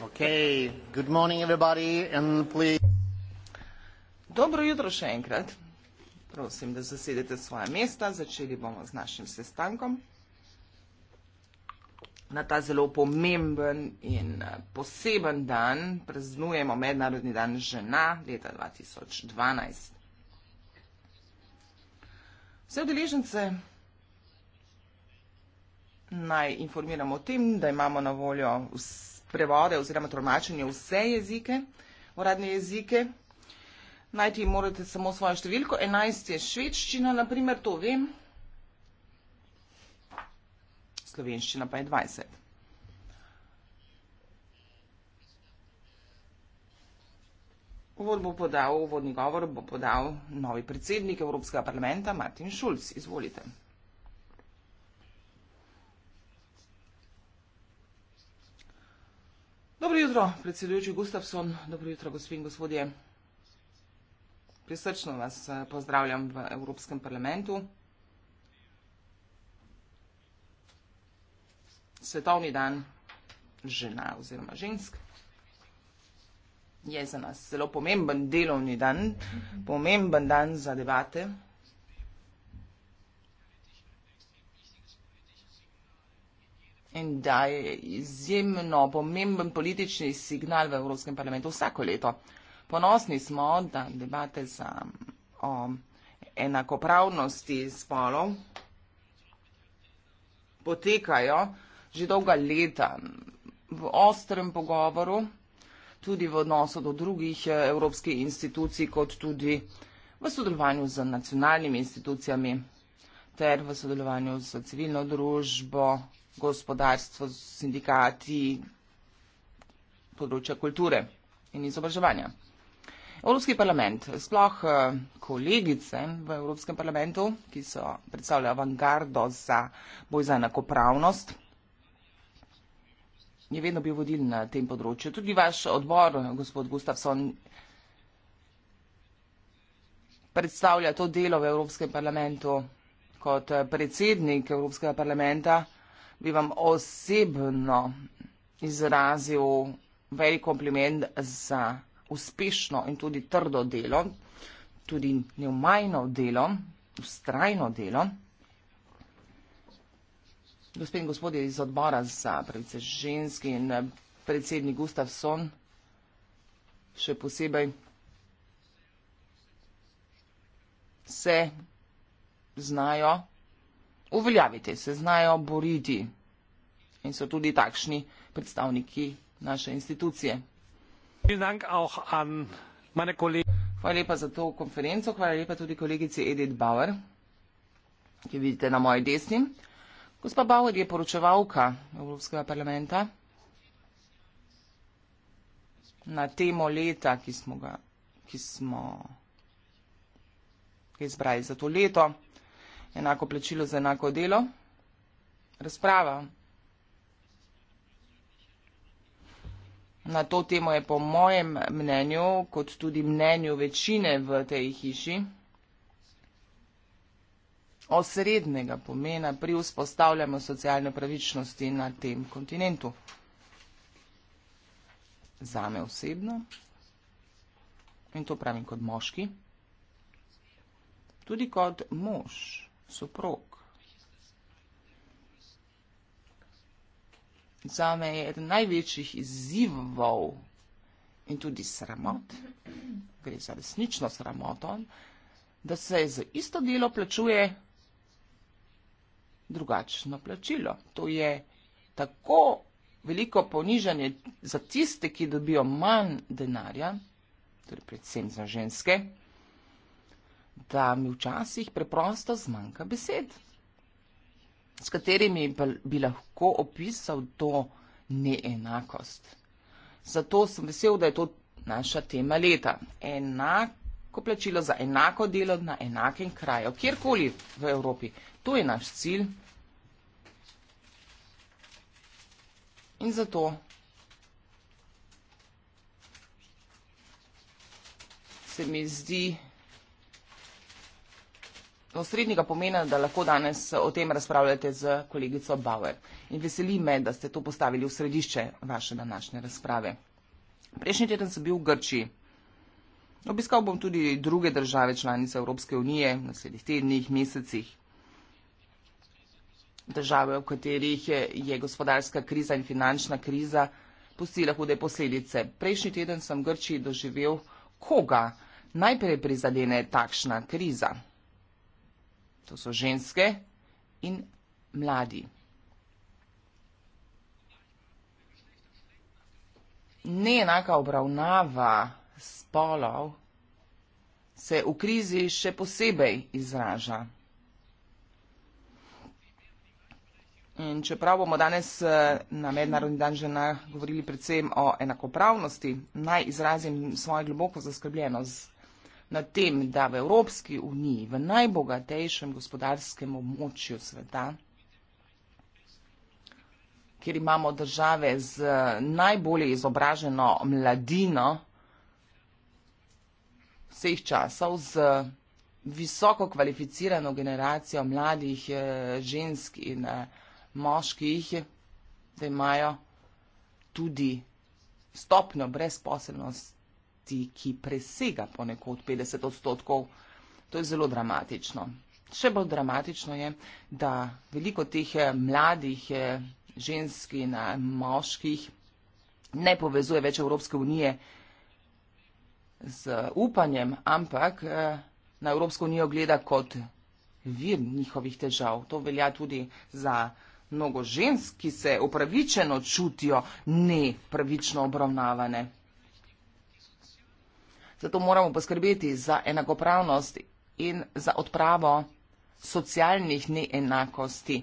Okay. Good morning, everybody, and please. Dobro jutro še enkrat. Prosim, da zasedete svoje mesta. Začeli bomo z našim sestankom na ta zelo pomemben in eh, poseben dan. Praznujemo Mednarodni dan žena leta 2012. Vse udeležence naj informiramo o tem, da imamo na voljo prevode oziroma tolmačenje vse jezike, uradne jezike. Najti morate samo svojo številko. 11 je švedščina, naprimer, to vem. Slovenščina pa je 20. Uvod bo podal, uvodni govor bo podal novi predsednik Evropskega parlamenta Martin Šulc. Izvolite. Dobro jutro, predsedujoči Gustafsson, dobro jutro, gospe in gospodje. Prisrčno vas eh, pozdravljam v Evropskem parlamentu. Svetovni dan žena oziroma žensk je za nas zelo pomemben delovni dan, pomemben dan za debate, in daje izjemno pomemben politični signal v Evropskem parlamentu vsako leto. Ponosni smo, da debate za, o enakopravnosti spolov potekajo že dolga leta v ostrem pogovoru, tudi v odnosu do drugih eh, evropskih institucij, kot tudi v sodelovanju z nacionalnimi institucijami ter v sodelovanju s civilno družbo, gospodarstvo, sindikati, področja kulture in izobraževanja. Evropski parlament, sploh eh, kolegice v Evropskem parlamentu, ki so predstavljali avangardo za boj za enakopravnost, je vedno bil vodil na tem področju. Tudi vaš odbor, gospod Gustafsson, predstavlja to delo v Evropskem parlamentu kot eh, predsednik Evropskega parlamenta bi vam osebno izrazil velik kompliment za uspešno in tudi trdo delo, tudi neumajno delo, ustrajno delo. Gospod in gospodje iz odbora za pravice ženski in eh, predsednik Gustav Son, še posebej se znajo uveljaviti, se znajo boriti in so tudi takšni predstavniki naše institucije. Hvala lepa za to konferenco, hvala lepa tudi kolegici Edith Bauer, ki vidite na moji desni. Gospa Bauer je poročevalka Evropskega parlamenta na temo leta, ki smo ga ki smo izbrali za to leto enako plačilo za enako delo. Razprava. Na to temo je po mojem mnenju, kot tudi mnenju večine v tej hiši, osrednjega pomena pri vzpostavljanju socialne pravičnosti na tem kontinentu. Zame osebno, in to pravim kot moški, tudi kot mož suprog. Za me je eden največjih izzivov in tudi sramot, gre za resnično sramoto, da se za isto delo plačuje drugačno plačilo. To je tako veliko ponižanje za tiste, ki dobijo manj denarja, torej predvsem za ženske, da mi včasih preprosto zmanjka besed, s katerimi bi lahko opisal to neenakost. Zato sem vesel, da je to naša tema leta. Enako plačilo za enako delo na enakem kraju, kjerkoli v Evropi. To je naš cilj. In zato se mi zdi, osrednjega pomena, da lahko danes o tem razpravljate z kolegico Bauer. In veseli me, da ste to postavili v središče vaše današnje razprave. Prejšnji teden sem bil v Grčiji. Obiskal bom tudi druge države članice Evropske unije v naslednjih tednih, mesecih. Države, v katerih je, je gospodarska kriza in finančna kriza pustila hude posledice. Prejšnji teden sem v Grčiji doživel, koga najprej prizadene takšna kriza. To so ženske in mladi. Neenaka obravnava spolov se v krizi še posebej izraža. In čeprav bomo danes eh, na mednarodni dan žena govorili predvsem o enakopravnosti, naj izrazim svojo globoko zaskrbljenost na tem, da v Evropski uniji, v najbogatejšem gospodarskem območju sveta, kjer imamo države z najbolje izobraženo mladino vseh časov, z visoko kvalificirano generacijo mladih eh, žensk in eh, moških, da imajo tudi stopno brezposelnost rasti, ki presega ponekod 50 odstotkov. To je zelo dramatično. Še bolj dramatično je, da veliko teh eh, mladih eh, ženski in eh, moških ne povezuje več Evropske unije z upanjem, ampak na Evropsko unijo gleda kot vir njihovih težav. To velja tudi za mnogo žensk, ki se upravičeno čutijo nepravično obravnavane. Zato moramo poskrbeti za enakopravnost in za odpravo socialnih neenakosti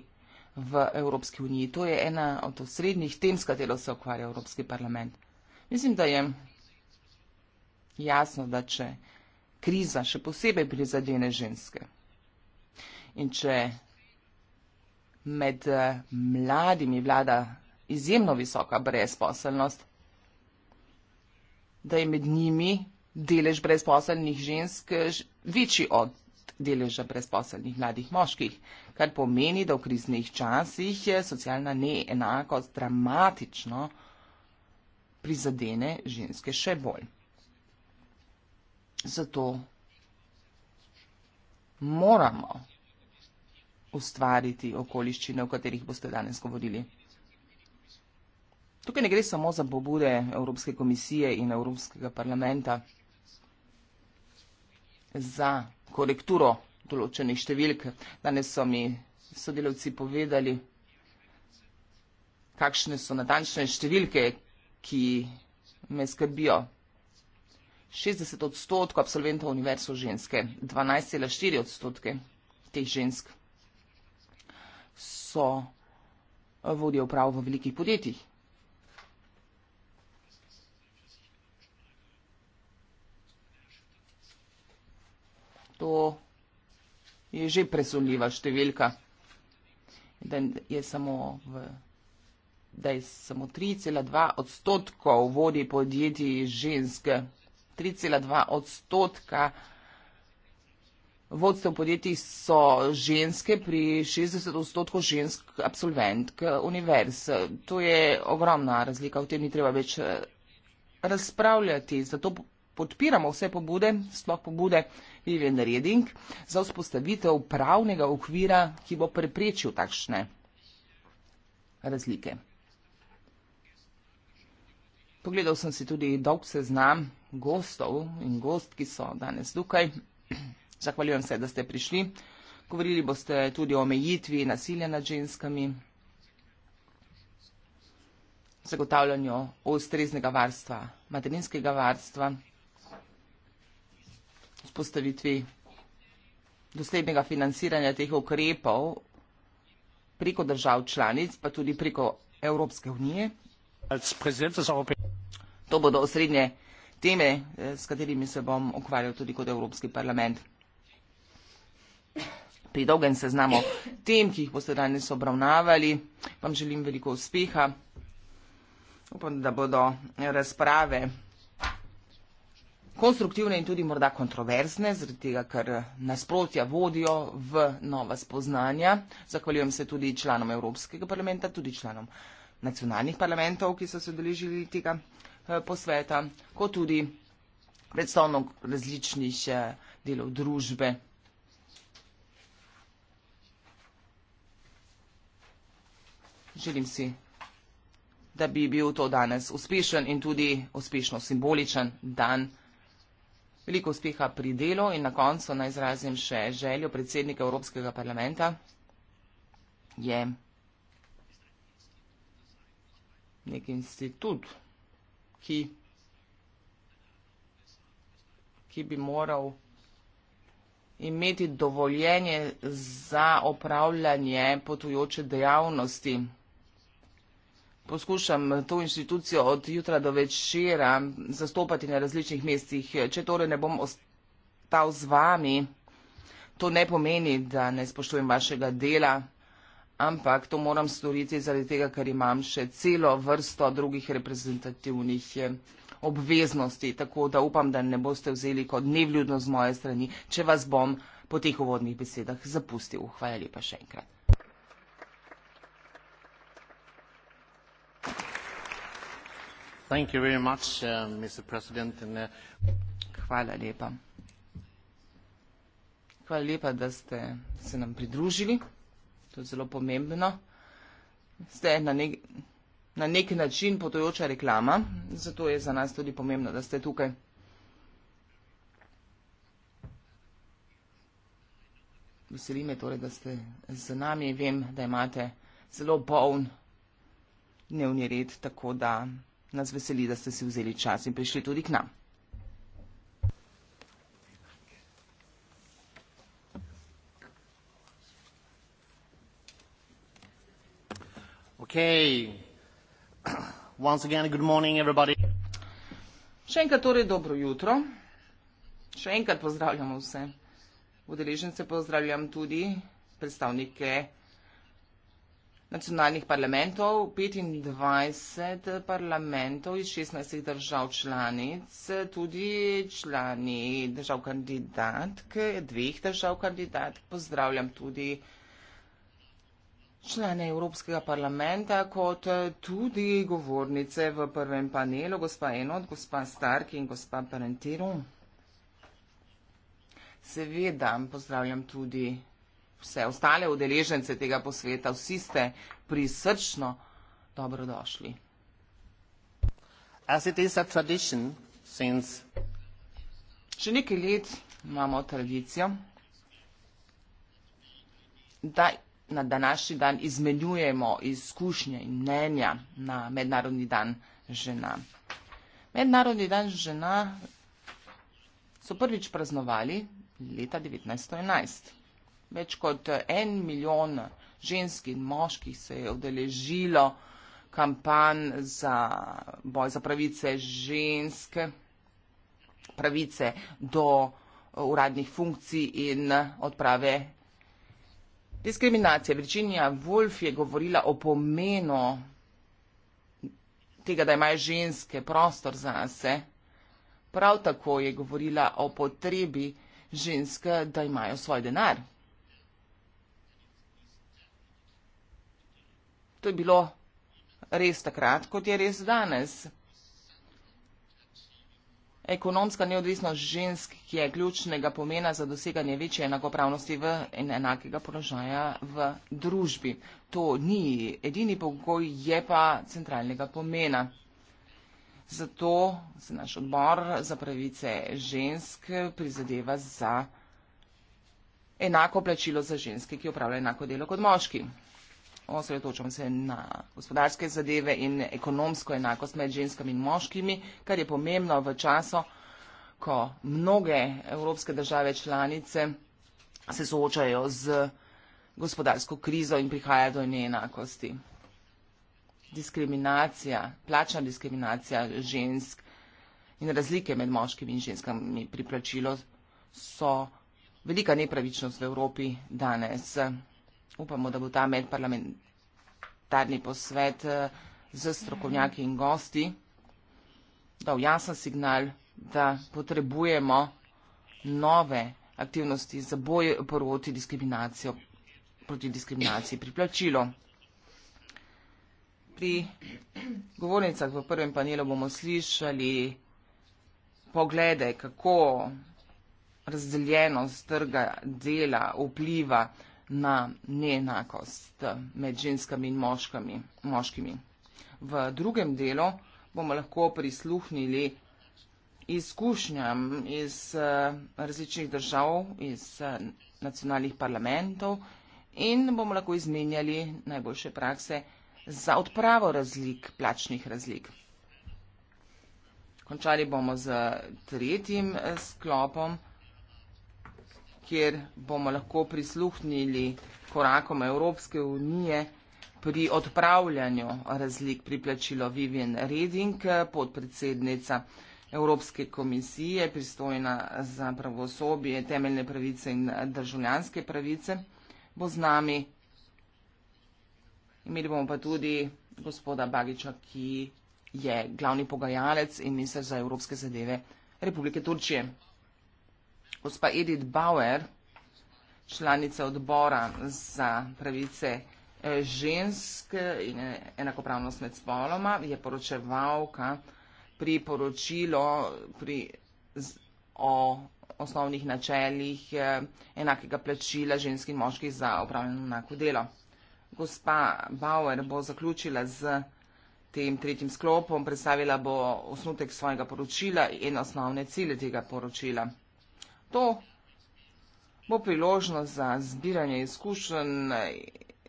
v Evropski uniji. To je ena od osrednjih tem, s katero se ukvarja Evropski parlament. Mislim, da je jasno, da če kriza še posebej prizadene ženske in če med eh, mladimi vlada izjemno visoka brezposelnost, da je med njimi delež brezposelnih žensk večji od deleža brezposelnih mladih moških, kar pomeni, da v kriznih časih je socialna neenakost dramatično prizadene ženske še bolj. Zato moramo ustvariti okoliščine, o katerih boste danes govorili. Tukaj ne gre samo za pobude Evropske komisije in Evropskega parlamenta za korekturo določenih številk. Danes so mi sodelavci povedali, kakšne so natančne številke, ki me skrbijo. 60 odstotkov absolventov univerzo ženske, 12,4 odstotke teh žensk so vodijo prav v velikih podjetjih. To je že presunljiva številka. Da je samo, v, da je samo 3,2 odstotkov vodi podjetij ženske. 3,2 odstotka vodstv podjetij so ženske pri 60 odstotkov žensk absolventk univerz. To je ogromna razlika, o tem ni treba več eh, razpravljati. Zato podpiramo vse pobude, sploh pobude Vivian Reding, za vzpostavitev pravnega okvira, ki bo preprečil takšne razlike. Pogledal sem si tudi dolg seznam gostov in gost, ki so danes tukaj. Zahvaljujem se, da ste prišli. Govorili boste tudi o omejitvi nasilja nad ženskami, zagotavljanju ustreznega varstva, materinskega varstva vzpostavitvi doslednega financiranja teh ukrepov preko držav članic, pa tudi preko Evropske unije. To bodo osrednje teme, eh, s katerimi se bom ukvarjal tudi kot Evropski parlament. Pri dolgem seznamu tem, ki jih boste danes obravnavali, vam želim veliko uspeha. Upam, da bodo razprave konstruktivne in tudi morda kontroverzne, zaradi tega, ker nasprotja vodijo v nova spoznanja. Zahvaljujem se tudi članom Evropskega parlamenta, tudi članom nacionalnih parlamentov, ki so se odeležili tega eh, posveta, kot tudi predstavnik različnih eh, delov družbe. Želim si, da bi bil to danes uspešen in tudi uspešno simboličen dan. Veliko uspeha pri delu in na koncu naj izrazim še željo predsednika Evropskega parlamenta. Je nek institut, ki, ki bi moral imeti dovoljenje za opravljanje potujoče dejavnosti poskušam to inštitucijo od jutra do večera zastopati na različnih mestih. Če torej ne bom ostal z vami, to ne pomeni, da ne spoštujem vašega dela, ampak to moram storiti zaradi tega, ker imam še celo vrsto drugih reprezentativnih eh, obveznosti, tako da upam, da ne boste vzeli kot nevljudno z moje strani, če vas bom po teh uvodnih besedah zapustil. Hvala lepa še enkrat. Uh, uh, Hvala lepa. Hvala lepa, da ste se nam pridružili. To je zelo pomembno. Ste na, nek, na nek način potojoča reklama, zato je za nas tudi pomembno, da ste tukaj. Veseli me torej, da ste z nami. Vem, da imate zelo poln dnevni red, tako da Nas veseli, da ste si vzeli čas in prišli tudi k nam. Okay. Once again, good morning, everybody. Še enkrat torej dobro jutro. Še enkrat pozdravljamo vse. Udeležence pozdravljam tudi predstavnike nacionalnih parlamentov, 25 parlamentov iz 16 držav članic, tudi člani držav kandidatk, dveh držav kandidatk. Pozdravljam tudi člane Evropskega parlamenta, kot tudi govornice v prvem panelu, gospa Enot, gospa Stark in gospa Parentiru. Seveda pozdravljam tudi vse ostale udeležence tega posveta, vsi ste prisrčno dobrodošli. Že nekaj let imamo tradicijo, da na današnji dan izmenjujemo izkušnje in mnenja na Mednarodni dan žena. Mednarodni dan žena so prvič praznovali leta 1911. Več kot en milijon žensk in moških se je odeležilo kampanj za boj za pravice ženske, pravice do uh, uradnih funkcij in odprave diskriminacije. Virginia Woolf je govorila o pomenu tega, da imajo ženske prostor za se. Prav tako je govorila o potrebi žensk, da imajo svoj denar. to je bilo res takrat, kot je res danes. Ekonomska neodvisnost žensk, ki je ključnega pomena za doseganje večje enakopravnosti v en enakega položaja v družbi. To ni edini pogoj, je pa centralnega pomena. Zato se naš odbor za pravice žensk prizadeva za enako plačilo za ženske, ki opravljajo enako delo kot moški. Osredotočam se na gospodarske zadeve in ekonomsko enakost med ženskami in moškimi, kar je pomembno v času, ko mnoge evropske države članice se soočajo z gospodarsko krizo in prihaja do neenakosti. Diskriminacija, plačna diskriminacija žensk in razlike med moškimi in ženskami pri plačilu so velika nepravičnost v Evropi danes upamo, da bo ta medparlamentarni posvet z eh, strokovnjaki in gosti dal jasen signal, da potrebujemo nove aktivnosti za boj proti diskriminacijo, proti diskriminaciji pri plačilu. Pri govornicah v prvem panelu bomo slišali poglede, kako razdeljenost trga dela vpliva na na neenakost med ženskami in moškami, moškimi. V drugem delu bomo lahko prisluhnili izkušnjam iz eh, različnih držav, iz eh, nacionalnih parlamentov in bomo lahko izmenjali najboljše prakse za odpravo razlik, plačnih razlik. Končali bomo z tretjim eh, sklopom kjer bomo lahko prisluhnili korakom Evropske unije pri odpravljanju razlik pri plačilo Vivian Reding, podpredsednica Evropske komisije, pristojna za pravosobje, temeljne pravice in državljanske pravice, bo z nami. Imeli bomo pa tudi gospoda Bagiča, ki je glavni pogajalec in minister za evropske zadeve Republike Turčije. Gospa Edith Bauer, članica odbora za pravice eh, žensk in eh, enakopravnost med spoloma, je poročevalka pri poročilo pri, z, o osnovnih načeljih eh, enakega plačila žensk in moških za opravljeno enako delo. Gospa Bauer bo zaključila z tem tretjim sklopom, predstavila bo osnutek svojega poročila in osnovne cilje tega poročila. To bo priložnost za zbiranje izkušenj,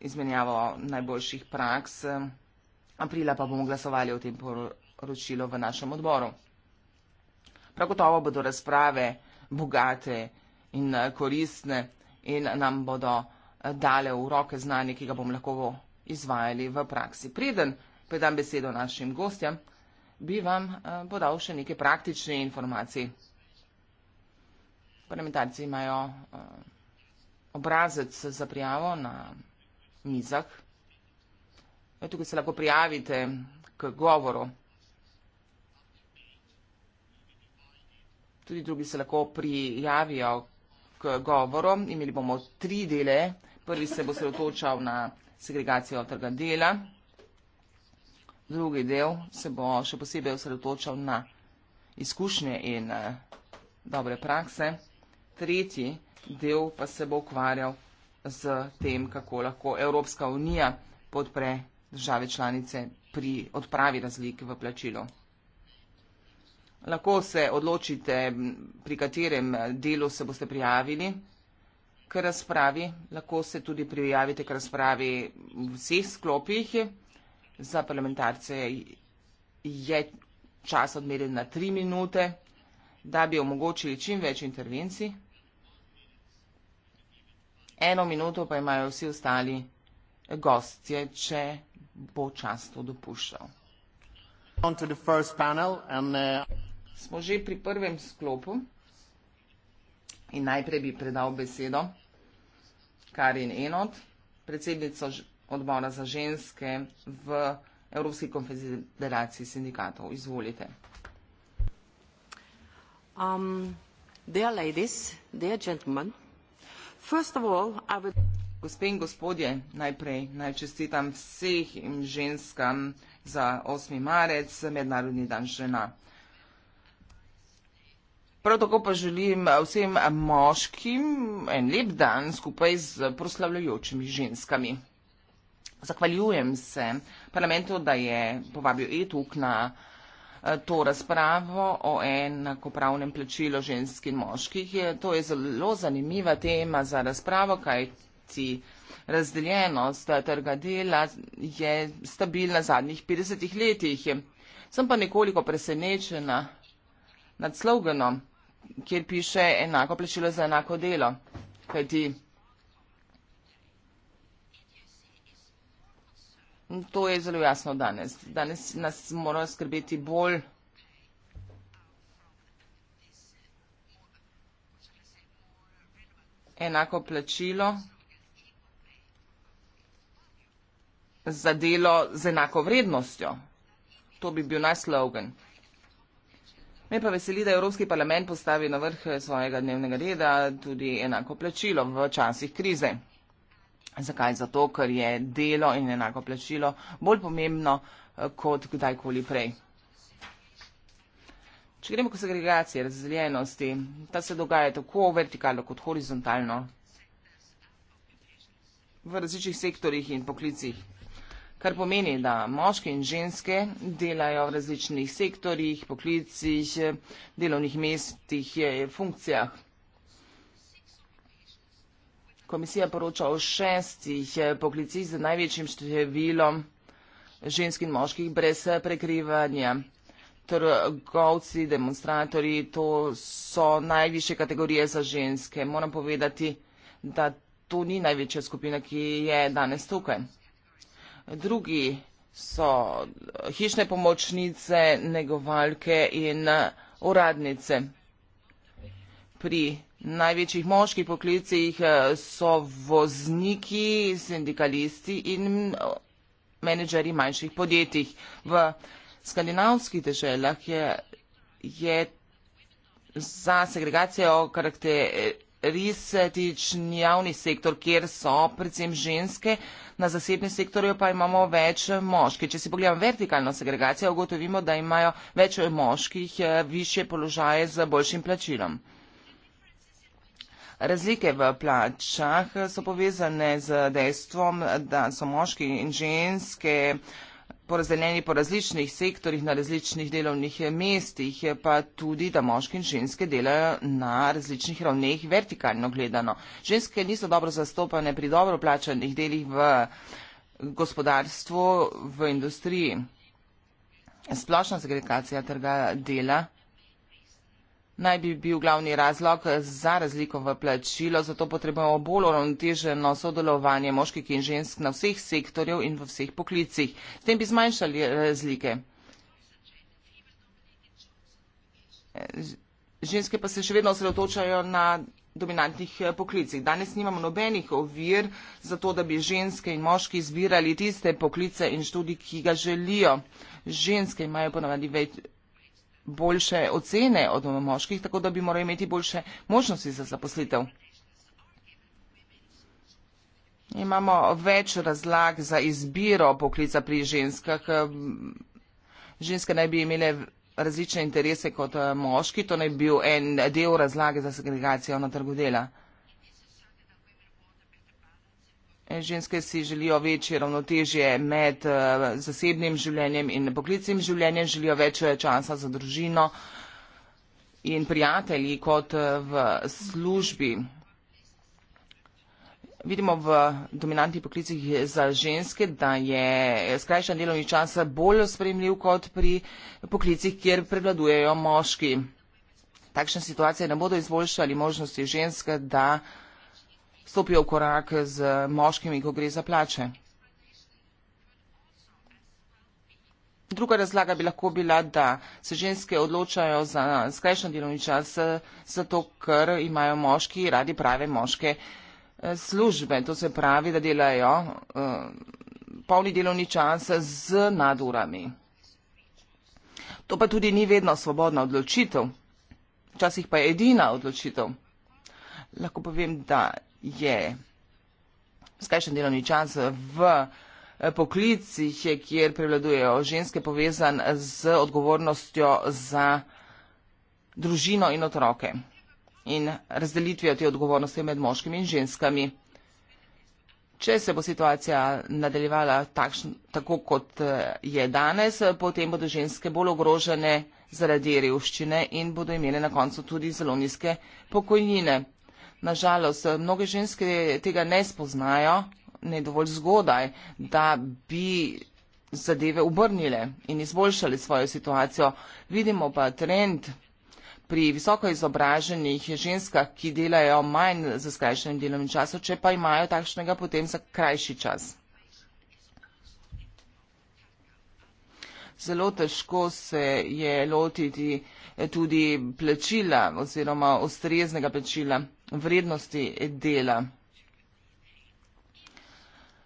izmenjavo najboljših praks. Aprila pa bomo glasovali o tem poročilu v našem odboru. Prav gotovo bodo razprave bogate in eh, koristne in nam bodo eh, dale v roke znanje, ki ga bomo lahko izvajali v praksi. Preden predam besedo našim gostjem, bi vam eh, podal še nekaj praktične informacije parlamentarci imajo eh, obrazec za prijavo na mizah. Ja, tukaj se lahko prijavite k govoru. Tudi drugi se lahko prijavijo k govoru. Imeli bomo tri dele. Prvi se bo sredotočal na segregacijo trga dela. Drugi del se bo še posebej sredotočal na izkušnje in eh, dobre prakse tretji del pa se bo ukvarjal z tem, kako lahko Evropska unija podpre države članice pri odpravi razlik v plačilu. Lahko se odločite, pri katerem delu se boste prijavili k razpravi. Lahko se tudi prijavite k razpravi v vseh sklopih. Za parlamentarce je čas odmeren na tri minute, da bi omogočili čim več intervencij eno minuto pa imajo vsi ostali gostje, če bo čas to dopuščal. Uh, Smo že pri prvem sklopu in najprej bi predal besedo Karin Enot, predsednico odbora za ženske v Evropski konfederaciji sindikatov. Izvolite. Um, dear ladies, dear gentlemen, Gospe in gospodje, najprej naj čestitam vseh in ženskam za 8. marec, Mednarodni dan žena. Prav tako pa želim vsem moškim en lep dan skupaj z proslavljajočimi ženskami. Zahvaljujem se parlamentu, da je povabil Etuk na Eh, to razpravo o enakopravnem plačilu žensk in moških. To je zelo zanimiva tema za razpravo, kajti razdeljenost eh, trga dela je stabilna zadnjih 50 letih. Sem pa nekoliko presenečena nad sloganom, kjer piše enako plačilo za enako delo. Kajti To je zelo jasno danes. Danes nas morajo skrbeti bolj enako plačilo za delo z enako vrednostjo. To bi bil naj slogan. Me pa veseli, da je Evropski parlament postavil na vrh eh, svojega dnevnega reda tudi enako plačilo v časih krize. Zakaj? Zato, ker je delo in enako plačilo bolj pomembno eh, kot kdajkoli prej. Če gremo k segregaciji, razdeljenosti, ta se dogaja tako vertikalno kot horizontalno v različnih sektorjih in poklicih. Kar pomeni, da moški in ženske delajo v različnih sektorjih, poklicih, delovnih mestih, eh, funkcijah. Komisija poroča o šestih eh, poklicih z največjim številom žensk in moških brez eh, prekrivanja. Trgovci, demonstratori, to so najvišje kategorije za ženske. Moram povedati, da to ni največja skupina, ki je danes tukaj. Drugi so eh, hišne pomočnice, negovalke in uradnice. Pri največjih moških poklicih eh, so vozniki, sindikalisti in eh, menedžeri manjših podjetij. V skandinavskih deželah je, je za segregacijo karakterističen javni sektor, kjer so predvsem ženske, na zasebnem sektorju pa imamo več moških. Če si pogledamo vertikalno segregacijo, ugotovimo, da imajo več moških eh, višje položaje z boljšim plačilom. Razlike v plačah so povezane z dejstvom, da so moški in ženske porazdeljeni po različnih sektorjih na različnih delovnih mestih, pa tudi, da moški in ženske delajo na različnih ravneh vertikalno gledano. Ženske niso dobro zastopane pri dobro plačanih delih v gospodarstvu, v industriji. Splošna segregacija trga dela naj bi bil glavni razlog za razliko v plačilo, zato potrebujemo bolj uravnoteženo sodelovanje moških in žensk na vseh sektorjev in v vseh poklicih. S tem bi zmanjšali razlike. Ženske pa se še vedno osredotočajo na dominantnih poklicih. Danes nimamo nobenih ovir za to, da bi ženske in moški izbirali tiste poklice in študi, ki ga želijo. Ženske imajo ponovadi več boljše ocene od moških, tako da bi morali imeti boljše možnosti za zaposlitev. Imamo več razlag za izbiro poklica pri ženskah. Ženske naj bi imele različne interese kot moški, to naj bi bil en del razlage za segregacijo na trgu dela. Ženske si želijo večje ravnotežje med eh, zasebnim življenjem in poklicnim življenjem, želijo več eh, časa za družino in prijatelji kot eh, v službi. Vidimo v dominantnih poklicih za ženske, da je skrajšan delovni čas bolj spremljiv kot pri poklicih, kjer prevladujejo moški. Takšne situacije ne bodo izboljšali možnosti ženske, da stopijo v korak z moškimi, ko gre za plače. Druga razlaga bi lahko bila, da se ženske odločajo za skrajšan delovni čas, zato ker imajo moški radi prave moške eh, službe. To se pravi, da delajo eh, polni delovni čas z nadurami. To pa tudi ni vedno svobodna odločitev, včasih pa je edina odločitev. Lahko povem, da je skrajšen delovni čas v eh, poklicih, kjer prevladujejo ženske povezan z odgovornostjo za družino in otroke in razdelitvijo te odgovornosti med moškimi in ženskami. Če se bo situacija nadaljevala takšn, tako, kot eh, je danes, potem bodo ženske bolj ogrožene zaradi revščine in bodo imele na koncu tudi zelo nizke pokojnine. Nažalost, mnoge ženske tega ne spoznajo, ne dovolj zgodaj, da bi zadeve obrnile in izboljšale svojo situacijo. Vidimo pa trend pri visoko izobraženih ženskah, ki delajo manj za skrajšanje delovnega časa, če pa imajo takšnega potem za krajši čas. zelo težko se je lotiti eh, tudi plačila oziroma ustreznega plačila vrednosti dela.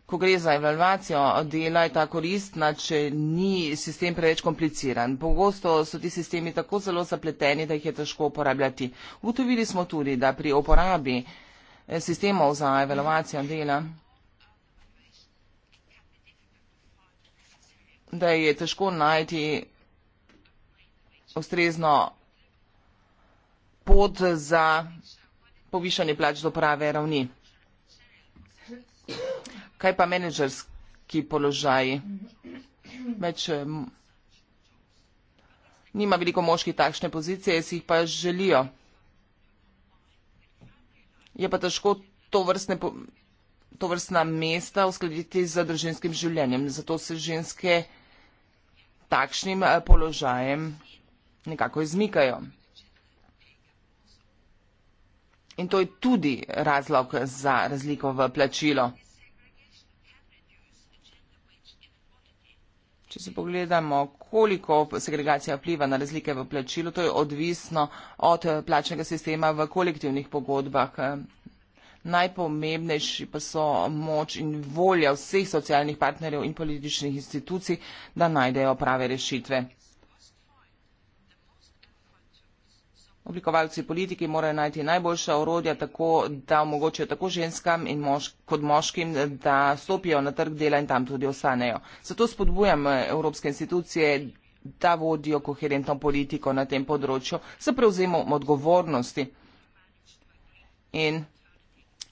Ko gre za evalvacijo dela, je ta koristna, če ni sistem preveč kompliciran. Pogosto so ti sistemi tako zelo zapleteni, da jih je težko uporabljati. Ugotovili smo tudi, da pri uporabi eh, sistemov za evalvacijo dela. da je težko najti ustrezno pot za povišanje plač do prave ravni. Kaj pa menedžerski položaj? Več nima veliko moških takšne pozicije, si jih pa želijo. Je pa težko to, vrstne, to vrstna mesta uskladiti z družinskim življenjem. Zato se ženske takšnim eh, položajem nekako izmikajo. In to je tudi razlog za razliko v plačilo. Če se pogledamo, koliko segregacija vpliva na razlike v plačilu, to je odvisno od eh, plačnega sistema v kolektivnih pogodbah. Eh, najpomembnejši pa so moč in volja vseh socialnih partnerjev in političnih institucij, da najdejo prave rešitve. Oblikovalci politiki morajo najti najboljša orodja, tako da omogočijo tako ženskam in mož, kot moškim, da stopijo na trg dela in tam tudi ostanejo. Zato spodbujam eh, evropske institucije, da vodijo koherentno politiko na tem področju, se prevzemo odgovornosti in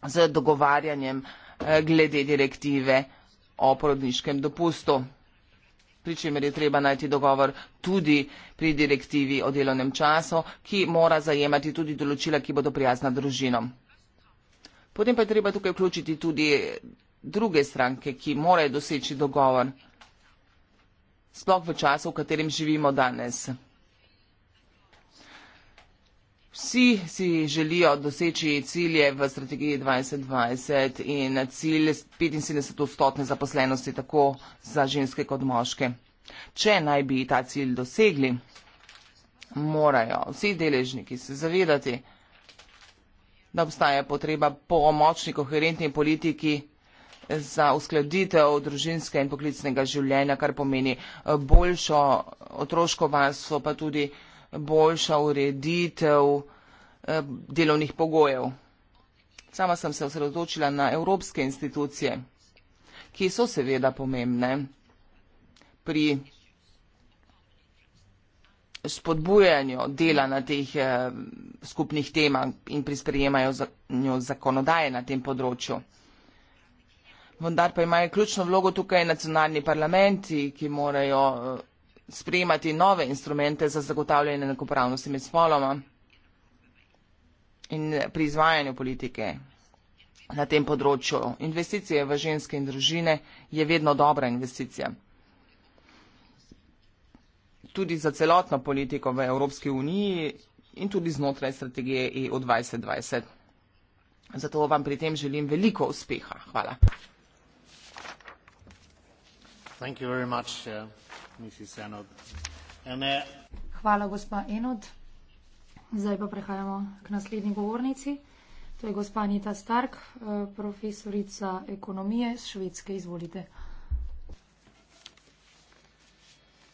z dogovarjanjem eh, glede direktive o porodniškem dopustu pri čemer je treba najti dogovor tudi pri direktivi o delovnem času, ki mora zajemati tudi določila, ki bodo prijazna družinom. Potem pa je treba tukaj vključiti tudi druge stranke, ki morajo doseči dogovor, sploh v času, v katerem živimo danes. Vsi si želijo doseči cilje v strategiji 2020 in cilj 75 odstotne zaposlenosti tako za ženske kot moške. Če naj bi ta cilj dosegli, morajo vsi deležniki se zavedati, da obstaja potreba po močni koherentni politiki za uskladitev družinske in poklicnega življenja, kar pomeni eh, boljšo otroško varstvo, pa tudi boljša ureditev eh, delovnih pogojev. Sama sem se osredotočila na evropske institucije, ki so seveda pomembne pri spodbujanju dela na teh eh, skupnih temah in pri sprejemanju zakonodaje na tem področju. Vendar pa imajo ključno vlogo tukaj nacionalni parlamenti, ki morajo eh, sprejemati nove instrumente za zagotavljanje enakopravnosti med spoloma in pri izvajanju politike na tem področju. Investicije v ženske in družine je vedno dobra investicija. Tudi za celotno politiko v Evropski uniji in tudi znotraj strategije EU 2020. Zato vam pri tem želim veliko uspeha. Hvala. Thank you very much, uh... Mrs. Enod. Hvala, gospa Enod. Zdaj pa prehajamo k naslednji govornici. To je gospa Anita Stark, eh, profesorica ekonomije z Švedske. Izvolite.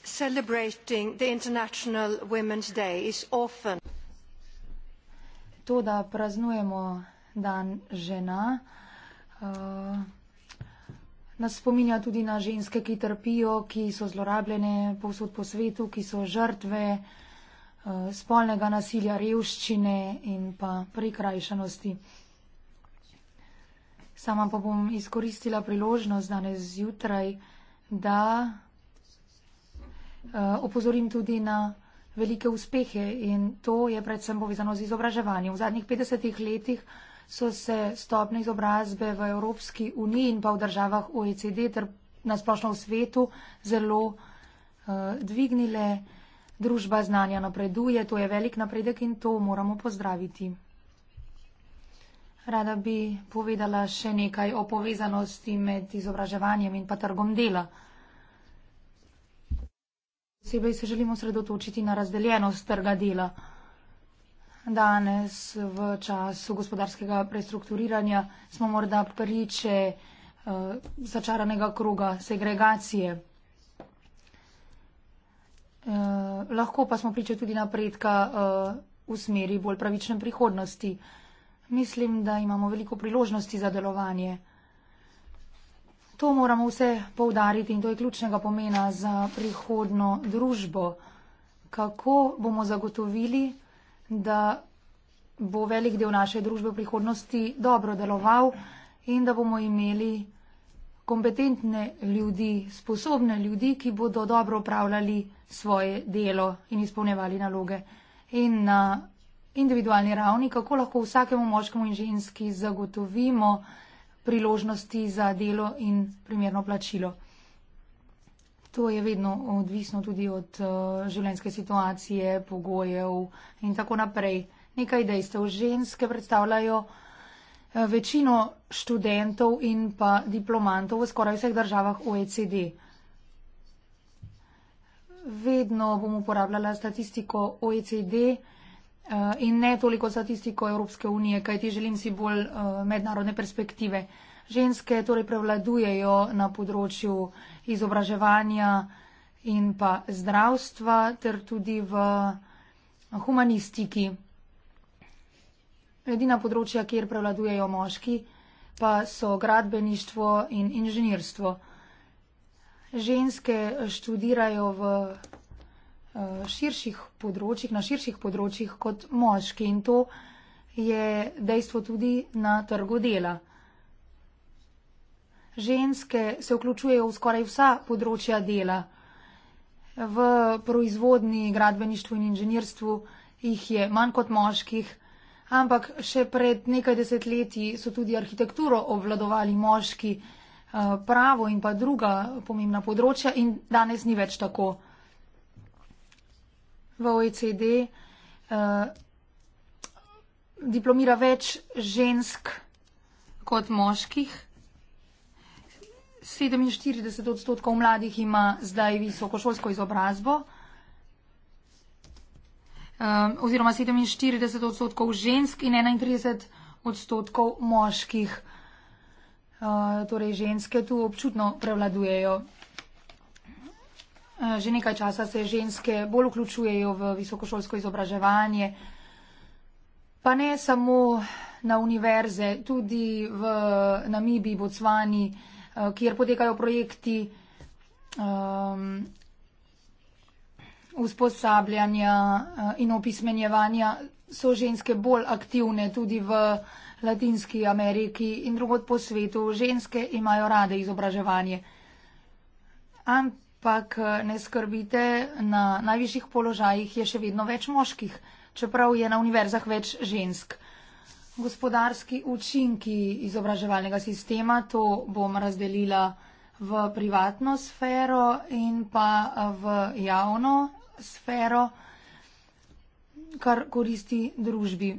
Celebrating the International Women's Day is often. To, da praznujemo dan žena, uh, nas spominja tudi na ženske, ki trpijo, ki so zlorabljene povsod po svetu, ki so žrtve eh, spolnega nasilja, revščine in pa prikrajšanosti. Sama pa bom izkoristila priložnost danes zjutraj, da eh, opozorim tudi na velike uspehe in to je predvsem povezano z izobraževanjem. V zadnjih 50 letih so se stopne izobrazbe v Evropski uniji in pa v državah OECD ter nasplošno v svetu zelo uh, dvignile. Družba znanja napreduje, to je velik napredek in to moramo pozdraviti. Rada bi povedala še nekaj o povezanosti med izobraževanjem in pa trgom dela. Osebej se želimo sredotočiti na razdeljenost trga dela danes v času gospodarskega prestrukturiranja smo morda priče uh, začaranega kruga segregacije. Uh, lahko pa smo priče tudi napredka uh, v smeri bolj pravične prihodnosti. Mislim, da imamo veliko priložnosti za delovanje. To moramo vse povdariti in to je ključnega pomena za prihodno družbo. Kako bomo zagotovili, da bo velik del naše družbe v prihodnosti dobro deloval in da bomo imeli kompetentne ljudi, sposobne ljudi, ki bodo dobro upravljali svoje delo in izpolnevali naloge. In na individualni ravni, kako lahko vsakemu moškemu in ženski zagotovimo priložnosti za delo in primerno plačilo. To je vedno odvisno tudi od uh, življenjske situacije, pogojev in tako naprej. Nekaj dejstev. Ženske predstavljajo eh, večino študentov in pa diplomantov v skoraj vseh državah OECD. Vedno bom uporabljala statistiko OECD eh, in ne toliko statistiko Evropske unije, kajti želim si bolj mednarodne perspektive ženske torej prevladujejo na področju izobraževanja in pa zdravstva ter tudi v humanistiki. Edina področja, kjer prevladujejo moški, pa so gradbeništvo in inženirstvo. Ženske študirajo v eh, širših področjih, na širših področjih kot moški in to je dejstvo tudi na trgu dela ženske se vključujejo v skoraj vsa področja dela. V proizvodni, gradbeništvu in inženirstvu jih je manj kot moških, ampak še pred nekaj desetletji so tudi arhitekturo obvladovali moški, eh, pravo in pa druga pomembna področja in danes ni več tako. V OECD eh, diplomira več žensk kot moških. 47 odstotkov mladih ima zdaj visokošolsko izobrazbo. Ehm, oziroma 47 odstotkov žensk in 31 odstotkov moških. Ehm, torej ženske tu občutno prevladujejo. Ehm, že nekaj časa se ženske bolj vključujejo v visokošolsko izobraževanje. Pa ne samo na univerze, tudi v Namibiji, Bocvani, Eh, kjer potekajo projekti um, usposabljanja eh, in opismenjevanja, so ženske bolj aktivne tudi v Latinski Ameriki in drugod po svetu. Ženske imajo rade izobraževanje. Ampak eh, ne skrbite, na najvišjih položajih je še vedno več moških, čeprav je na univerzah več žensk gospodarski učinki izobraževalnega sistema, to bom razdelila v privatno sfero in pa v javno sfero, kar koristi družbi.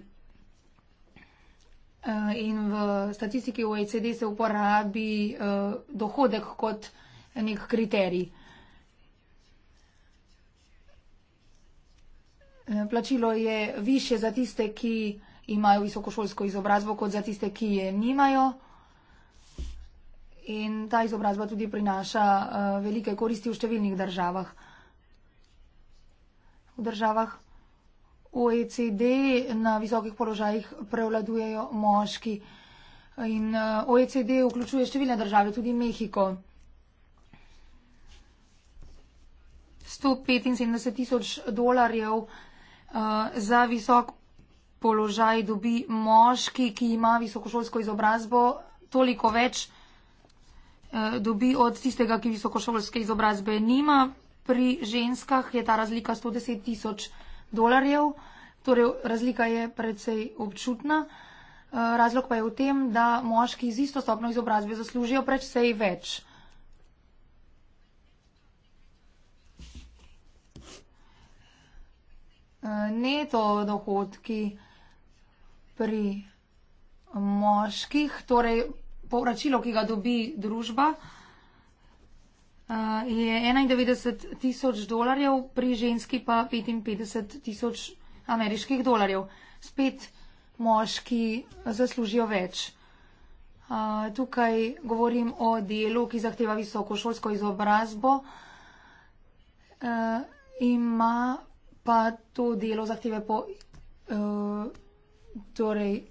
Eh, in v statistiki OECD se uporabi eh, dohodek kot nek kriterij. Eh, plačilo je više za tiste, ki imajo visokošolsko izobrazbo, kot za tiste, ki je nimajo. In ta izobrazba tudi prinaša uh, velike koristi v številnih državah. V državah OECD na visokih položajih prevladujejo moški. In uh, eh, OECD vključuje številne države, tudi Mehiko. 175 tisoč dolarjev uh, za visok položaj dobi moški, ki ima visokošolsko izobrazbo, toliko več eh, dobi od tistega, ki visokošolske izobrazbe nima. Pri ženskah je ta razlika 110 tisoč dolarjev, torej razlika je predvsej občutna. Eh, razlog pa je v tem, da moški z isto stopno izobrazbe zaslužijo predvsej več. Eh, neto dohodki pri moških, torej povračilo, ki ga dobi družba, eh, je 91 tisoč dolarjev, pri ženski pa 55 tisoč ameriških dolarjev. Spet moški zaslužijo več. Eh, tukaj govorim o delu, ki zahteva visokošolsko izobrazbo. Eh, ima pa to delo zahteve po torej,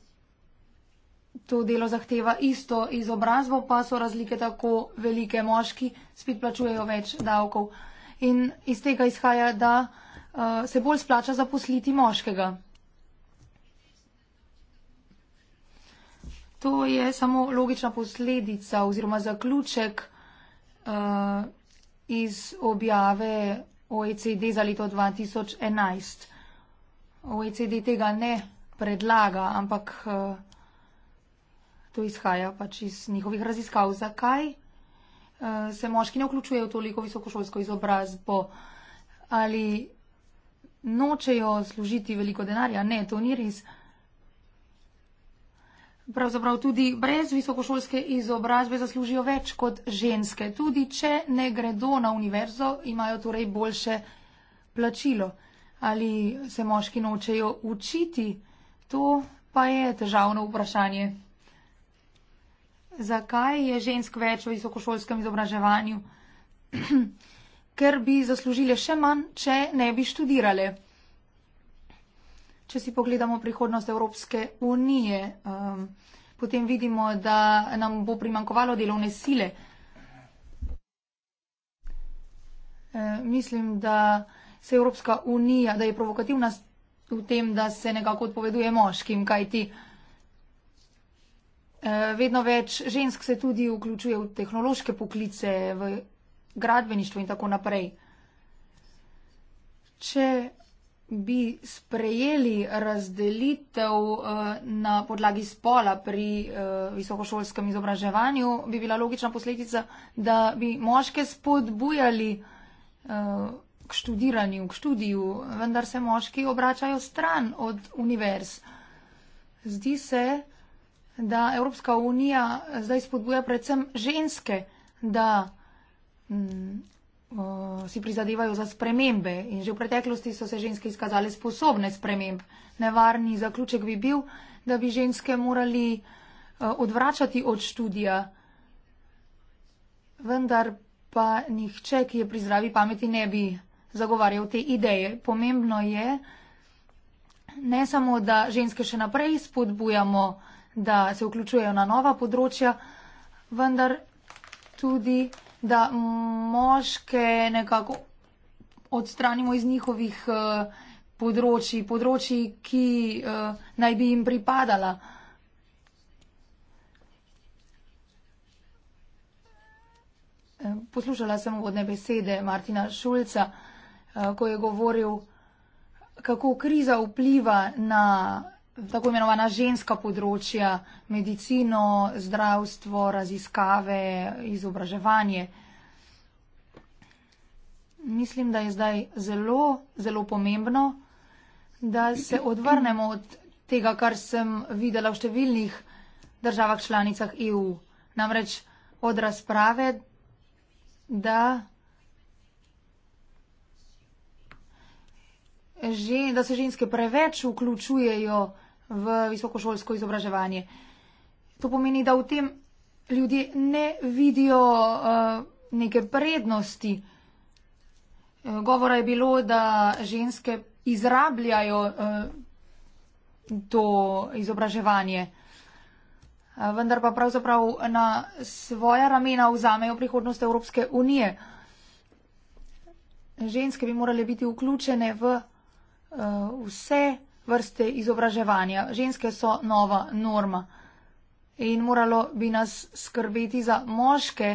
to delo zahteva isto izobrazbo, pa so razlike tako velike. Moški spet plačujejo več davkov. In iz tega izhaja, da uh, se bolj splača zaposliti moškega. To je samo logična posledica oziroma zaključek uh, iz objave OECD za leto 2011. OECD tega ne predlaga, ampak eh, to izhaja pač iz njihovih raziskav, zakaj eh, se moški ne vključujejo v toliko visokošolsko izobrazbo ali nočejo služiti veliko denarja. Ne, to ni res. Pravzaprav tudi brez visokošolske izobrazbe zaslužijo več kot ženske. Tudi, če ne gredo na univerzo, imajo torej boljše plačilo. Ali se moški nočejo učiti? Uh, To pa je težavno vprašanje. Zakaj je žensk več v visokošolskem izobraževanju? Ker bi zaslužile še manj, če ne bi študirale. Če si pogledamo prihodnost Evropske unije, um, potem vidimo, da nam bo primankovalo delovne sile. E, mislim, da se Evropska unija, da je provokativna v tem, da se nekako odpoveduje moškim, kajti eh, vedno več žensk se tudi vključuje v tehnološke poklice, v gradbeništvo in tako naprej. Če bi sprejeli razdelitev eh, na podlagi spola pri eh, visokošolskem izobraževanju, bi bila logična posledica, da bi moške spodbujali k študiranju, k študiju, vendar se moški obračajo stran od univerz. Zdi se, da Evropska unija zdaj spodbuja predvsem ženske, da mm, o, si prizadevajo za spremembe in že v preteklosti so se ženske izkazale sposobne sprememb. Nevarni zaključek bi bil, da bi ženske morali o, odvračati od študija, vendar pa nihče, ki je pri zdravi pameti, ne bi zagovarjal te ideje. Pomembno je ne samo, da ženske še naprej spodbujamo, da se vključujejo na nova področja, vendar tudi, da moške nekako odstranimo iz njihovih področji, eh, področji, ki eh, naj bi jim pripadala. Eh, poslušala sem uvodne besede Martina Šulca. Eh, ko je govoril, kako kriza vpliva na tako imenovana ženska področja, medicino, zdravstvo, raziskave, izobraževanje. Mislim, da je zdaj zelo, zelo pomembno, da se odvrnemo od tega, kar sem videla v številnih državah članicah EU. Namreč od razprave, da že, da se ženske preveč vključujejo v visokošolsko izobraževanje. To pomeni, da v tem ljudje ne vidijo uh, neke prednosti. Eh, govora je bilo, da ženske izrabljajo uh, to izobraževanje, vendar pa pravzaprav na svoja ramena vzamejo prihodnost Evropske unije. Ženske bi morale biti vključene v Eh, vse vrste izobraževanja. Ženske so nova norma in moralo bi nas skrbeti za moške,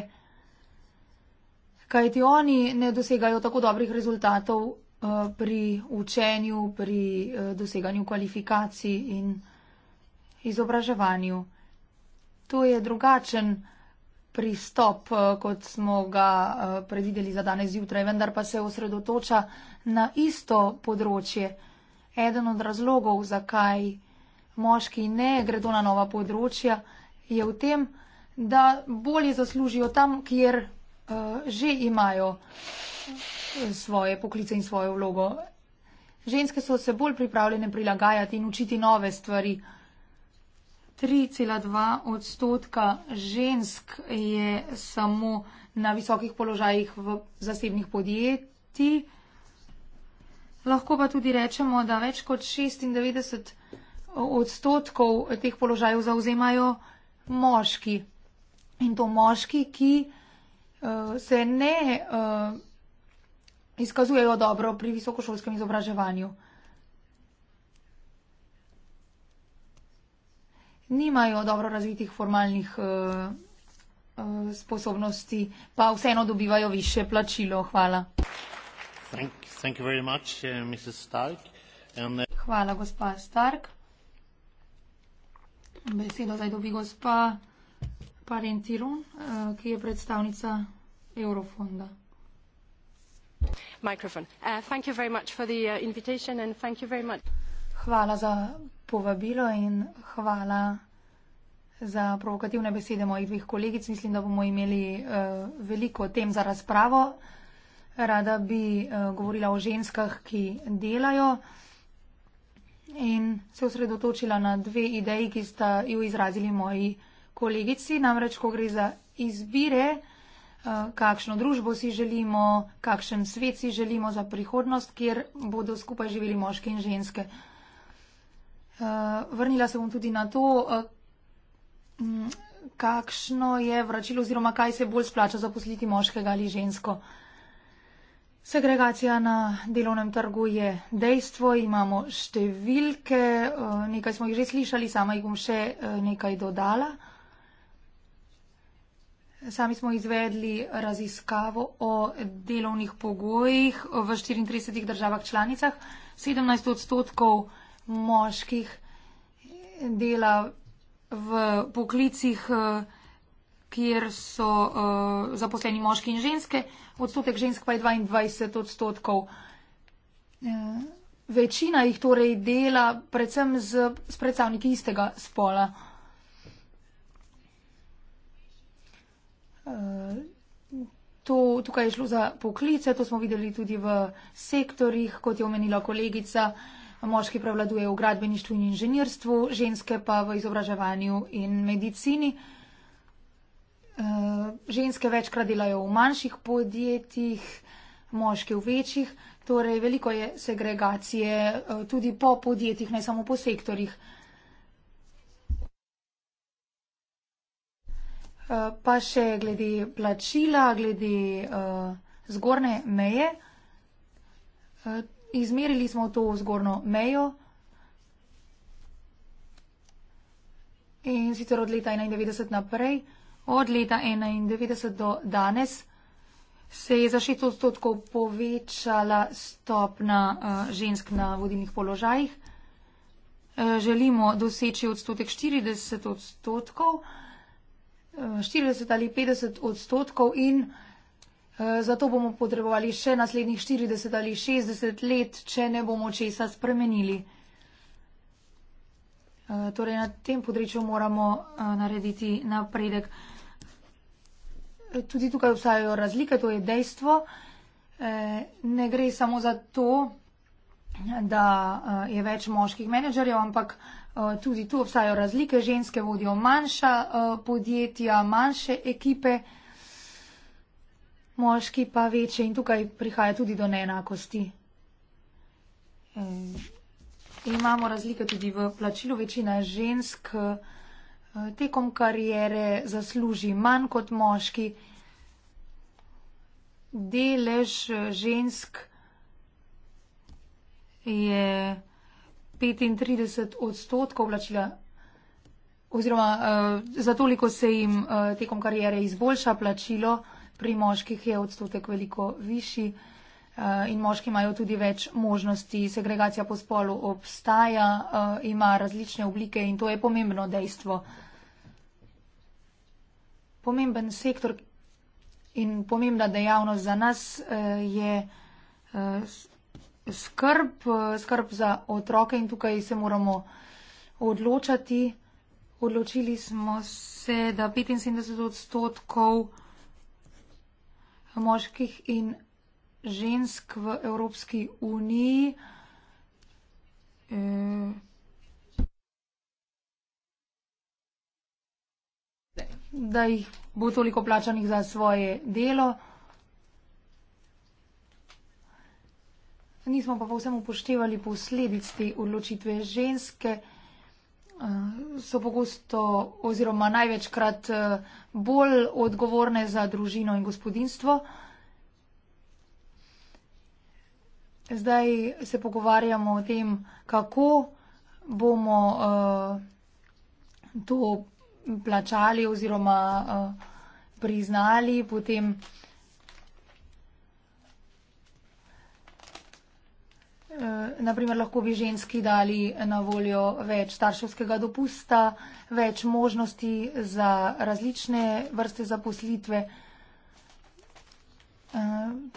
kajti oni ne dosegajo tako dobrih rezultatov eh, pri učenju, pri eh, doseganju kvalifikacij in izobraževanju. To je drugačen pristop, kot smo ga predvideli za danes zjutraj, vendar pa se osredotoča na isto področje. Eden od razlogov, zakaj moški ne gredo na nova področja, je v tem, da bolje zaslužijo tam, kjer uh, že imajo eh, svoje poklice in svojo vlogo. Ženske so se bolj pripravljene prilagajati in učiti nove stvari. 3,2 odstotka žensk je samo na visokih položajih v zasebnih podjetjih. Lahko pa tudi rečemo, da več kot 96 odstotkov teh položajev zauzemajo moški. In to moški, ki uh, se ne uh, izkazujejo dobro pri visokošolskem izobraževanju. Nimajo dobro razvitih formalnih uh, uh, sposobnosti, pa vseeno dobivajo više plačilo. Hvala. Uh, uh, hvala, gospa Stark. Besedo zdaj dobi gospa Parentirun, uh, ki je predstavnica Eurofonda. Hvala za povabilo in hvala za provokativne besede mojih dveh kolegic. Mislim, da bomo imeli uh, veliko tem za razpravo. Rada bi eh, govorila o ženskah, ki delajo in se osredotočila na dve ideji, ki sta jo izrazili moji kolegici. Namreč, ko gre za izbire, eh, kakšno družbo si želimo, kakšen svet si želimo za prihodnost, kjer bodo skupaj živeli moški in ženske. Eh, vrnila se bom tudi na to, kakšno je vračilo oziroma kaj se bolj splača zaposliti moškega ali žensko. Segregacija na delovnem trgu je dejstvo, imamo številke, eh, nekaj smo jih že slišali, sama jih bom še eh, nekaj dodala. Sami smo izvedli raziskavo o delovnih pogojih v 34 državah članicah. 17 odstotkov moških dela v poklicih eh, kjer so uh, zaposleni moški in ženske, odstotek žensk pa je 22 odstotkov. Uh, večina jih torej dela predvsem z, s predstavniki istega spola. Uh, to, tukaj je šlo za poklice, to smo videli tudi v sektorjih, kot je omenila kolegica. Moški prevladujejo v gradbeništvu in inženirstvu, ženske pa v izobraževanju in medicini. Uh, Eh, ženske večkrat delajo v manjših podjetjih, moški v večjih, torej veliko je segregacije eh, tudi po podjetjih, ne samo po sektorjih. Eh, pa še glede plačila, glede zgorne meje. Izmerili smo to zgorno mejo. In sicer od leta 1991 naprej od leta 1991 do danes se je za 6 odstotkov povečala stopna eh, žensk na vodilnih položajih. Eh, želimo doseči odstotek 40 odstotkov, 40 eh, ali 50 odstotkov in zato bomo potrebovali še naslednjih 40 ali 60 let, če ne bomo česa spremenili. Eh, torej, na tem področju moramo eh, narediti napredek. Tudi tukaj obstajajo razlike, to je dejstvo. Eh, ne gre samo za to, da je več moških menedžerjev, ampak tudi tu obstajajo razlike. Ženske vodijo manjša podjetja, manjše ekipe, moški pa večje in tukaj prihaja tudi do neenakosti imamo razlike tudi v plačilu. Večina žensk eh, tekom karijere zasluži manj kot moški. Delež eh, žensk je 35 odstotkov plačila. Oziroma, uh, za toliko se jim uh, tekom karijere izboljša plačilo, pri moških je odstotek veliko višji. Uh, Eh, in moški imajo tudi več možnosti. Segregacija po spolu obstaja, eh, ima različne oblike in to je pomembno dejstvo. Pomemben sektor in pomembna dejavnost za nas eh, je skrb, skrb za otroke in tukaj se moramo odločati. Odločili smo se, da 75 odstotkov moških in žensk v Evropski uniji. Eh, da jih bo toliko plačanih za svoje delo. Nismo pa povsem upoštevali posledic te odločitve. Ženske eh, so pogosto oziroma največkrat eh, bolj odgovorne za družino in gospodinstvo. Zdaj se pogovarjamo o tem, kako bomo uh, to plačali oziroma uh, priznali. Potem eh, Naprimer, lahko bi ženski dali na voljo več starševskega dopusta, več možnosti za različne vrste zaposlitve.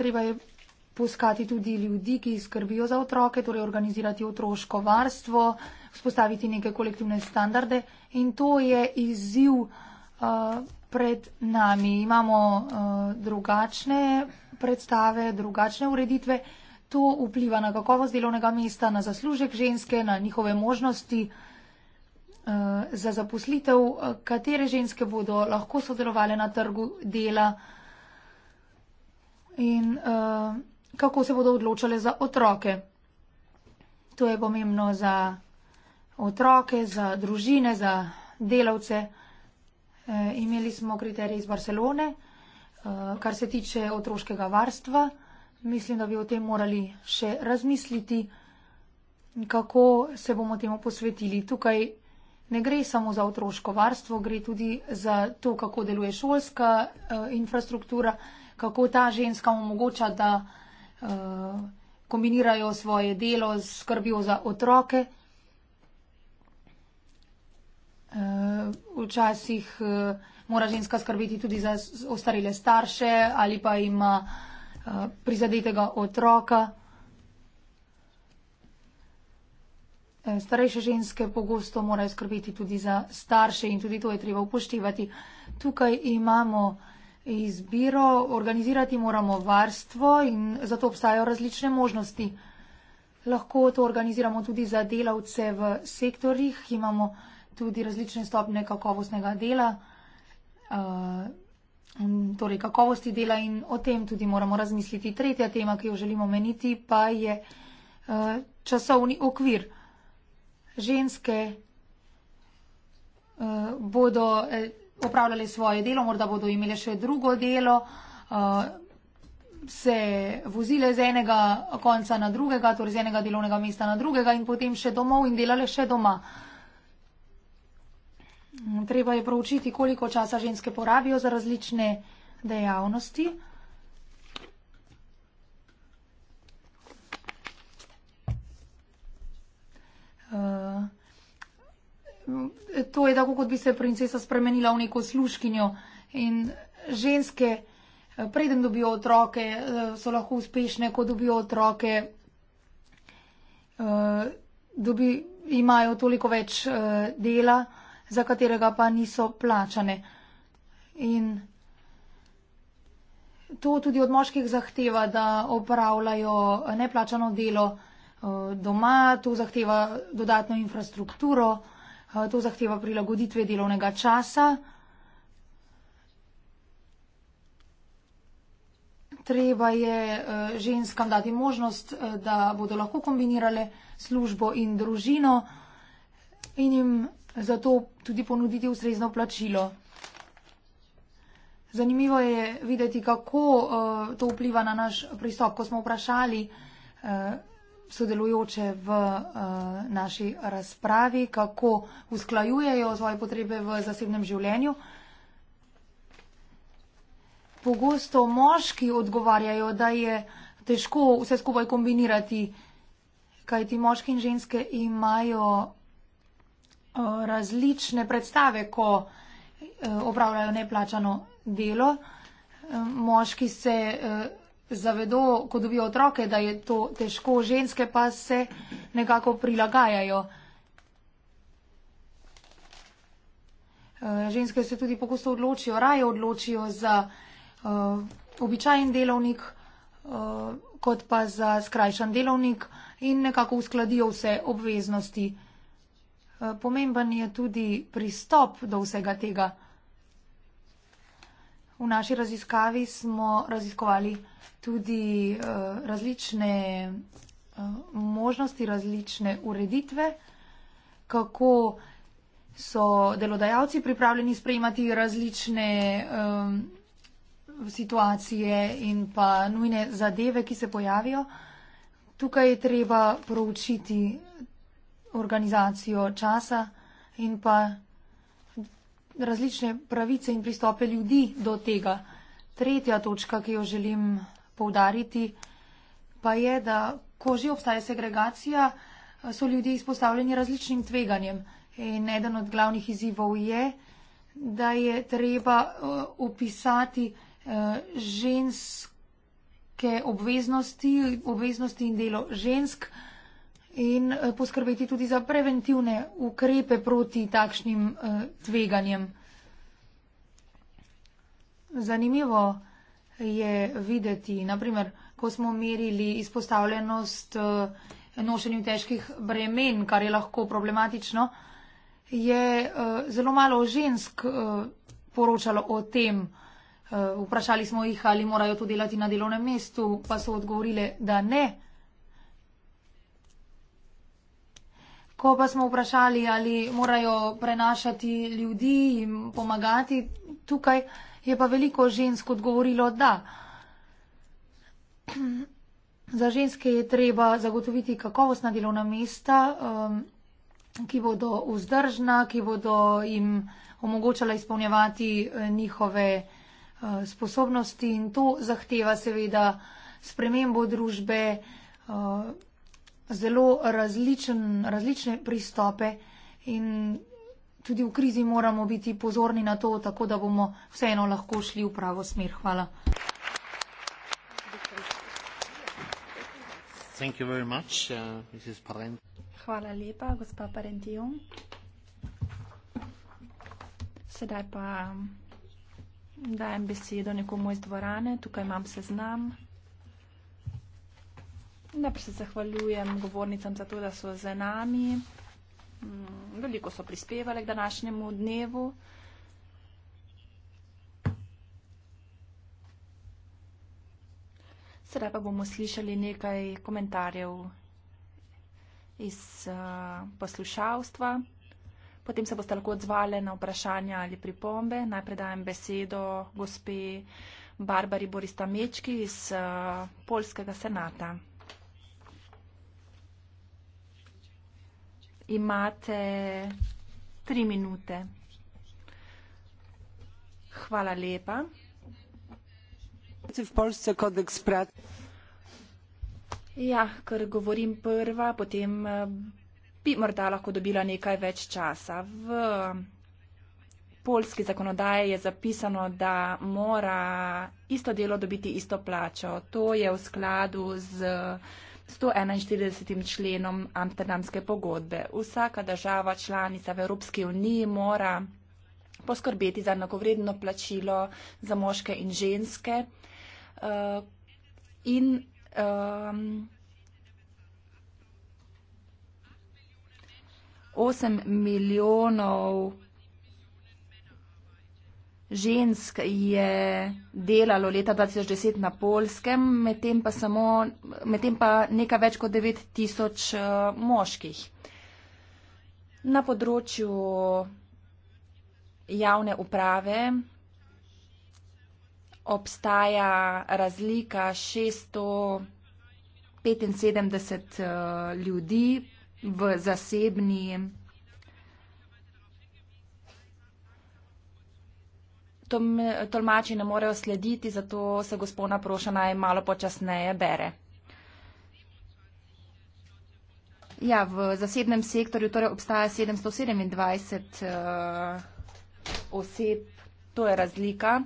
Treba je poskati tudi ljudi, ki skrbijo za otroke, torej organizirati otroško varstvo, spostaviti neke kolektivne standarde in to je izziv uh, pred nami. Imamo uh, drugačne predstave, drugačne ureditve. To vpliva na kakovost delovnega mesta, na zaslužek ženske, na njihove možnosti uh, za zaposlitev, uh, katere ženske bodo lahko sodelovali na trgu dela. In uh, kako se bodo odločale za otroke. To je pomembno za otroke, za družine, za delavce. E, imeli smo kriterije iz Barcelone, e, kar se tiče otroškega varstva. Mislim, da bi o tem morali še razmisliti, kako se bomo temu posvetili. Tukaj ne gre samo za otroško varstvo, gre tudi za to, kako deluje šolska e, infrastruktura, kako ta ženska omogoča, da. Eh, kombinirajo svoje delo z skrbjo za otroke. Eh, včasih eh, mora ženska skrbeti tudi za ostarele starše ali pa ima prizadetega otroka. Starejše ženske pogosto morajo skrbeti tudi za starše in tudi to je treba upoštevati. Tukaj imamo izbiro, organizirati moramo varstvo in zato obstajajo različne možnosti. Lahko to organiziramo tudi za delavce v sektorjih, imamo tudi različne stopne kakovostnega dela, uh, torej kakovosti dela in o tem tudi moramo razmisliti. Tretja tema, ki jo želimo meniti, pa je uh, časovni okvir. Ženske uh, bodo. Eh, opravljali svoje delo, morda bodo imeli še drugo delo, eh, se vozile z enega konca na drugega, torej z enega delovnega mesta na drugega in potem še domov in delale še doma. Treba je proučiti, koliko časa ženske porabijo za različne dejavnosti. Uh to je tako, kot bi se princesa spremenila v neko sluškinjo in ženske, eh, preden dobijo otroke, eh, so lahko uspešne, ko dobijo otroke, eh, dobi, imajo toliko več dela, za katerega pa niso plačane. In to tudi od moških zahteva, da opravljajo neplačano delo doma, to zahteva dodatno infrastrukturo. To zahteva prilagoditve delovnega časa. Treba je e, ženskam dati možnost, e, da bodo lahko kombinirale službo in družino in jim zato tudi ponuditi ustrezno plačilo. Zanimivo je videti, kako e, to vpliva na naš pristop, ko smo vprašali sodelujoče v uh, naši razpravi, kako usklajujejo svoje potrebe v zasebnem življenju. Pogosto moški odgovarjajo, da je težko vse skupaj kombinirati, kajti moški in ženske imajo uh, različne predstave, ko uh, opravljajo neplačano delo. Uh, moški se. Uh, zavedo, ko dobijo otroke, da je to težko, ženske pa se nekako prilagajajo. Eh, ženske se tudi pogosto odločijo, raje odločijo za uh, običajen delovnik, uh, kot pa za skrajšan delovnik in nekako uskladijo vse obveznosti. Uh, pomemben je tudi pristop do vsega tega. Uh, V naši raziskavi smo raziskovali tudi uh, različne uh, možnosti, različne ureditve, kako so delodajalci pripravljeni sprejemati različne um, situacije in pa nujne zadeve, ki se pojavijo. Tukaj je treba proučiti organizacijo časa in pa različne pravice in pristope ljudi do tega. Tretja točka, ki jo želim povdariti, pa je, da ko že obstaja segregacija, so ljudje izpostavljeni različnim tveganjem. In eden od glavnih izzivov je, da je treba eh, opisati eh, ženske obveznosti, obveznosti in delo žensk in eh, poskrbeti tudi za preventivne ukrepe proti takšnim eh, tveganjem. Zanimivo je videti, naprimer, ko smo merili izpostavljenost eh, nošenju težkih bremen, kar je lahko problematično, je zelo malo žensk poročalo o tem. Vprašali smo jih, ali morajo to delati na delovnem mestu, pa so odgovorile, da ne. Ko pa smo vprašali, ali morajo prenašati ljudi in pomagati tukaj, je pa veliko žensk odgovorilo, da. Za ženske je treba zagotoviti kakovostna delovna mesta, um, ki bodo vzdržna, ki bodo jim omogočala izpolnjevati eh, njihove eh, sposobnosti in to zahteva seveda spremembo družbe eh, zelo različen, različne pristope in tudi v krizi moramo biti pozorni na to, tako da bomo vseeno lahko šli v pravo smer. Hvala. Much, uh, Hvala lepa, gospa Parentijo. Sedaj pa um, dajem besedo nekomu iz dvorane. Tukaj imam seznam. Najprej se zahvaljujem govornicam za to, da so za nami. Mm, veliko so prispevali k današnjemu dnevu. Sedaj pa bomo slišali nekaj komentarjev iz eh, poslušalstva. Potem se boste lahko odzvali na vprašanja ali pripombe. Najprej dajem besedo gospe Barbari Borista Mečki iz eh, Polskega senata. imate tri minute. Hvala lepa. V Polsce kodeks prat. Ja, ker govorim prva, potem eh, bi morda lahko dobila nekaj več časa. V polski zakonodaji je zapisano, da mora isto delo dobiti isto plačo. To je v skladu z uh, 141. členom Amsterdamske pogodbe. Vsaka država članica v Evropski uniji mora poskrbeti za enakovredno plačilo za moške in ženske uh, in um, ehm, 8 milijonov žensk je delalo leta 2010 na polskem, medtem pa, samo, medtem pa nekaj več kot 9000 eh, moških. Na področju javne uprave obstaja razlika 675 eh, ljudi v zasebni tolmači ne morejo slediti, zato se gospona proša naj malo počasneje bere. Ja, v zasebnem sektorju torej obstaja 727 uh, eh, oseb, to je razlika.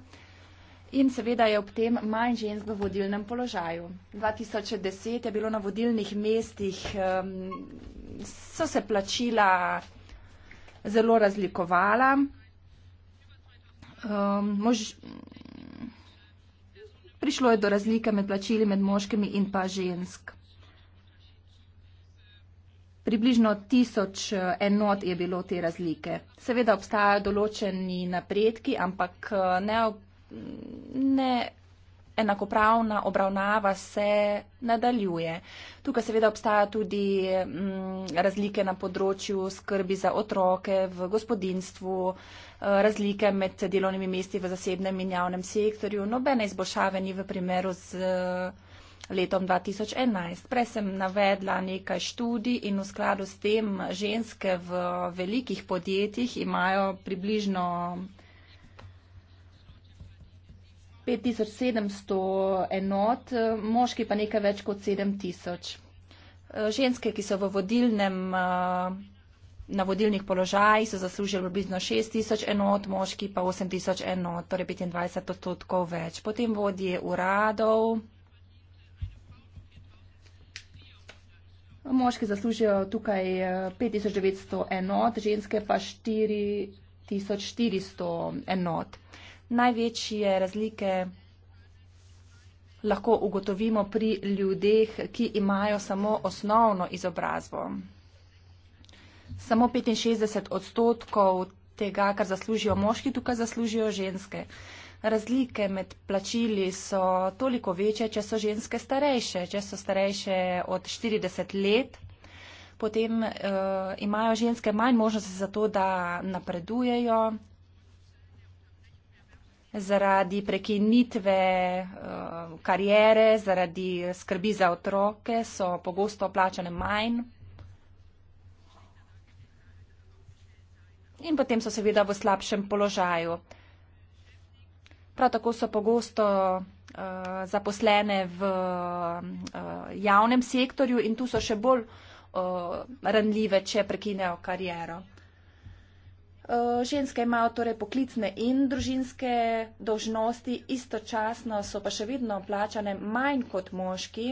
In seveda je ob tem manj žensk v vodilnem položaju. 2010 je bilo na vodilnih mestih, um, so se plačila zelo razlikovala um, mož... prišlo je do razlike med plačili med moškimi in pa žensk. Približno tisoč eh, enot je bilo te razlike. Seveda obstajajo določeni napredki, ampak eh, ne, ne enakopravna obravnava se nadaljuje. Tukaj seveda obstaja tudi m, mm, razlike na področju skrbi za otroke v gospodinstvu, m, razlike med delovnimi mesti v zasebnem in javnem sektorju, nobene izboljšave ni v primeru z eh, letom 2011. Prej sem navedla nekaj študij in v skladu s tem ženske v velikih podjetjih imajo približno 5700 enot, moški pa nekaj več kot 7000. Eh, ženske, ki so v vodilnem uh, na vodilnih položajih so zaslužili približno 6 tisoč enot, moški pa 8 tisoč enot, torej 25 odstotkov več. Potem vodje uradov. Moški zaslužijo tukaj 5900 eh, enot, ženske pa 4400 enot. Največje razlike lahko ugotovimo pri ljudeh, ki imajo samo osnovno izobrazbo samo 65 odstotkov tega, kar zaslužijo moški, tukaj zaslužijo ženske. Razlike med plačili so toliko večje, če so ženske starejše, če so starejše od 40 let, potem uh, imajo ženske manj možnosti za to, da napredujejo zaradi prekinitve uh, eh, karijere, zaradi skrbi za otroke, so pogosto plačane manj. in potem so seveda v slabšem položaju. Prav tako so pogosto uh, zaposlene v uh, javnem sektorju in tu so še bolj uh, ranljive, če prekinejo kariero. Ženske imajo torej poklicne in družinske dožnosti, istočasno so pa še vedno plačane manj kot moški.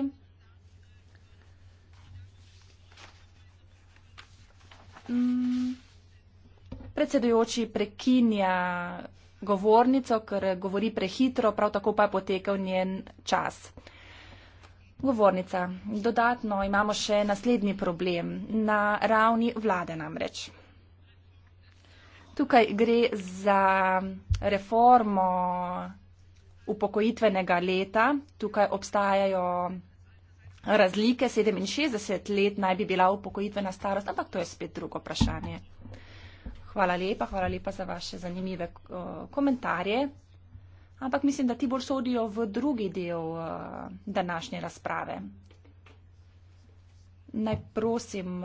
Mm predsedujoči prekinja govornico, ker govori prehitro, prav tako pa je potekal njen čas. Govornica, dodatno imamo še naslednji problem na ravni vlade namreč. Tukaj gre za reformo upokojitvenega leta. Tukaj obstajajo razlike. 67 let naj bi bila upokojitvena starost, ampak to je spet drugo vprašanje. Hvala lepa, hvala lepa za vaše zanimive komentarje. Ampak mislim, da ti bolj sodijo v drugi del današnje razprave. Naj prosim,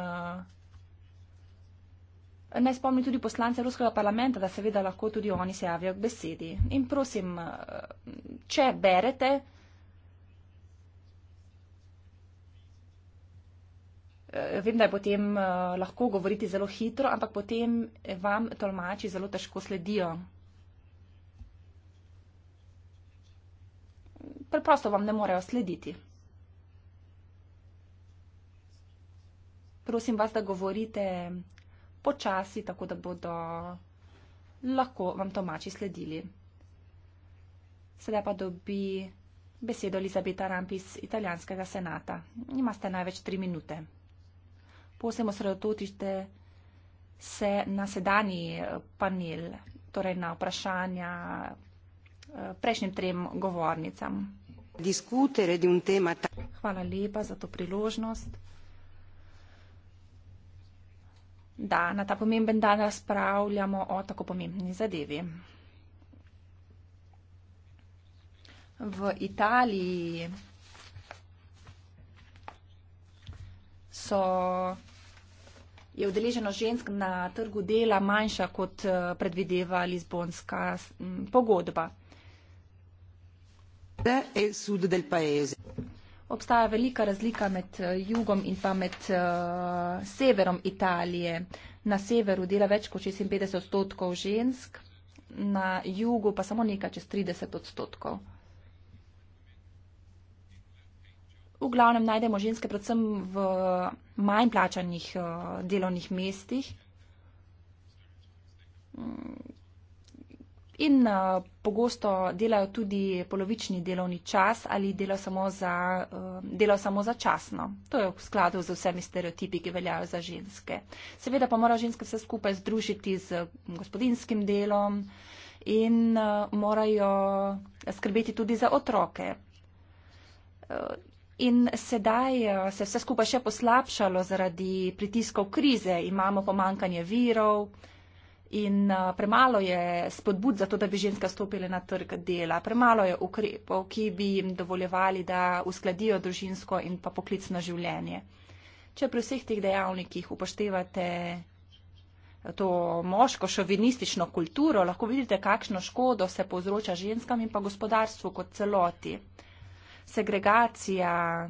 naj spomnim tudi poslance Ruskega parlamenta, da seveda lahko tudi oni se javijo k besedi. In prosim, če berete, Eh, vem, da je potem eh, lahko govoriti zelo hitro, ampak potem vam tolmači zelo težko sledijo. Preprosto vam ne morejo slediti. Prosim vas, da govorite počasi, tako da bodo lahko vam tolmači sledili. Sedaj pa dobi besedo Elizabeta Rampi iz italijanskega senata. Imate največ tri minute posebej osredotočite se na sedanji eh, panel, torej na vprašanja eh, prejšnjim trem govornicam. Hvala lepa za to priložnost, da na ta pomemben dan razpravljamo o tako pomembni zadevi. V Italiji so je udeleženo žensk na trgu dela manjša, kot eh, predvideva Lizbonska mm, pogodba. E Obstaja velika razlika med eh, jugom in pa med uh, severom Italije. Na severu dela več kot 56 odstotkov žensk, na jugu pa samo nekaj čez 30 odstotkov. V glavnem najdemo ženske predvsem v manj plačanih eh, delovnih mestih mm. in eh, pogosto delajo tudi polovični delovni čas ali delajo samo za, eh, delajo samo za časno. To je v skladu z vsemi stereotipi, ki veljajo za ženske. Seveda pa morajo ženske vse skupaj združiti z gospodinskim delom in morajo skrbeti tudi za otroke. In sedaj eh, se vse skupaj še poslabšalo zaradi pritiskov krize. Imamo pomankanje virov in eh, premalo je spodbud za to, da bi ženska stopile na trg dela. Premalo je ukrepov, ki bi jim dovoljevali, da uskladijo družinsko in pa poklicno življenje. Če pri vseh teh dejavnikih upoštevate eh, to moško šovinistično kulturo, lahko vidite, kakšno škodo se povzroča ženskam in pa gospodarstvu kot celoti segregacija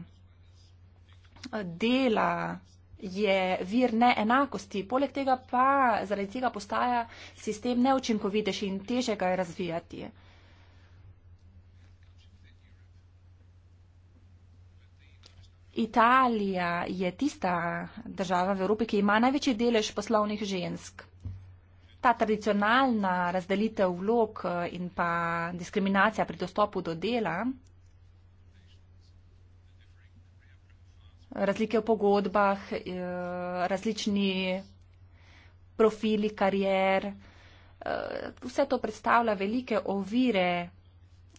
dela je vir neenakosti, poleg tega pa zaradi tega postaja sistem neučinkovitejši in teže ga je razvijati. Italija je tista država v Evropi, ki ima največji delež poslovnih žensk. Ta tradicionalna razdelitev vlog eh, in pa diskriminacija pri dostopu do dela razlike v pogodbah, eh, različni profili karier. Eh, vse to predstavlja velike ovire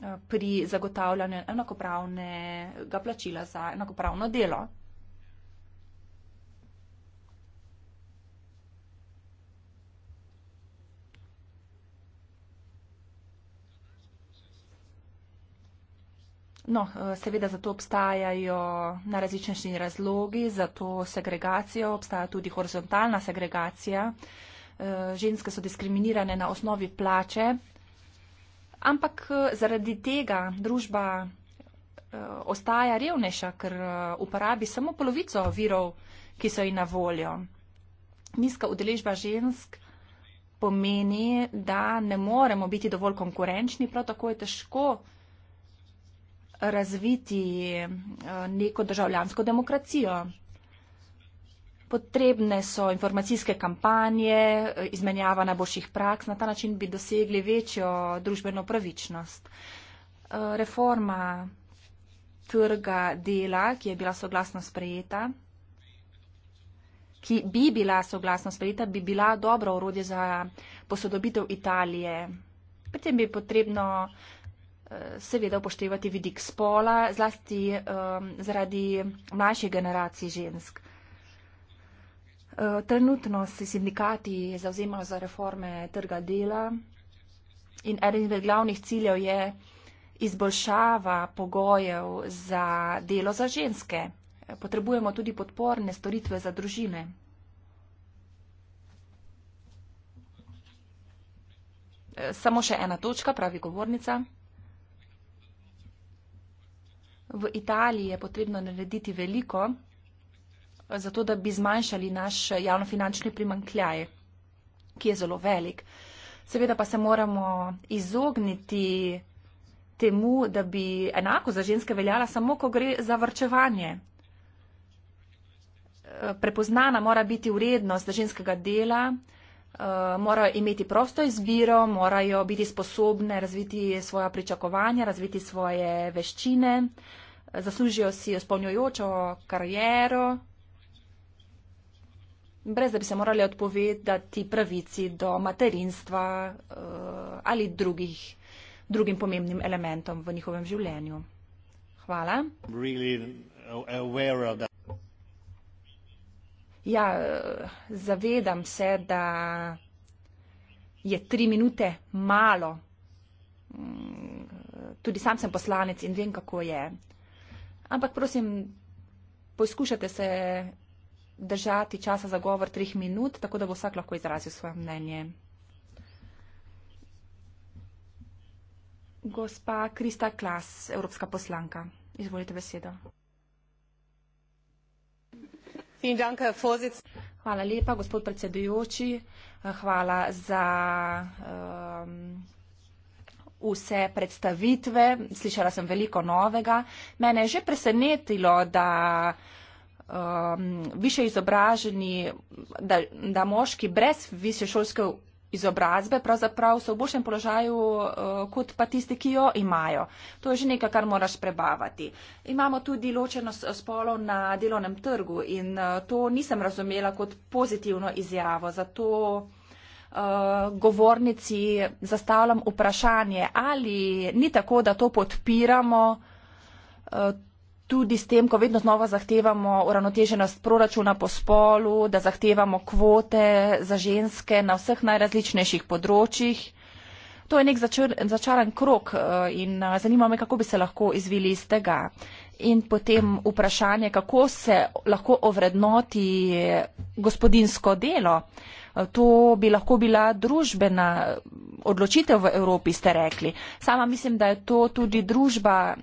eh, pri zagotavljanju enakopravnega plačila za enakopravno delo. No, eh, seveda zato obstajajo na različni razlogi za to segregacijo, obstaja tudi horizontalna segregacija. Eh, ženske so diskriminirane na osnovi plače, ampak eh, zaradi tega družba ostaja revnejša, ker uporabi samo polovico virov, ki so ji na voljo. Nizka udeležba žensk pomeni, da ne moremo biti dovolj konkurenčni, prav tako je težko razviti eh, neko državljansko demokracijo. Potrebne so informacijske kampanje, eh, izmenjava najboljših praks, na ta način bi dosegli večjo družbeno pravičnost. Eh, reforma trga dela, ki je bila soglasno sprejeta, ki bi bila soglasno sprejeta, bi bila dobro urodje za posodobitev Italije. Potem bi potrebno uh, seveda upoštevati vidik spola, zlasti um, zaradi mlajše generacije žensk. Uh, trenutno se sindikati zauzemajo za reforme trga dela in eden od glavnih ciljev je izboljšava pogojev za delo za ženske. Potrebujemo tudi podporne storitve za družine. Uh, samo še ena točka, pravi govornica. V Italiji je potrebno narediti veliko, zato da bi zmanjšali naš javnofinančni primankljaj, ki je zelo velik. Seveda pa se moramo izogniti temu, da bi enako za ženske veljala samo, ko gre za vrčevanje. Prepoznana mora biti urednost ženskega dela, morajo imeti prosto izbiro, morajo biti sposobne razviti svoja pričakovanja, razviti svoje veščine zaslužijo si izpolnjujočo kariero, brez da bi se morali odpovedati pravici do materinstva eh, ali drugih, drugim pomembnim elementom v njihovem življenju. Hvala. Really ja, eh, zavedam se, da je tri minute malo. Mm, tudi sam sem poslanec in vem, kako je. Ampak prosim, poskušajte se držati časa za govor treh minut, tako da bo vsak lahko izrazil svoje mnenje. Gospa Krista Klas, evropska poslanka. Izvolite besedo. Hvala lepa, gospod predsedujoči. Hvala za um, vse predstavitve, slišala sem veliko novega. Mene je že presenetilo, da um, više izobraženi, da, da moški brez višešolske izobrazbe pravzaprav so v boljšem položaju uh, kot pa tisti, ki jo imajo. To je že nekaj, kar moraš prebavati. Imamo tudi ločenost spolov na delovnem trgu in uh, to nisem razumela kot pozitivno izjavo. Zato, uh, uh, govornici zastavljam vprašanje, ali ni tako, da to podpiramo eh, tudi s tem, ko vedno znova zahtevamo uravnoteženost proračuna po spolu, da zahtevamo kvote za ženske na vseh najrazličnejših področjih. To je nek začar, začaran krok eh, in zanima me, kako bi se lahko izvili iz tega. In potem vprašanje, kako se lahko ovrednoti gospodinsko delo. Uh, To bi lahko bila družbena odločitev v Evropi, ste rekli. Sama mislim, da je to tudi družba,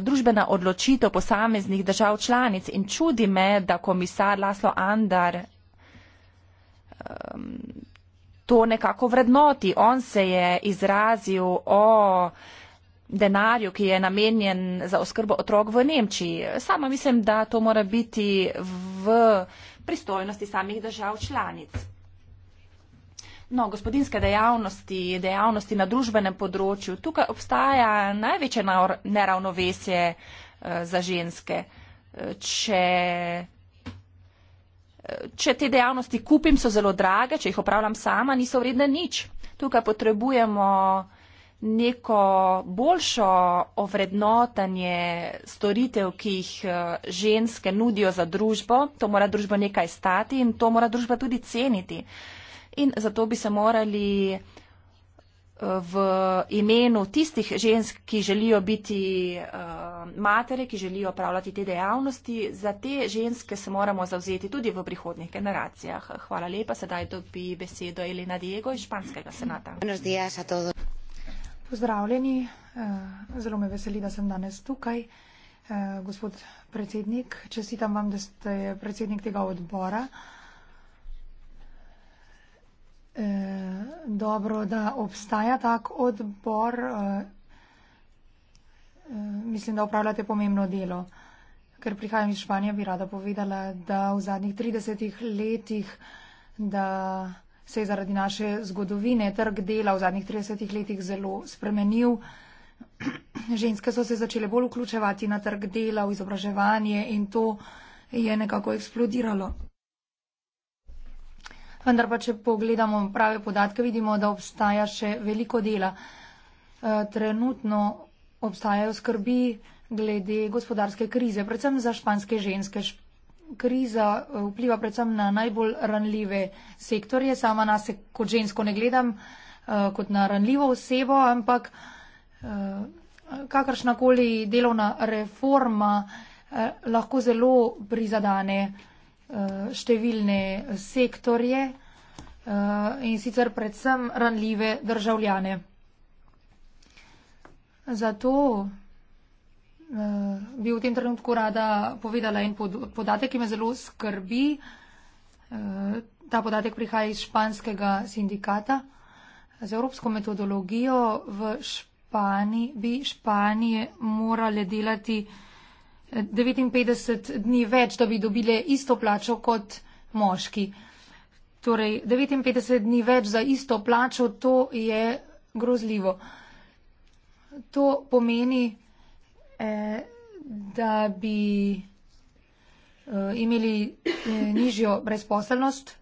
družbena odločitev posameznih držav članic in čudi me, da komisar Laslo Andar um, to nekako vrednoti. On se je izrazil o denarju, ki je namenjen za oskrbo otrok v Nemčiji. Sama mislim, da to mora biti v pristojnosti samih držav članic. No, gospodinske dejavnosti, dejavnosti na družbenem področju, tukaj obstaja največje neravnovesje eh, za ženske. Eh, če, eh, če te dejavnosti kupim, so zelo drage, če jih opravljam sama, niso vredne nič. Tukaj potrebujemo neko boljšo ovrednotanje storitev, ki jih ženske nudijo za družbo. To mora družba nekaj stati in to mora družba tudi ceniti in zato bi se morali eh, v imenu tistih žensk, ki želijo biti eh, matere, ki želijo pravljati te dejavnosti, za te ženske se moramo zavzeti tudi v prihodnih generacijah. Hvala lepa, sedaj dobi besedo Elena Diego iz Španskega senata. Pozdravljeni, eh, zelo me veseli, da sem danes tukaj. Gospod predsednik, čestitam vam, da ste predsednik tega odbora eh, dobro, da obstaja tak odbor. Eh, eh mislim, da upravljate pomembno delo. Ker prihajam iz Španije, bi rada povedala, da v zadnjih 30 letih, da se je zaradi naše zgodovine trg dela v zadnjih 30 letih zelo spremenil. Ženske so se začele bolj vključevati na trg dela, v izobraževanje in to je nekako eksplodiralo vendar pa če pogledamo prave podatke, vidimo, da obstaja še veliko dela. E, trenutno obstajajo skrbi glede gospodarske krize, predvsem za španske ženske. Kriza e, vpliva predvsem na najbolj ranljive sektorje. Sama nas kot žensko ne gledam e, kot na ranljivo osebo, ampak kakršnakoli delovna reforma lahko zelo prizadane. Eh, številne sektorje eh, in sicer predvsem ranljive državljane. Zato eh, bi v tem trenutku rada povedala en podatek, ki me zelo skrbi. Ta podatek prihaja iz španskega sindikata. Z evropsko metodologijo v Španiji bi Španije morale delati 59 dni več, da bi dobile isto plačo kot moški. Torej, 59 dni več za isto plačo, to je grozljivo. To pomeni, eh, da bi eh, imeli eh, nižjo brezposelnost,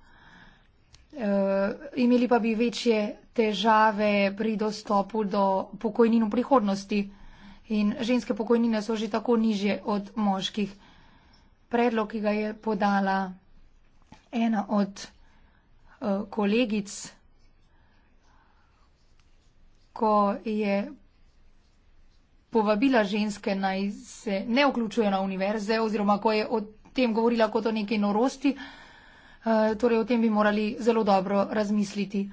eh, imeli pa bi večje težave pri dostopu do pokojnin v prihodnosti in ženske pokojnine so že tako nižje od moških. Predlog, ki ga je podala ena od uh, kolegic, ko je povabila ženske naj se ne vključuje na univerze oziroma ko je o tem govorila kot o neki norosti, uh, torej o tem bi morali zelo dobro razmisliti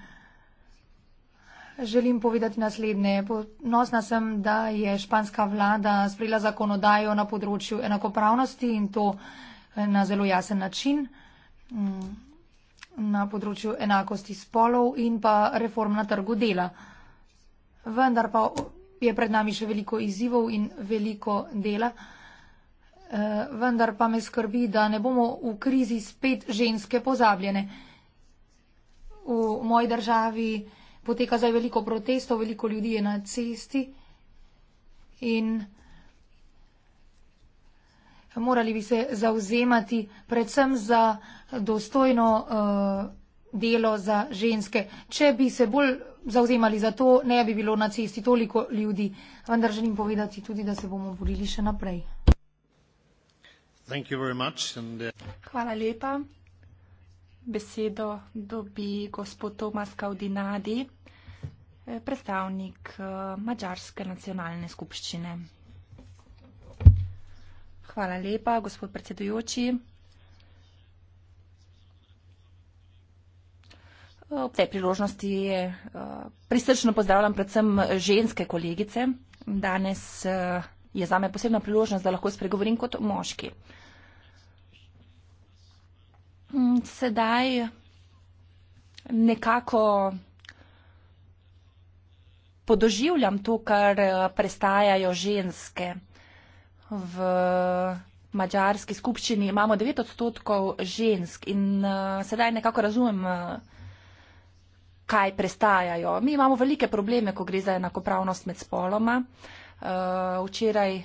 želim povedati naslednje. Ponosna sem, da je španska vlada sprejela zakonodajo na področju enakopravnosti in to na zelo jasen način mm, na področju enakosti spolov in pa reform na trgu dela. Vendar pa je pred nami še veliko izzivov in veliko dela. Eh, vendar pa me skrbi, da ne bomo v krizi spet ženske pozabljene. V moji državi poteka zdaj veliko protestov, veliko ljudi je na cesti in morali bi se zauzemati predvsem za dostojno uh, delo za ženske. Če bi se bolj zauzemali za to, ne bi bilo na cesti toliko ljudi, vendar želim povedati tudi, da se bomo borili še naprej. Uh, Hvala lepa. Besedo dobi gospod Tomas Kaudinadi predstavnik eh, Mačarske nacionalne skupščine. Hvala lepa, gospod predsedujoči. Ob tej priložnosti eh, prisrčno pozdravljam predvsem ženske kolegice. Danes eh, je za me posebna priložnost, da lahko spregovorim kot moški. Hm, sedaj nekako podoživljam to, kar eh, prestajajo ženske. V mačarski skupščini imamo 9 odstotkov žensk in uh, sedaj nekako razumem, uh, kaj prestajajo. Mi imamo velike probleme, ko gre za enakopravnost med spoloma. Uh, včeraj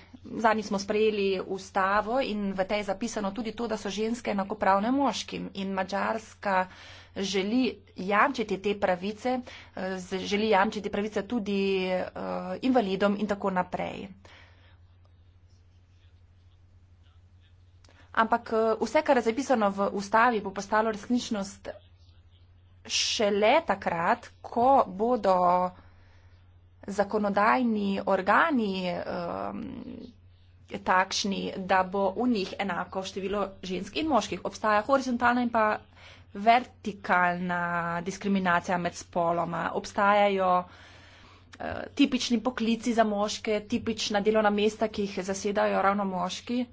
zadnji smo sprejeli ustavo in v tej je zapisano tudi to, da so ženske enakopravne moškim in mačarska uh, želi jamčiti te pravice, želi jamčiti pravice tudi eh, invalidom in tako naprej. Ampak eh, vse, kar je zapisano v ustavi, bo postalo resničnost šele takrat, ko bodo zakonodajni organi eh, takšni, da bo v njih enako število žensk in moških. Obstaja horizontalna in pa vertikalna diskriminacija med spoloma. Obstajajo eh, tipični poklici za moške, tipična delovna mesta, ki jih zasedajo ravno moški.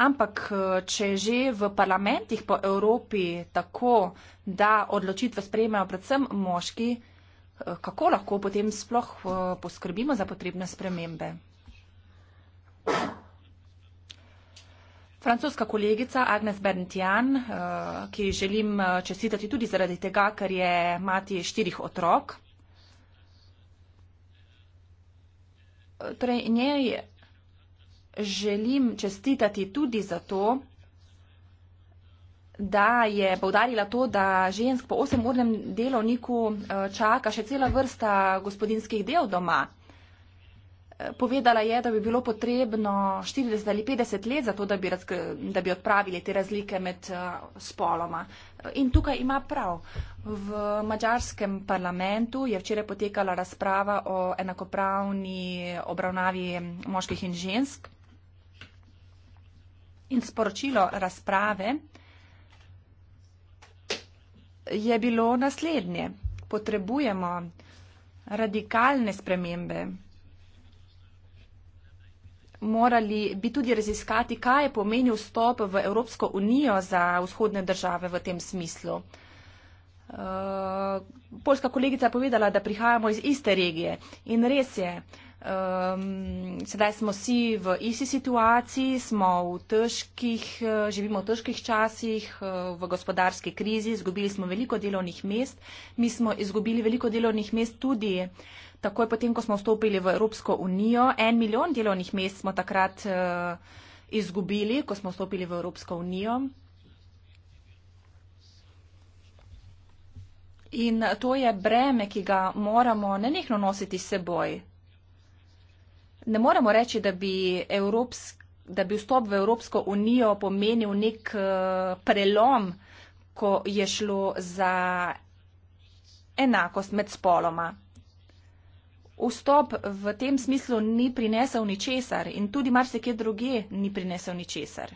Ampak, eh, če že v parlamentih po Evropi tako, da odločitve sprejmejo predvsem moški, eh, kako lahko potem sploh poskrbimo za potrebne spremembe? Francoska kolegica Agnes Berntjan, eh, ki želim eh, čestitati tudi zaradi tega, ker je mati štirih otrok. Eh, torej, njej želim čestitati tudi zato, da je povdarila to, da žensk po osemurnem delovniku čaka še cela vrsta gospodinskih del doma. Povedala je, da bi bilo potrebno 40 ali 50 let za to, da bi, razk da bi odpravili te razlike med uh, spoloma. In tukaj ima prav. V mađarskem parlamentu je včeraj potekala razprava o enakopravni obravnavi moških in žensk. In sporočilo razprave je bilo naslednje. Potrebujemo radikalne spremembe morali bi tudi raziskati, kaj je pomenil vstop v Evropsko unijo za vzhodne države v tem smislu. Eh, poljska kolegica je povedala, da prihajamo iz iste regije in res je. Um, sedaj smo vsi v isti situaciji, smo v težkih, eh, živimo v težkih časih, eh, v gospodarski krizi, izgubili smo veliko delovnih mest. Mi smo izgubili veliko delovnih mest tudi uh, takoj potem, ko smo vstopili v Evropsko unijo. En milijon delovnih mest smo takrat uh, izgubili, ko smo vstopili v Evropsko unijo. In to je breme, ki ga moramo nenehno nositi s seboj. Ne moremo reči, da bi, Evropsk, da bi vstop v Evropsko unijo pomenil nek uh, prelom, ko je šlo za enakost med spoloma vstop v tem smislu ni prinesel ničesar in tudi marsikje druge ni prinesel ničesar.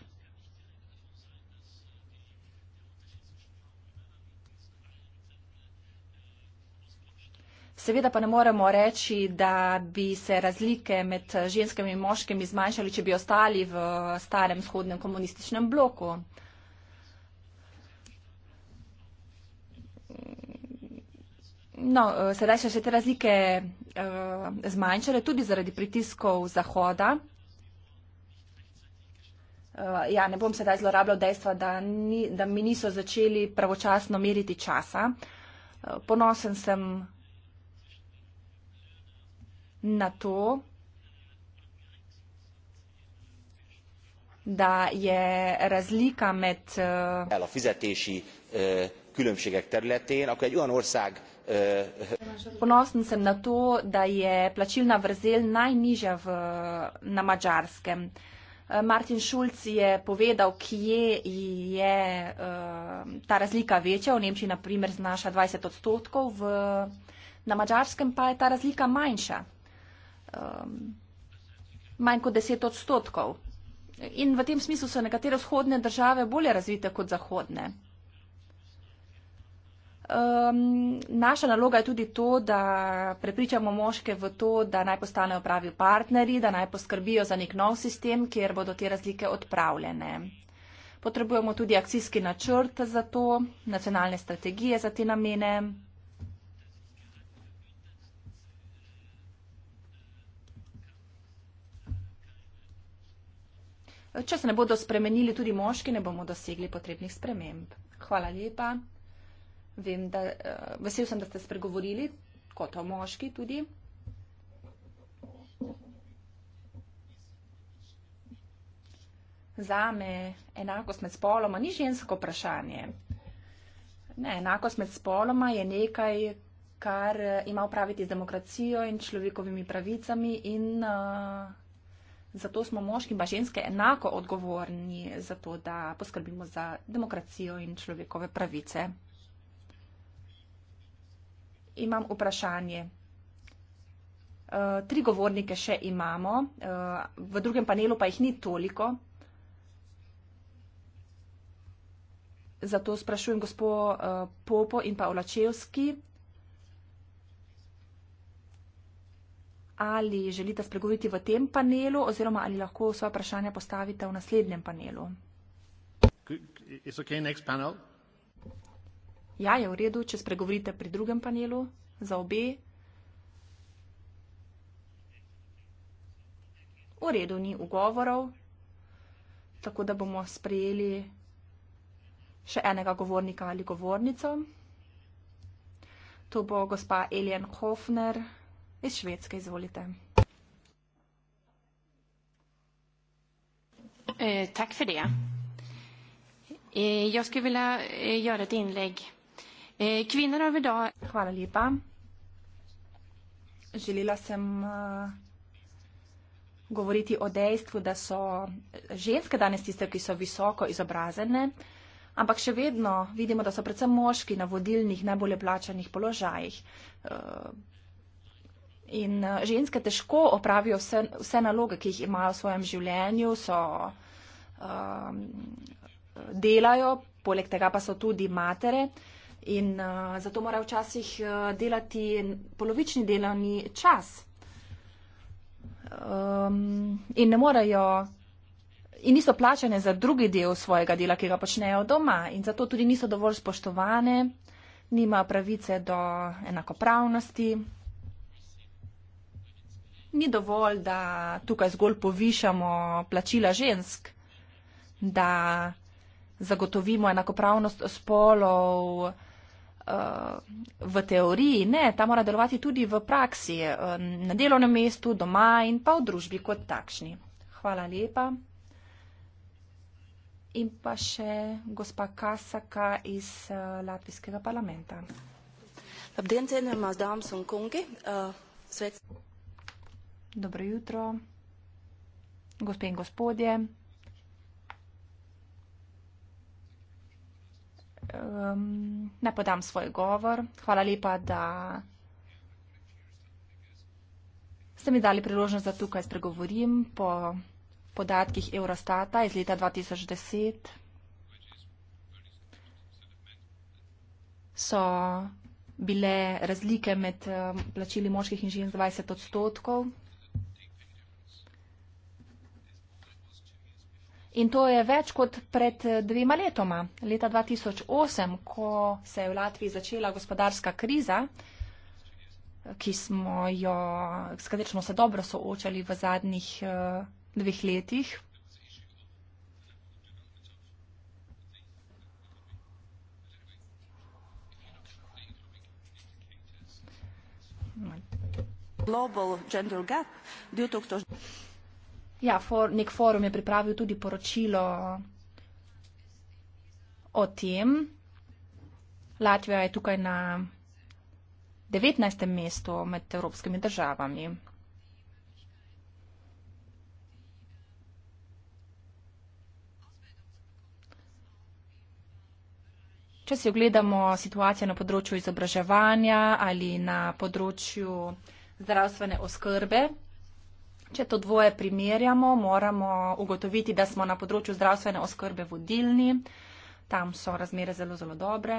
Seveda pa ne moremo reči, da bi se razlike med ženskami in moškimi zmanjšali, če bi ostali v starem vzhodnem komunističnem bloku. No, eh, sedaj so se te razlike eh, zmanjšale tudi zaradi pritiskov Zahoda. Eh, ja, ne bom sedaj zlorabljal dejstva, da, ni, da mi niso začeli pravočasno meriti časa. Ponosen sem na to, da je razlika med. El a fizetési különbségek területén, akkor egy olyan ország. Eh, eh. Ponosen sem na to, da je plačilna vrzel najnižja v, na mačarskem. Eh, Martin Šulc je povedal, kje je uh, ta razlika večja. V Nemčiji, na primer, znaša 20 odstotkov, v, na mačarskem pa je ta razlika manjša, um, manj kot 10 odstotkov. In v tem smislu so nekatere vzhodne države bolje razvite kot zahodne. Um, naša naloga je tudi to, da prepričamo moške v to, da naj postanejo pravi partneri, da naj poskrbijo za nek nov sistem, kjer bodo te razlike odpravljene. Potrebujemo tudi akcijski načrt za to, nacionalne strategije za te namene. Če se ne bodo spremenili tudi moški, ne bomo dosegli potrebnih sprememb. Hvala lepa. Vem, da, uh, vesel sem, da ste spregovorili, kot o moški tudi. Za me enakost med spoloma ni žensko vprašanje. Ne, enakost med spoloma je nekaj, kar eh, ima upraviti z demokracijo in človekovimi pravicami in uh, zato smo moški in pa ženske enako odgovorni za to, da poskrbimo za demokracijo in človekove pravice imam vprašanje. Eh, tri govornike še imamo, eh, v drugem panelu pa jih ni toliko. Zato sprašujem gospod eh, Popo in pa Olačevski, ali želite spregoviti v tem panelu oziroma ali lahko svoje vprašanja postavite v naslednjem panelu. Je ok, naslednji panel? Ja, je v redu, če spregovorite pri drugem panelu za obe. V redu ni ugovorov, tako da bomo sprejeli še enega govornika ali govornico. To bo gospa Elian Hofner iz Švedske, izvolite. Eh, tak for det. Eh, jag skulle vilja eh, göra ett inlägg Eh, Kvinner over da Hvala lepa. Želela sem eh, govoriti o dejstvu, da so ženske danes tiste, ki so visoko izobrazene, ampak še vedno vidimo, da so predvsem moški na vodilnih, najbolje plačanih položajih. Eh, in ženske težko opravijo vse, vse naloge, ki jih imajo v svojem življenju, so, um, delajo, poleg tega pa so tudi matere. Uh, In uh, zato mora včasih uh, delati polovični delovni čas. Um, in ne morejo. In niso plačene za drugi del svojega dela, ki ga počnejo doma. In zato tudi niso dovolj spoštovane, nimajo pravice do enakopravnosti. Ni dovolj, da tukaj zgolj povišamo plačila žensk, da zagotovimo enakopravnost spolov v teoriji, ne, ta mora delovati tudi v praksi, eh, na delovnem mestu, doma in pa v družbi kot takšni. Hvala lepa. In pa še gospa Kasaka iz eh, Latvijskega parlamenta. Eh, Dobro jutro, gospe in gospodje. um, ne podam svoj govor. Hvala lepa, da ste mi dali priložnost, da tukaj spregovorim po podatkih Eurostata iz leta 2010. So bile razlike med plačili moških in žensk 20 odstotkov, In to je več kot pred dvema letoma, leta 2008, ko se je v Latviji začela gospodarska kriza, ki smo jo, s katero se dobro soočali v zadnjih eh, dveh letih. Global gender gap, 2008. Ja, for, nek forum je pripravil tudi poročilo o tem. Latvija je tukaj na 19. mestu med evropskimi državami. Če si ogledamo situacijo na področju izobraževanja ali na področju zdravstvene oskrbe, Če to dvoje primerjamo, moramo ugotoviti, da smo na področju zdravstvene oskrbe vodilni. Tam so razmere zelo, zelo dobre.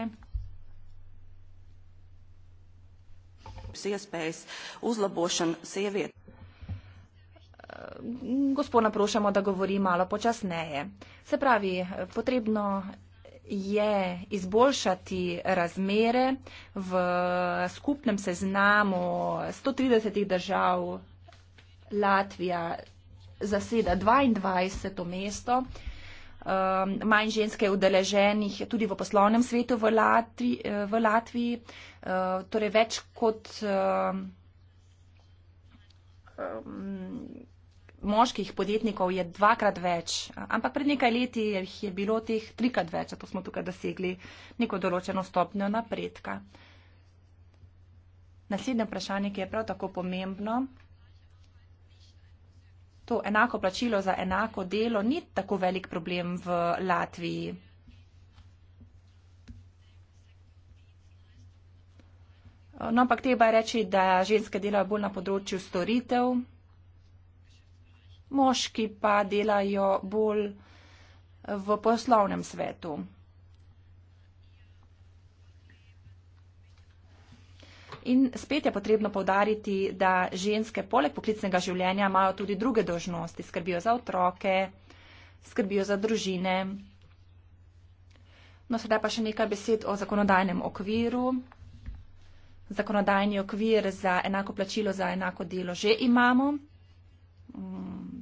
Gospod naprošamo, da govori malo počasneje. Se pravi, potrebno je izboljšati razmere v skupnem seznamu 130 držav Latvija zaseda 22. mesto. Um, manj ženske je udeleženih tudi v poslovnem svetu v, Latri, eh, v Latviji, uh, torej več kot um, moških podjetnikov je dvakrat več, ampak pred nekaj leti jih je bilo teh trikrat več, zato smo tukaj dosegli neko določeno stopnjo napredka. Naslednje vprašanje, ki je prav tako pomembno to enako plačilo za enako delo ni tako velik problem v Latviji. No, ampak treba reči, da ženske delajo bolj na področju storitev, moški pa delajo bolj v poslovnem svetu. In spet je potrebno povdariti, da ženske poleg poklicnega življenja imajo tudi druge dožnosti. Skrbijo za otroke, skrbijo za družine. No, sedaj pa še nekaj besed o zakonodajnem okviru. Zakonodajni okvir za enako plačilo za enako delo že imamo. Mm.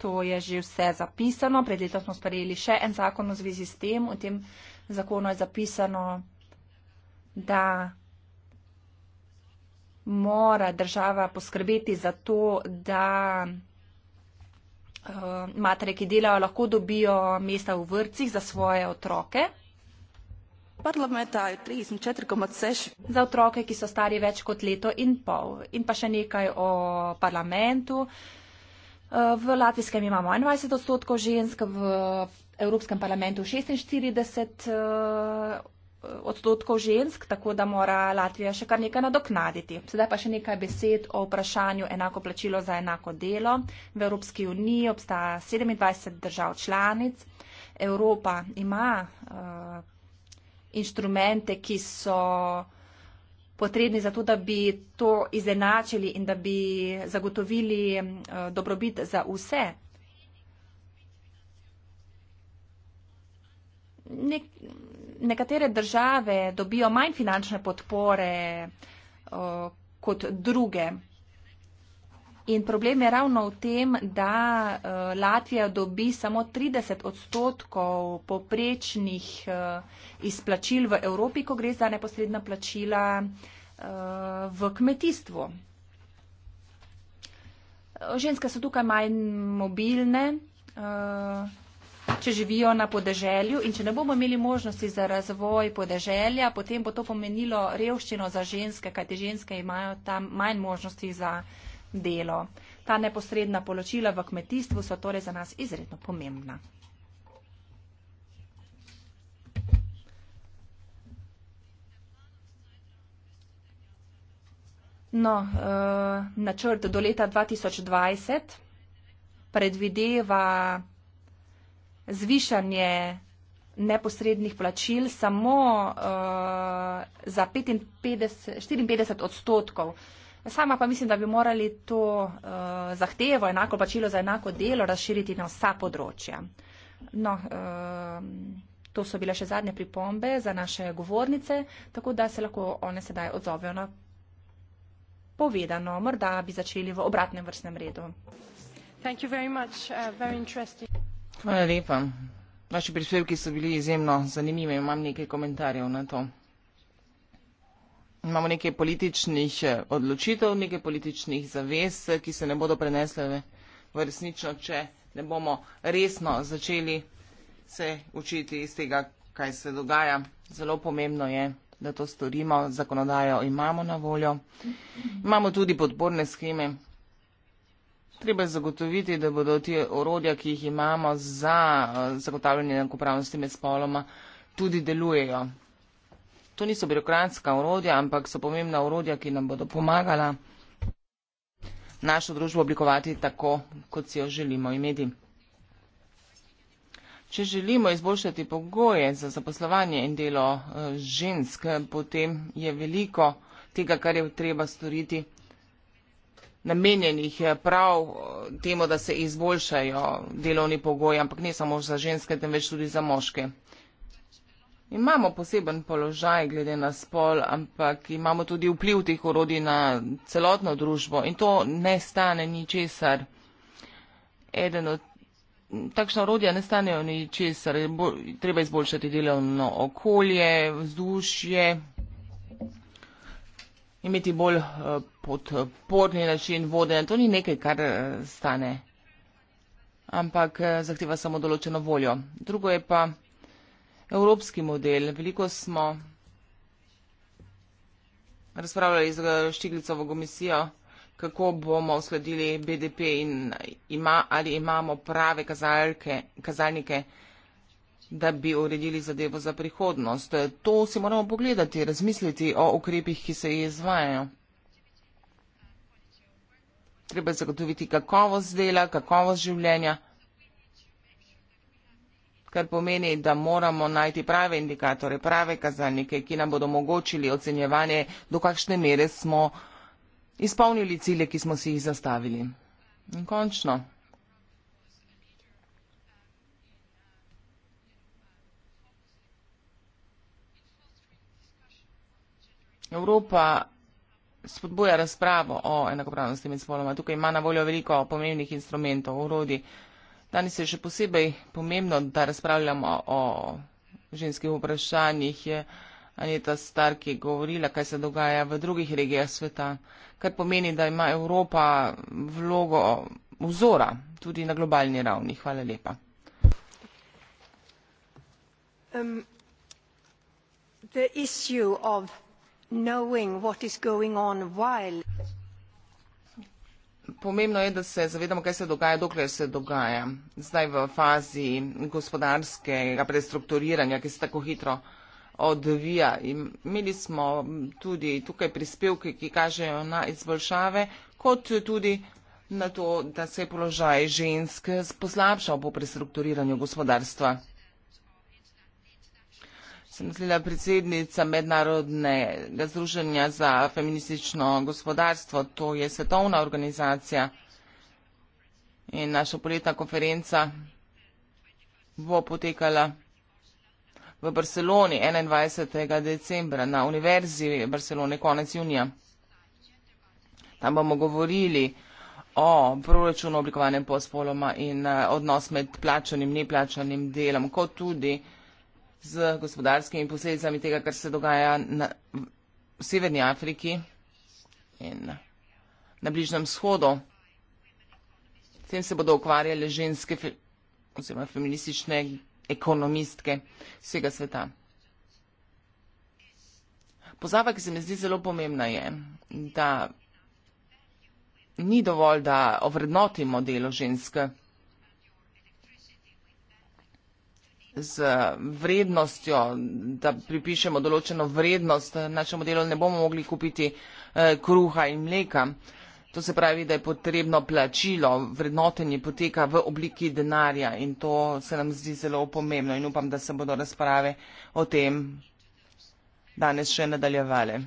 To je že vse zapisano. Pred letom smo sprejeli še en zakon v zvezi s tem. V tem zakonu je zapisano, da mora država poskrbeti za to, da eh, matere, ki delajo, lahko dobijo mesta v vrcih za svoje otroke. Za otroke, ki so stari več kot leto in pol. In pa še nekaj o parlamentu. Eh, v Latvijskem imamo 21 odstotkov žensk, v Evropskem parlamentu 46 odstotkov odstotkov žensk, tako da mora Latvija še kar nekaj nadoknaditi. Sedaj pa še nekaj besed o vprašanju enako plačilo za enako delo. V Evropski uniji obstaja 27 držav članic. Evropa ima uh, inštrumente, ki so potrebni za to, da bi to izenačili in da bi zagotovili uh, dobrobit za vse. Nek, nekatere države dobijo manj finančne podpore kot druge. In problem je ravno v tem, da Latvija dobi samo 30 odstotkov poprečnih izplačil v Evropi, ko gre za neposredna plačila v kmetijstvu. Ženske so tukaj manj mobilne če živijo na podeželju in če ne bomo imeli možnosti za razvoj podeželja, potem bo to pomenilo revščino za ženske, kajti ženske imajo tam manj možnosti za delo. Ta neposredna poločila v kmetijstvu so torej za nas izredno pomembna. No, eh, načrt do leta 2020 predvideva zvišanje neposrednih plačil samo uh, za 55, 54 odstotkov. Sama pa mislim, da bi morali to uh, zahtevo, enako plačilo za enako delo, razširiti na vsa področja. No, uh, to so bile še zadnje pripombe za naše govornice, tako da se lahko one sedaj odzovejo na povedano. Morda bi začeli v obratnem vrstnem redu. Thank you very much. Uh, very interesting. Hvala lepa. Vaši prispevki so bili izjemno zanimivi. Imam nekaj komentarjev na to. Imamo nekaj političnih eh, odločitev, nekaj političnih zavez, eh, ki se ne bodo prenesle v resnično, če ne bomo resno začeli se učiti iz tega, kaj se dogaja. Zelo pomembno je, da to storimo, zakonodajo imamo na voljo. Imamo tudi podporne scheme, treba zagotoviti, da bodo ti orodja, ki jih imamo za eh, zagotavljanje enakopravnosti med spoloma, tudi delujejo. To niso birokratska orodja, ampak so pomembna orodja, ki nam bodo pomagala našo družbo oblikovati tako, kot si jo želimo imeti. Če želimo izboljšati pogoje za zaposlovanje in delo eh, žensk, potem je veliko tega, kar je treba storiti namenjenih eh, prav eh, temu, da se izboljšajo delovni pogoji, ampak ne samo za ženske, temveč tudi za moške. Imamo poseben položaj glede na spol, ampak imamo tudi vpliv teh orodij na celotno družbo in to ne stane ničesar. Eden od takšna orodja ne stanejo ničesar, treba izboljšati delovno okolje, vzdušje imeti bolj eh, podporni način vodenja. To ni nekaj, kar eh, stane, ampak eh, zahteva samo določeno voljo. Drugo je pa evropski model. Veliko smo razpravljali z Štiglicovo komisijo, kako bomo uskladili BDP in ima, ali imamo prave kazalke, kazalnike da bi uredili zadevo za prihodnost. To si moramo pogledati, razmisliti o ukrepih, ki se izvajajo. Treba je zagotoviti kakovost dela, kakovost življenja, kar pomeni, da moramo najti prave indikatore, prave kazalnike, ki nam bodo omogočili ocenjevanje, do kakšne mere smo izpolnili cilje, ki smo si jih zastavili. In končno. Evropa spodbuja razpravo o enakopravnosti med spoloma. Tukaj ima na voljo veliko pomembnih instrumentov, urodi. Danes je še posebej pomembno, da razpravljamo o ženskih vprašanjih. Je Aneta Stark je govorila, kaj se dogaja v drugih regijah sveta, kar pomeni, da ima Evropa vlogo vzora tudi na globalni ravni. Hvala lepa. Um, the issue of knowing what is going on while Pomembno je, da se zavedamo, kaj se dogaja, dokler se dogaja. Zdaj v fazi gospodarskega prestrukturiranja, ki se tako hitro odvija. Imeli smo tudi tukaj prispevke, ki kažejo na izboljšave, kot tudi na to, da se je položaj žensk poslabšal po prestrukturiranju gospodarstva sem mislila predsednica mednarodnega združenja za feministično gospodarstvo, to je svetovna organizacija in naša poletna konferenca bo potekala v Barceloni 21. decembra na Univerzi Barcelone konec junija. Tam bomo govorili o proračunu oblikovanem po spoloma in eh, odnos med plačanim in neplačanim delom, kot tudi o z gospodarskimi posledicami tega, kar se dogaja na, v Severni Afriki in na Bližnem shodu. S tem se bodo ukvarjale ženske fe, oziroma feministične ekonomistke vsega sveta. Pozava, ki se mi zdi zelo pomembna, je, da ni dovolj, da ovrednotimo delo ženske. z vrednostjo, da pripišemo določeno vrednost našemu delu, ne bomo mogli kupiti eh, kruha in mleka. To se pravi, da je potrebno plačilo, vrednotenje poteka v obliki denarja in to se nam zdi zelo pomembno in upam, da se bodo razprave o tem danes še nadaljevale.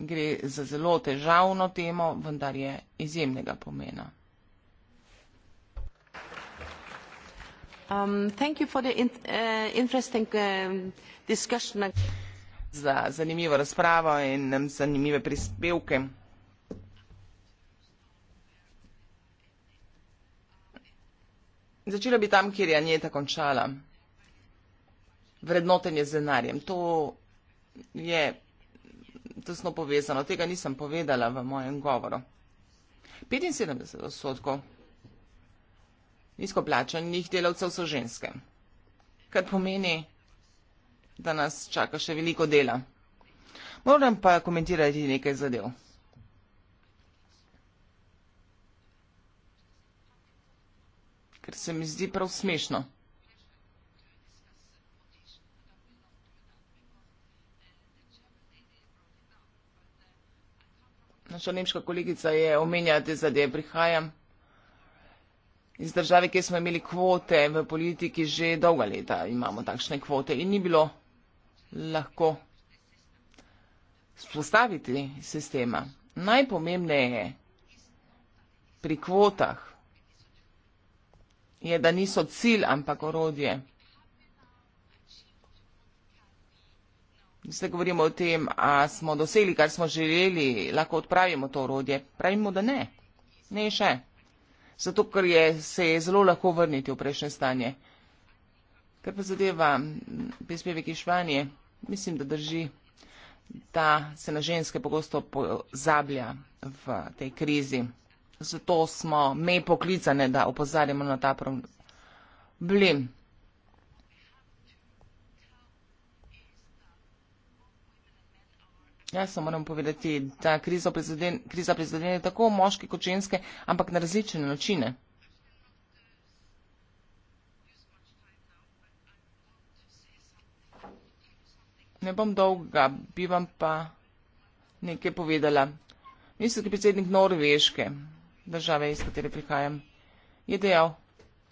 Gre za zelo težavno temo, vendar je izjemnega pomena. Um, thank you for the in, uh, interesting uh, discussion. Za zanimivo razpravo in nam zanimive prispevke. Začela bi tam, kjer je Anjeta končala. Vrednotenje z denarjem. To je tesno povezano. Tega nisem povedala v mojem govoru. 75 odstotkov. Nizko plačanih delavcev so ženske, kar pomeni, da nas čaka še veliko dela. Moram pa komentirati nekaj zadev. Ker se mi zdi prav smešno. Naša nemška kolegica je omenjala te zadeve, prihajam iz države, kjer smo imeli kvote v politiki že dolga leta, imamo takšne kvote in ni bilo lahko spostaviti sistema. Najpomembneje je pri kvotah, je, da niso cilj, ampak orodje. Zdaj govorimo o tem, a smo doseli, kar smo želeli, lahko odpravimo to orodje. Pravimo, da ne. Ne še zato ker je, se je zelo lahko vrniti v prejšnje stanje. Kar pa zadeva mm, prispevek iz Španije, mislim, da drži, da se na ženske pogosto pozablja v tej krizi. Zato smo me poklicane, da opozarjamo na ta problem. Jaz samo moram povedati, da kriza prizadene tako moške kot ženske, ampak na različne načine. Ne bom dolga, bi vam pa nekaj povedala. Mislim, da je predsednik Norveške države, iz katere prihajam, je dejal,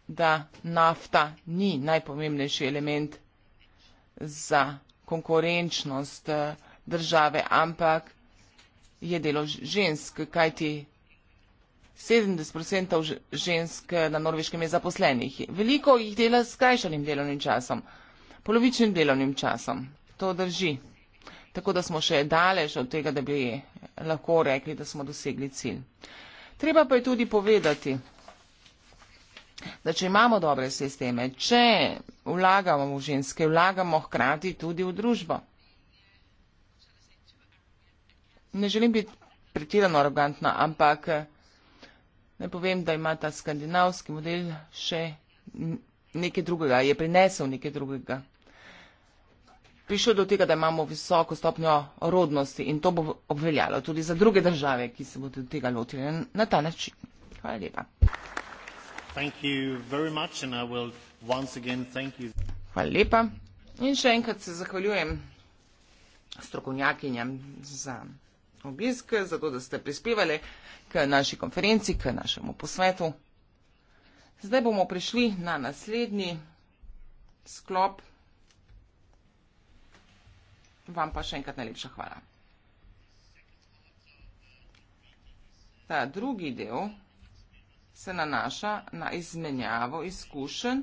da nafta ni najpomembnejši element za konkurenčnost. Uh, države, ampak je delo žensk, kajti 70% žensk na norveškem je zaposlenih. Veliko jih dela s skrajšanim delovnim časom, polovičnim delovnim časom. To drži. Tako da smo še daleč od tega, da bi lahko rekli, da smo dosegli cilj. Treba pa je tudi povedati, da če imamo dobre sisteme, če vlagamo v ženske, vlagamo hkrati tudi v družbo ne želim biti pretirano arogantna, ampak eh, ne povem, da ima ta skandinavski model še nekaj drugega, je prinesel nekaj drugega. Prišel do tega, da imamo visoko stopnjo rodnosti in to bo obveljalo tudi za druge države, ki se bodo tega lotile na ta način. Hvala lepa. Hvala lepa. In še enkrat se zahvaljujem strokovnjakinjam za obisk, zato da ste prispevali k naši konferenci, k našemu posvetu. Zdaj bomo prišli na naslednji sklop. Vam pa še enkrat najlepša hvala. Ta drugi del se nanaša na izmenjavo izkušenj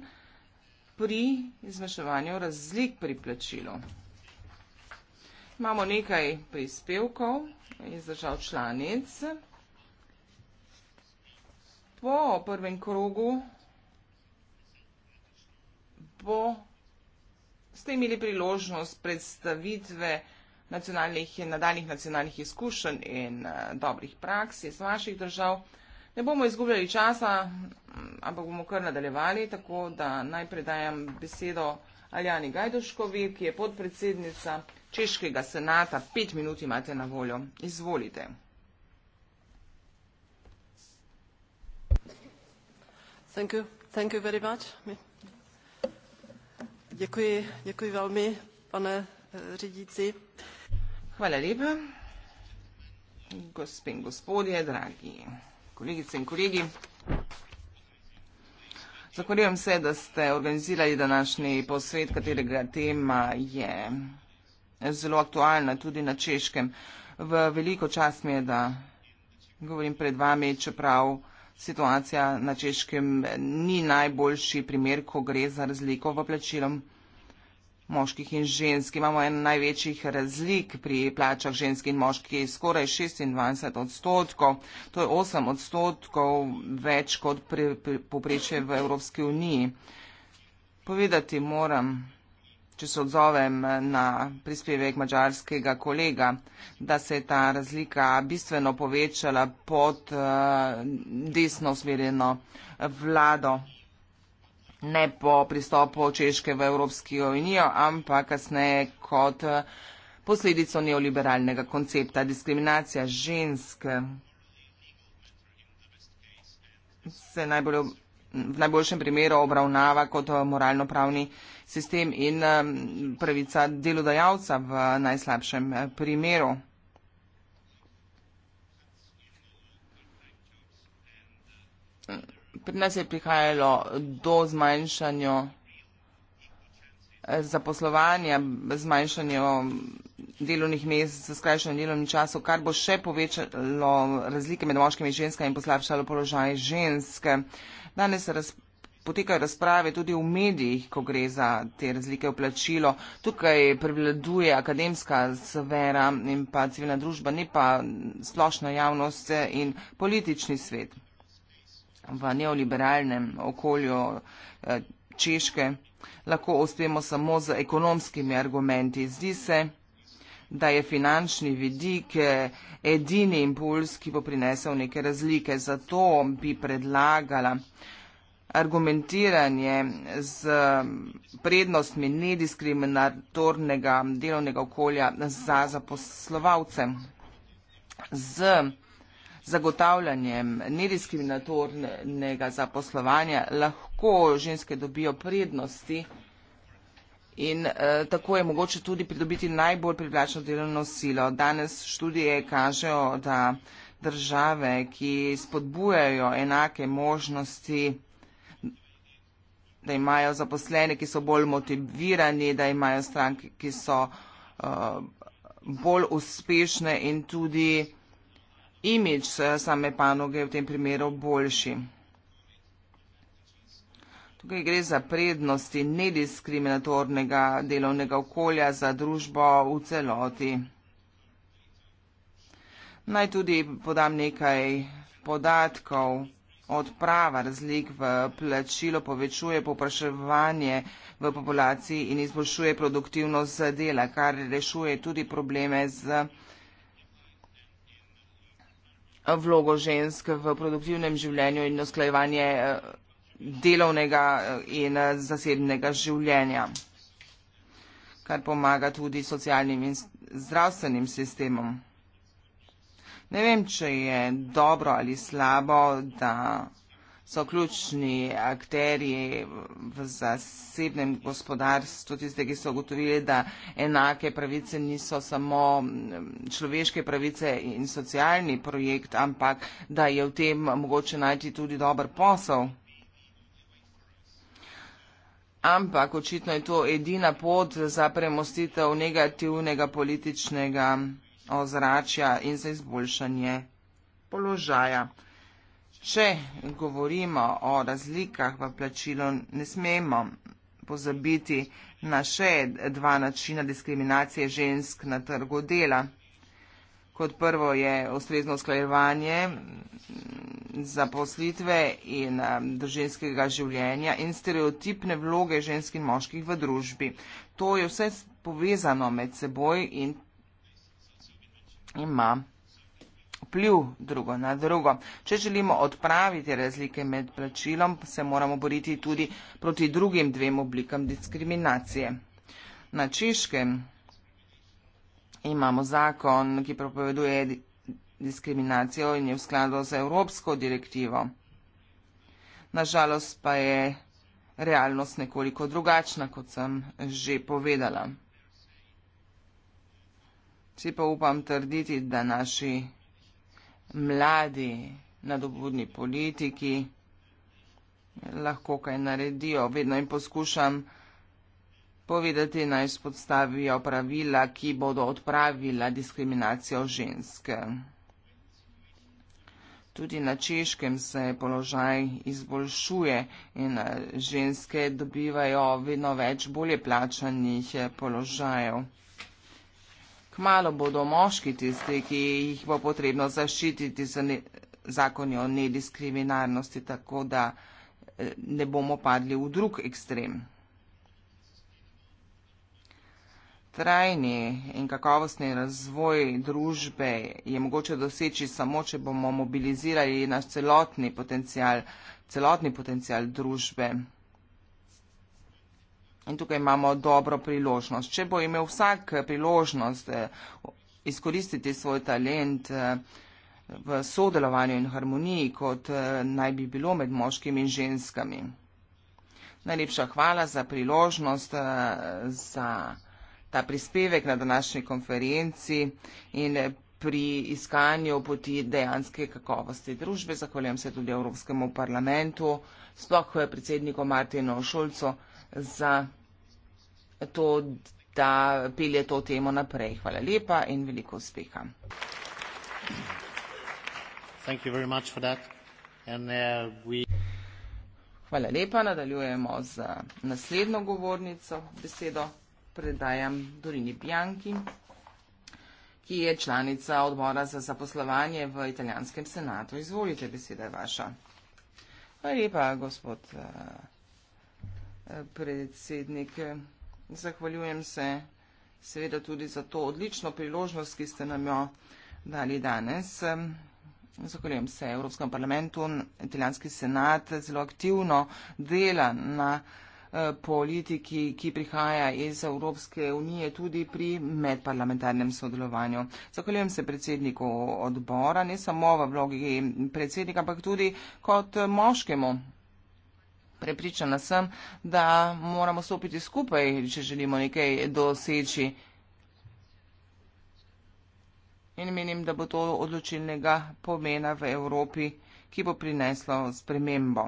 pri izmeševanju razlik pri plačilu. Imamo nekaj prispevkov iz držav članic. Po prvem krogu bo ste imeli priložnost predstavitve nacionalnih, nadaljnih nacionalnih izkušenj in eh, dobrih praks iz vaših držav. Ne bomo izgubljali časa, mm, ampak bomo kar nadaljevali, tako da najprej dajem besedo Aljani Gajduškovi, ki je podpredsednica Češkega senata. Pet minut imate na voljo. Izvolite. Thank you. Thank you very much. Děkuji, děkuji velmi, pane eh, řídící. Hvala lepa. Gospe in gospodje, dragi kolegice in kolegi. Zahvaljujem se, da ste organizirali današnji posvet, katerega tema je zelo aktualna tudi na češkem. V veliko čast mi je, da govorim pred vami, čeprav situacija na češkem ni najboljši primer, ko gre za razliko v plačilom moških in žensk. Imamo en največjih razlik pri plačah žensk in moških, skoraj 26 odstotkov. To je 8 odstotkov več kot poprečje v Evropski uniji. Povedati moram, če se odzovem na prispevek mađarskega kolega, da se je ta razlika bistveno povečala pod eh, desno usmerjeno vlado, ne po pristopu Češke v Evropski unijo, ampak kasneje kot eh, posledico neoliberalnega koncepta diskriminacija žensk. Se najbolj v najboljšem primeru obravnava kot eh, moralno-pravni sistem in eh, pravica delodajalca v najslabšem eh, primeru. Pri nas je prihajalo do zmanjšanja zaposlovanja, zmanjšanja mm, delovnih mest, skrajšanja delovnih časov, kar bo še povečalo razlike med moškimi in ženskami in poslabšalo položaj ženske. Danes raz, potekajo razprave tudi v medijih, ko gre za te razlike v plačilo. Tukaj prevladuje akademska sfera in pa civilna družba, ne pa splošna javnost in politični svet. V neoliberalnem okolju eh, Češke lahko uspemo samo z ekonomskimi argumenti. Zdi se, da je finančni vidik eh, edini impuls, ki bo prinesel neke razlike. Zato bi predlagala argumentiranje z prednostmi nediskriminatornega delovnega okolja za zaposlovalce. Z zagotavljanjem nediskriminatornega zaposlovanja lahko ženske dobijo prednosti In uh, tako je mogoče tudi pridobiti najbolj privlačno delovno silo. Danes študije kažejo, da države, ki spodbujajo enake možnosti, da imajo zaposlene, ki so bolj motivirani, da imajo stranke, ki so uh, bolj uspešne in tudi imič eh, same panoge v tem primeru boljši. Tukaj gre za prednosti nediskriminatornega delovnega okolja za družbo v celoti. Naj tudi podam nekaj podatkov. Odprava razlik v plačilo povečuje popraševanje v populaciji in izboljšuje produktivnost dela, kar rešuje tudi probleme z vlogo žensk v produktivnem življenju in usklajevanje delovnega eh, in eh, zasebnega življenja, kar pomaga tudi socialnim in zdravstvenim sistemom. Ne vem, če je dobro ali slabo, da so ključni akterji v zasebnem gospodarstvu, tiste, ki so ugotovili, da enake pravice niso samo mm, človeške pravice in socialni projekt, ampak da je v tem mogoče najti tudi dober posel ampak očitno je to edina pot za premostitev negativnega političnega ozračja in za izboljšanje položaja. Če govorimo o razlikah v plačilu, ne smemo pozabiti na še dva načina diskriminacije žensk na trgu dela. Kot prvo je ustrezno sklajevanje zaposlitve in um, družinskega življenja in stereotipne vloge žensk in moških v družbi. To je vse povezano med seboj in ima vpliv drugo na drugo. Če želimo odpraviti razlike med plačilom, se moramo boriti tudi proti drugim dvem oblikam diskriminacije. Na češkem imamo zakon, ki prepoveduje diskriminacijo in je v skladu z evropsko direktivo. Nažalost pa je realnost nekoliko drugačna, kot sem že povedala. Si pa upam trditi, da naši mladi nadobudni politiki lahko kaj naredijo. Vedno jim poskušam povedati, povedati naj spodstavijo pravila, ki bodo odpravila diskriminacijo ženske. Tudi na češkem se položaj izboljšuje in eh, ženske dobivajo vedno več bolje plačanih eh, položajev. Kmalo bodo moški tisti, ki jih bo potrebno zaščititi z zakonji o nediskriminarnosti, tako da eh, ne bomo padli v drug ekstrem. trajni in kakovostni razvoj družbe je mogoče doseči samo, če bomo mobilizirali naš celotni potencial, celotni potencial družbe. In tukaj imamo dobro priložnost. Če bo imel vsak priložnost eh, izkoristiti svoj talent eh, v sodelovanju in harmoniji, kot eh, naj bi bilo med moškimi in ženskami. Najlepša hvala za priložnost, za priložnost ta prispevek na današnji konferenci in pri iskanju poti dejanske kakovosti družbe. Zahvaljujem se tudi Evropskemu parlamentu, sploh ko je predsedniku Martinu Šulcu za to, da pelje to temo naprej. Hvala lepa in veliko uspeha. Uh, Hvala lepa, nadaljujemo z naslednjo govornico besedo predajam Dorini Bianchi, ki je članica odbora za zaposlovanje v italijanskem senatu. Izvolite, beseda je vaša. Hvala lepa, gospod eh, predsednik. Zahvaljujem se seveda tudi za to odlično priložnost, ki ste nam jo dali danes. Zahvaljujem se Evropskem parlamentu. Italijanski senat zelo aktivno dela na Eh, politiki, ki prihaja iz Evropske unije, tudi pri medparlamentarnem sodelovanju. Zahvaljujem se predsedniku odbora, ne samo v vlogi predsednika, ampak tudi kot moškemu. Prepričana sem, da moramo stopiti skupaj, če želimo nekaj doseči. In menim, da bo to odločilnega pomena v Evropi, ki bo prineslo spremembo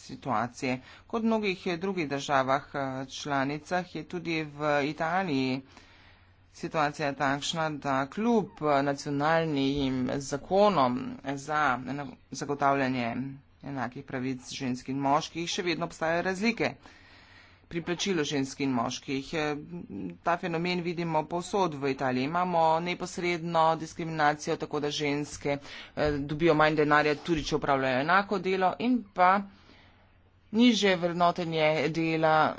situacije. Kot v mnogih drugih državah eh, članicah je tudi v Italiji situacija takšna, da kljub nacionalnim zakonom za zagotavljanje enakih pravic žensk in moških še vedno obstajajo razlike pri plačilu žensk in moških. Eh, ta fenomen vidimo povsod v Italiji. Imamo neposredno diskriminacijo, tako da ženske eh, dobijo manj denarja, tudi če upravljajo enako delo in pa niže vrednotenje dela,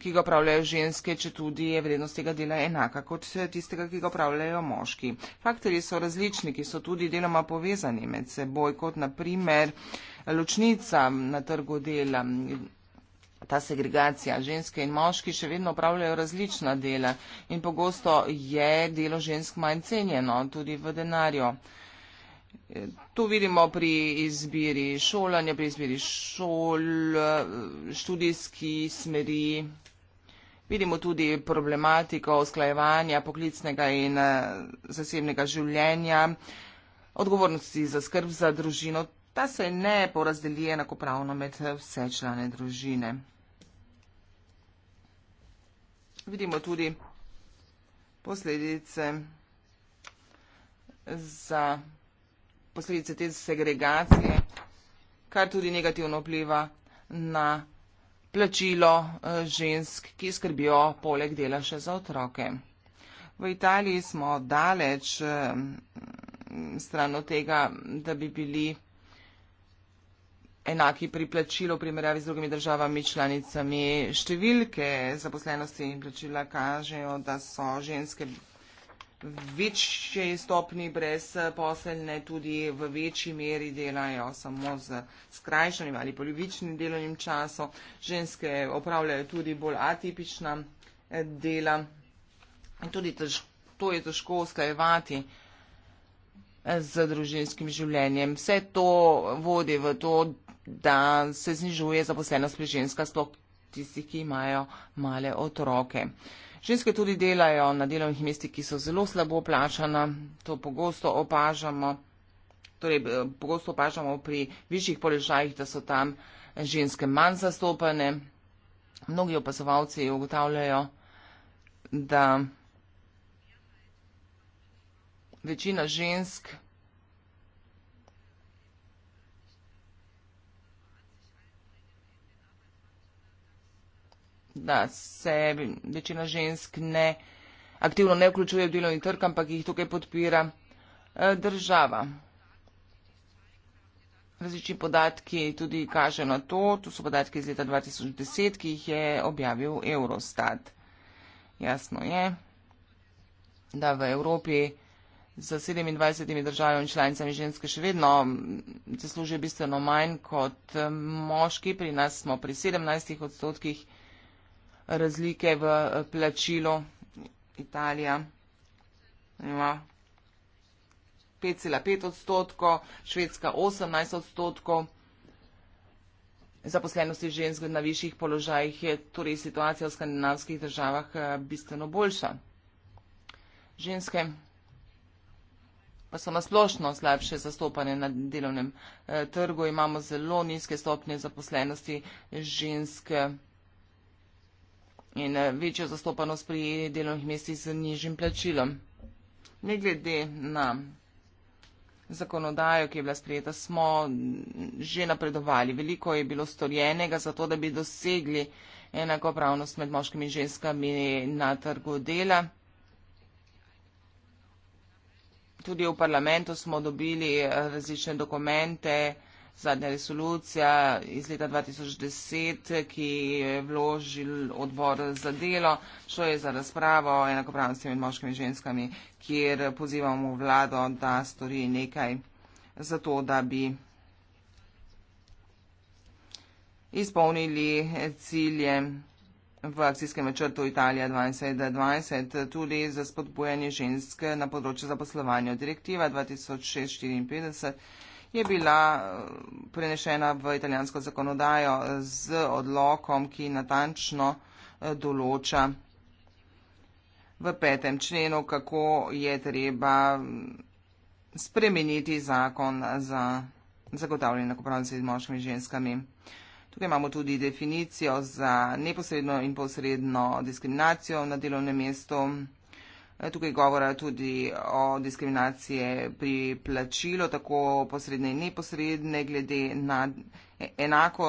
ki ga upravljajo ženske, če tudi je vrednost tega dela enaka kot tistega, ki ga upravljajo moški. Faktori so različni, ki so tudi deloma povezani med seboj, kot naprimer ločnica na trgu dela. Ta segregacija. Ženske in moški še vedno upravljajo različna dela in pogosto je delo žensk manj cenjeno, tudi v denarju. To vidimo pri izbiri šolanja, pri izbiri šol, študijski smeri. Vidimo tudi problematiko usklajevanja poklicnega in eh, zasebnega življenja, odgovornosti za skrb za družino. Ta se ne porazdeli enakopravno med eh, vse člane družine. Vidimo tudi posledice za posledice te segregacije, kar tudi negativno vpliva na plačilo eh, žensk, ki skrbijo poleg dela še za otroke. V Italiji smo daleč eh, stran od tega, da bi bili enaki pri plačilu v primerjavi z drugimi državami članicami. Številke zaposlenosti in plačila kažejo, da so ženske večji stopni brezposelne tudi v večji meri delajo samo z skrajšanjem ali polivičnim delovnim časom. Ženske opravljajo tudi bolj atipična eh, dela in tudi to je težko usklajevati eh, z družinskim življenjem. Vse to vodi v to, da se znižuje zaposlenost pri ženska, sploh tisti, ki imajo male otroke. Ženske tudi delajo na delovnih mestih, ki so zelo slabo plačana, to pogosto opažamo, torej eh, pogosto opažamo pri višjih položajih, da so tam ženske manj zastopene. Mnogi opazovalci ugotavljajo, da večina žensk da se večina žensk ne, aktivno ne vključuje v delovni trg, ampak jih tukaj podpira eh, država. Različni podatki tudi kaže na to, tu so podatki iz leta 2010, ki jih je objavil Eurostat. Jasno je, da v Evropi z 27 državami članicami ženske še vedno mm, zaslužijo bistveno manj kot eh, moški, pri nas smo pri 17 odstotkih razlike v eh, plačilu. Italija ima 5,5 odstotkov, Švedska 18 odstotkov. Zaposlenosti žensk na višjih položajih je torej situacija v skandinavskih državah eh, bistveno boljša. Ženske pa so nasplošno slabše zastopane na delovnem eh, trgu. Imamo zelo nizke stopnje zaposlenosti žensk in eh, večjo zastopanost pri delovnih mestih z nižjim plačilom. Ne glede na zakonodajo, ki je bila sprejeta, smo že napredovali. Veliko je bilo storjenega za to, da bi dosegli enakopravnost med moškimi in ženskami na trgu dela. Tudi v parlamentu smo dobili različne dokumente, zadnja resolucija iz leta 2010, ki je vložil odbor za delo, šlo je za razpravo o enakopravnosti med moškimi in ženskami, kjer pozivamo vlado, da stori nekaj za to, da bi izpolnili cilje v akcijskem načrtu Italija 2020, tudi za spodbujanje žensk na področju zaposlovanja. Direktiva 2654 je bila eh, prenešena v italijansko zakonodajo z odlokom, ki natančno eh, določa v petem členu, kako je treba mm, spremeniti zakon za zagotavljanje enakopravnosti med moškimi in ženskami. Tukaj imamo tudi definicijo za neposredno in posredno diskriminacijo na delovnem mestu. Eh, tukaj govora tudi o diskriminacije pri plačilu, tako posredne in neposredne, glede na enako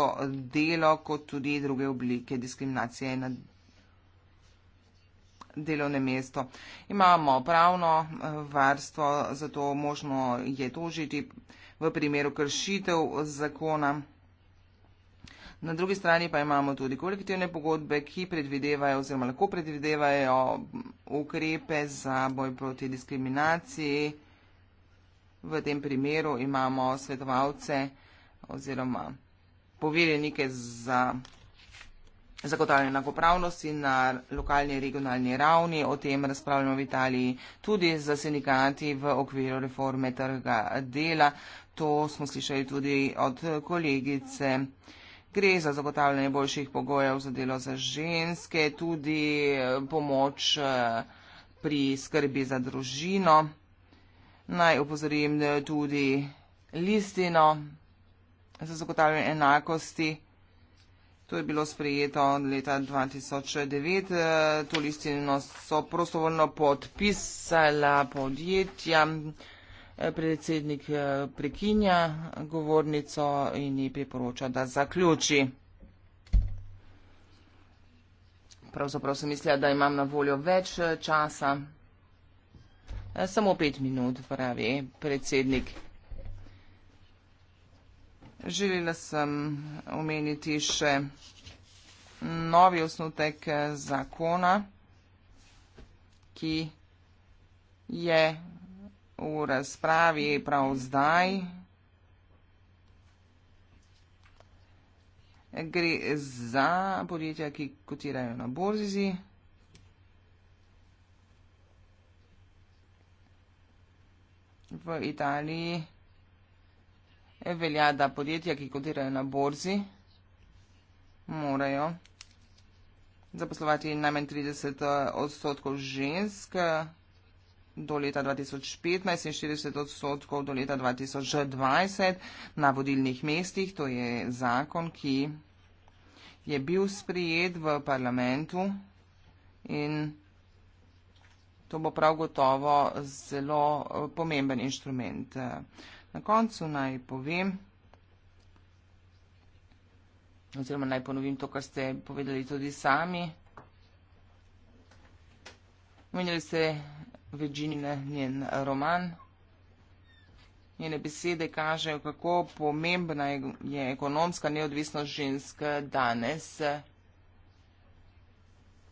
delo, kot tudi druge oblike diskriminacije na delovne mesto. Imamo pravno eh, varstvo, zato možno je tožiti v primeru kršitev zakona. Na drugi strani pa imamo tudi kolektivne pogodbe, ki predvidevajo oziroma lahko predvidevajo ukrepe za boj proti diskriminaciji. V tem primeru imamo svetovalce oziroma poverjenike za zagotavljanje enakopravnosti na lokalni in regionalni ravni. O tem razpravljamo v Italiji tudi za sindikati v okviru reforme trga dela. To smo slišali tudi od kolegice. Gre za zagotavljanje boljših pogojev za delo za ženske, tudi eh, pomoč eh, pri skrbi za družino. Naj upozorim tudi listino za zagotavljanje enakosti. To je bilo sprejeto leta 2009. Eh, to listino so prostovoljno podpisala podjetja predsednik eh, prekinja govornico in ji priporoča, da zaključi. Pravzaprav sem mislila, da imam na voljo več eh, časa. Eh, samo pet minut, pravi predsednik. Želela sem omeniti še novi osnutek zakona, ki je v razpravi prav zdaj. Gre za podjetja, ki kotirajo na borzi. V Italiji velja, da podjetja, ki kotirajo na borzi, morajo zaposlovati najmanj 30 eh, odstotkov žensk do leta 2015 in 40 odstotkov do leta 2020 na vodilnih mestih. To je zakon, ki je bil sprijet v parlamentu in to bo prav gotovo zelo eh, pomemben inštrument. Eh, na koncu naj povem, oziroma naj ponovim to, kar ste povedali tudi sami. Omenjali ste večine njen roman. Njene besede kažejo, kako pomembna je ekonomska neodvisnost ženske danes.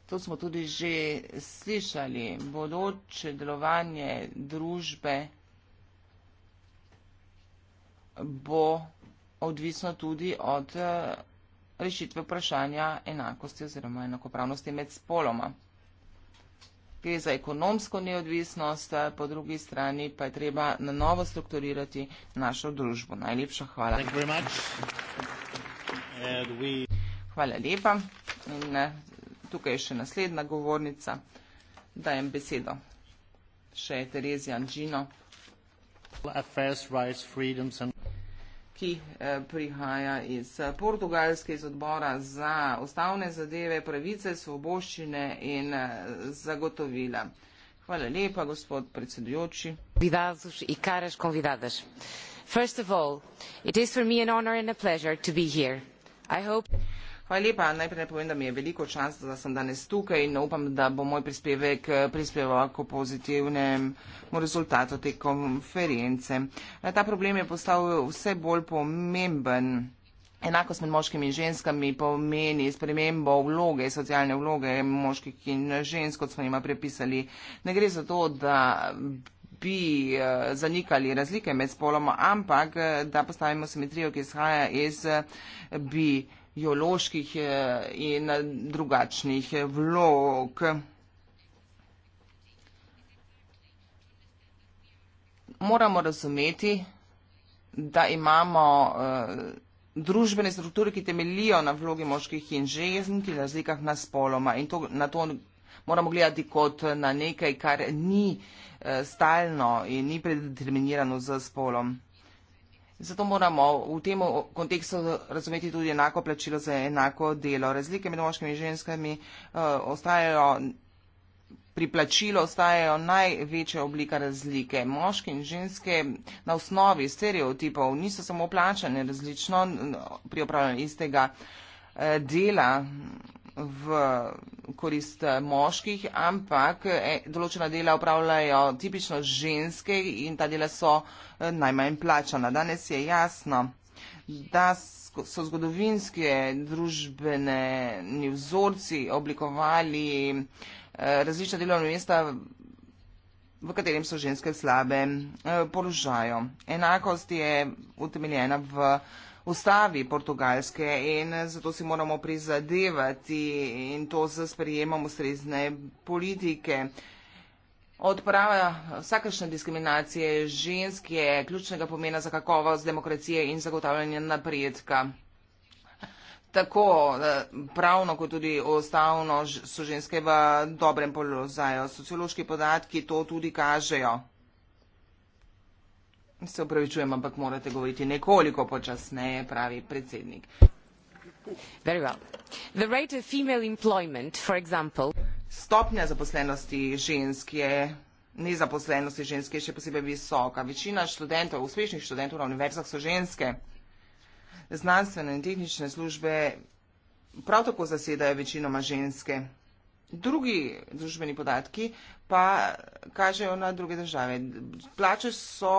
To smo tudi že slišali. Bodoče delovanje družbe bo odvisno tudi od eh, rešitve vprašanja enakosti oziroma enakopravnosti med spoloma gre za ekonomsko neodvisnost, po drugi strani pa je treba na novo strukturirati našo družbo. Najlepša hvala. Hvala lepa. In eh, tukaj je še naslednja govornica. Dajem besedo. Še je Terezija Anđino ki eh, prihaja iz eh, Portugalske, iz odbora za ustavne zadeve, pravice, svoboščine in eh, zagotovila. Hvala lepa, gospod predsedujoči. Vidazuš in e kareš konvidadaš. First of all, it is for me an honor and a pleasure to be here. I hope. Hvala lepa. Najprej povem, da mi je veliko čast, da sem danes tukaj in upam, da bo moj prispevek eh, prispeval k pozitivnemu rezultatu te konference. Eh, ta problem je postal vse bolj pomemben. Enakost med moškimi in ženskami pomeni spremembo vloge, socialne vloge moških in žensk, kot smo jima prepisali. Ne gre za to, da bi eh, zanikali razlike med spoloma, ampak da postavimo simetrijo, ki izhaja iz bi geoloških eh, in eh, drugačnih eh, vlog. Moramo razumeti, da imamo družbene strukture, ki temelijo na vlogi moških in žezn, ki razlikah na spoloma. In to, na to moramo gledati kot na nekaj, kar ni stalno in ni predeterminirano z spolom. Zato moramo v tem kontekstu razumeti tudi enako plačilo za enako delo. Razlike med moškimi in ženskami uh, ostajajo, pri plačilu ostajajo največja oblika razlike. Moški in ženske na osnovi stereotipov niso samo plačane različno pri opravljanju istega uh, dela v korist eh, moških, ampak eh, določena dela upravljajo tipično ženske in ta dela so eh, najmanj plačana. Danes je jasno, da so zgodovinske družbene vzorci oblikovali različna delovna mesta v katerem so ženske slabe položajo. Enakost je utemeljena v ustavi portugalske in zato si moramo prizadevati in to z sprejemom ustrezne politike. Odprava vsakašne diskriminacije žensk je ključnega pomena za kakovost demokracije in zagotavljanje napredka. Tako eh, pravno kot tudi ostavno so ženske v dobrem položaju. Sociološki podatki to tudi kažejo. Se upravičujem, ampak morate govoriti nekoliko počasneje, pravi predsednik. Very well. The rate of female employment, for example. Stopnja zaposlenosti žensk je nezaposlenosti žensk je še posebej visoka. Večina študentov, uspešnih študentov na univerzah so ženske. Znanstvene in tehnične službe prav tako zasedajo večinoma ženske. Drugi družbeni podatki pa kažejo na druge države. Plače so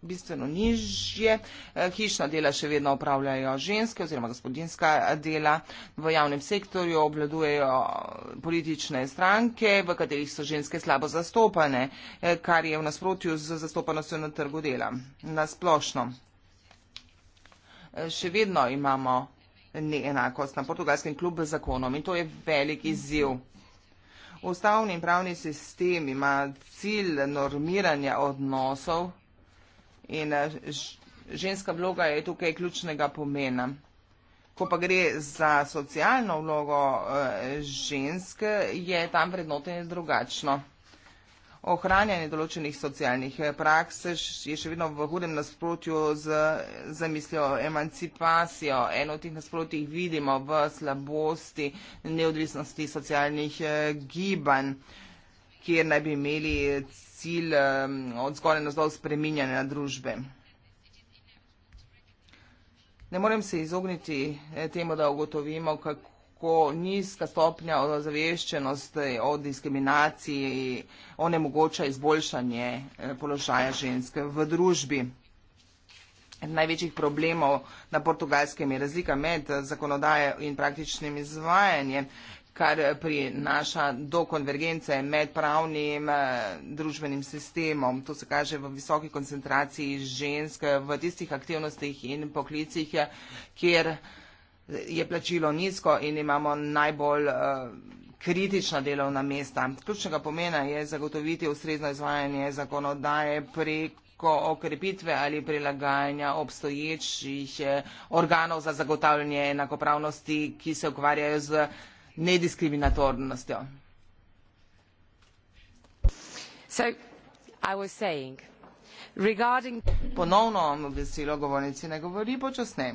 bistveno nižje. Eh, hišna dela še vedno upravljajo ženske oziroma gospodinska eh, dela. V javnem sektorju obvladujejo eh, politične stranke, v katerih so ženske slabo zastopane, kar je v nasprotju z zastopanostjo na trgu dela. Na splošno. Še vedno imamo neenakost na portugalskem klubu z zakonom in to je velik izziv. Ustavni in pravni sistem ima cilj normiranja odnosov In eh, ženska vloga je tukaj ključnega pomena. Ko pa gre za socialno vlogo eh, ženske, je tam vrednotenje drugačno. Ohranjanje določenih socialnih eh, praks je še vedno v hudem nasprotju z zamislijo emancipacijo. Eno od tih nasprotij vidimo v slabosti neodvisnosti socialnih gibanj kjer naj bi imeli cilj od zgoraj na zdolj spreminjanja družbe. Ne morem se izogniti eh, temu, da ugotovimo, kako ko nizka stopnja zaveščenost o diskriminaciji onemogoča izboljšanje eh, položaja ženske v družbi. Največjih problemov na portugalskem je razlika med eh, zakonodajo in praktičnim izvajanjem kar prinaša do konvergence med pravnim eh, družbenim sistemom. To se kaže v visoki koncentraciji žensk v tistih aktivnostih in poklicih, eh, kjer je plačilo nizko in imamo najbolj eh, kritična delovna mesta. Ključnega pomena je zagotoviti ustrezno izvajanje zakonodaje prek ko okrepitve ali prilagajanja obstoječih organov za zagotavljanje enakopravnosti, ki se ukvarjajo z nediskriminatornostjo. Ponovno vam obveselo govornici ne govori počasne.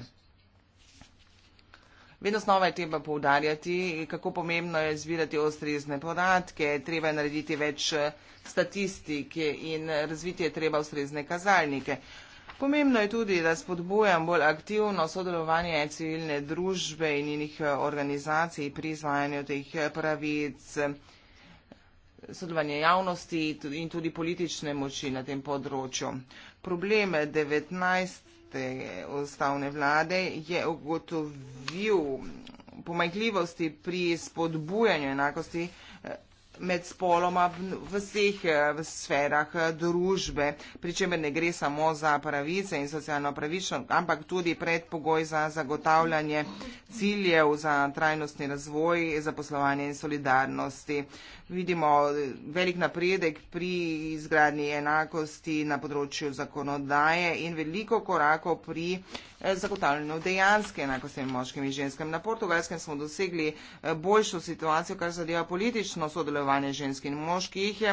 Vedno znova je treba poudarjati, kako pomembno je zbirati ustrezne podatke, treba je narediti več eh, statistike eh, in razviti je treba ustrezne kazalnike. Pomembno je tudi, da spodbujam bolj aktivno sodelovanje civilne družbe in njenih eh, organizacij pri izvajanju teh eh, pravic, sodelovanje javnosti in tudi politične moči na tem področju. Probleme 19. ustavne vlade je ugotovil pomajkljivosti pri spodbujanju enakosti med spoloma v vseh eh, sferah eh, družbe, pričemer ne gre samo za pravice in socialno pravično, ampak tudi predpogoj za zagotavljanje ciljev za trajnostni razvoj, zaposlovanje in solidarnosti vidimo velik napredek pri izgradnji enakosti na področju zakonodaje in veliko korakov pri eh, zagotavljanju dejanske enakosti med moškim in ženskim. Na portugalskem smo dosegli eh, boljšo situacijo, kar zadeva politično sodelovanje žensk in moških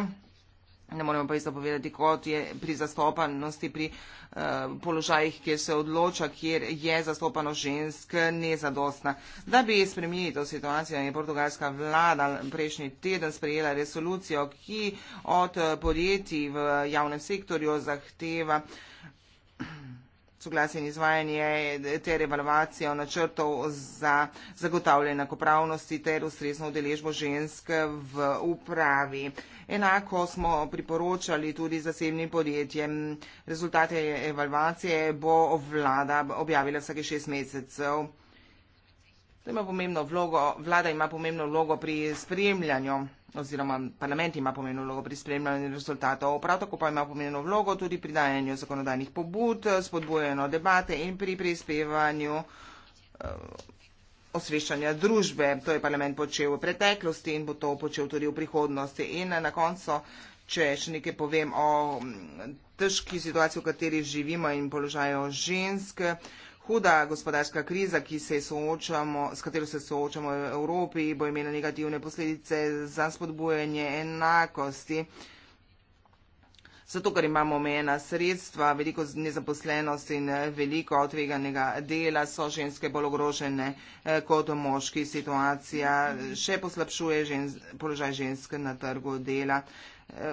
ne moremo pa isto povedati, kot je pri zastopanosti, pri uh, položajih, kjer se odloča, kjer je zastopano žensk nezadostna. Da bi spremenili to situacijo, je portugalska vlada prejšnji teden sprejela resolucijo, ki od eh, podjetij v javnem sektorju zahteva soglasje in izvajanje ter evalvacijo načrtov za zagotavljanje enakopravnosti ter ustrezno udeležbo žensk v upravi. Enako smo priporočali tudi zasebnim podjetjem. Rezultate evalvacije bo vlada objavila vsake šest mesecev. Ima vlada ima pomembno vlogo pri spremljanju oziroma parlament ima pomembno vlogo pri spremljanju rezultatov, prav tako pa ima pomembno vlogo tudi pri dajanju zakonodajnih pobud, spodbujanju debate in pri prispevanju eh, osveščanja družbe. To je parlament počel v preteklosti in bo to počel tudi v prihodnosti. In na koncu, če še nekaj povem o mm, težki situaciji, v kateri živimo in položaju žensk, Huda gospodarska kriza, se s katero se soočamo v Evropi, bo imela negativne posledice za spodbujanje enakosti. Zato, ker imamo omejena sredstva, veliko nezaposlenost in veliko tveganega dela, so ženske bolj ogrožene eh, kot moški. Situacija še poslabšuje žen, položaj žensk na trgu dela.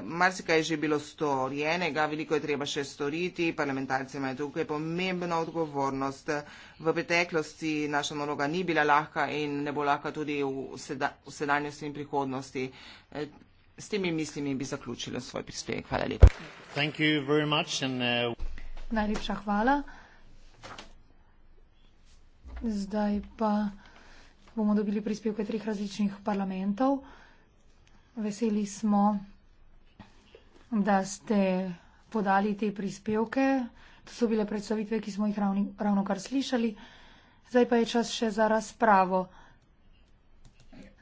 Marsikaj je že bilo storjenega, veliko je treba še storiti, parlamentarci imajo tukaj pomembno odgovornost. V preteklosti naša naloga ni bila lahka in ne bo lahka tudi v, seda, v sedanjosti in prihodnosti. S temi mislimi bi zaključila svoj prispevek. Hvala lepa. And, uh... Najlepša hvala. Zdaj pa bomo dobili prispevke treh različnih parlamentov. Veseli smo da ste podali te prispevke. To so bile predstavitve, ki smo jih ravni, ravno kar slišali. Zdaj pa je čas še za razpravo.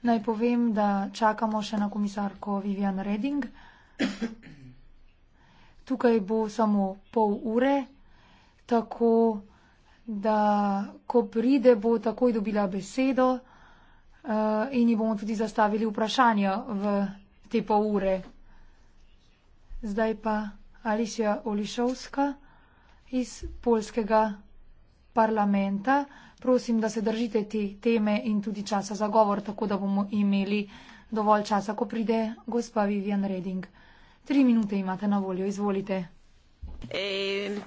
Naj povem, da čakamo še na komisarko Vivian Reding. Tukaj bo samo pol ure, tako da ko pride, bo takoj dobila besedo uh, in ji bomo tudi zastavili vprašanja v te pol ure zdaj pa Alicia Olišovska iz polskega parlamenta. Prosim, da se držite te teme in tudi časa za govor, tako da bomo imeli dovolj časa, ko pride gospa Vivian Reding. Tri minute imate na voljo, izvolite. E,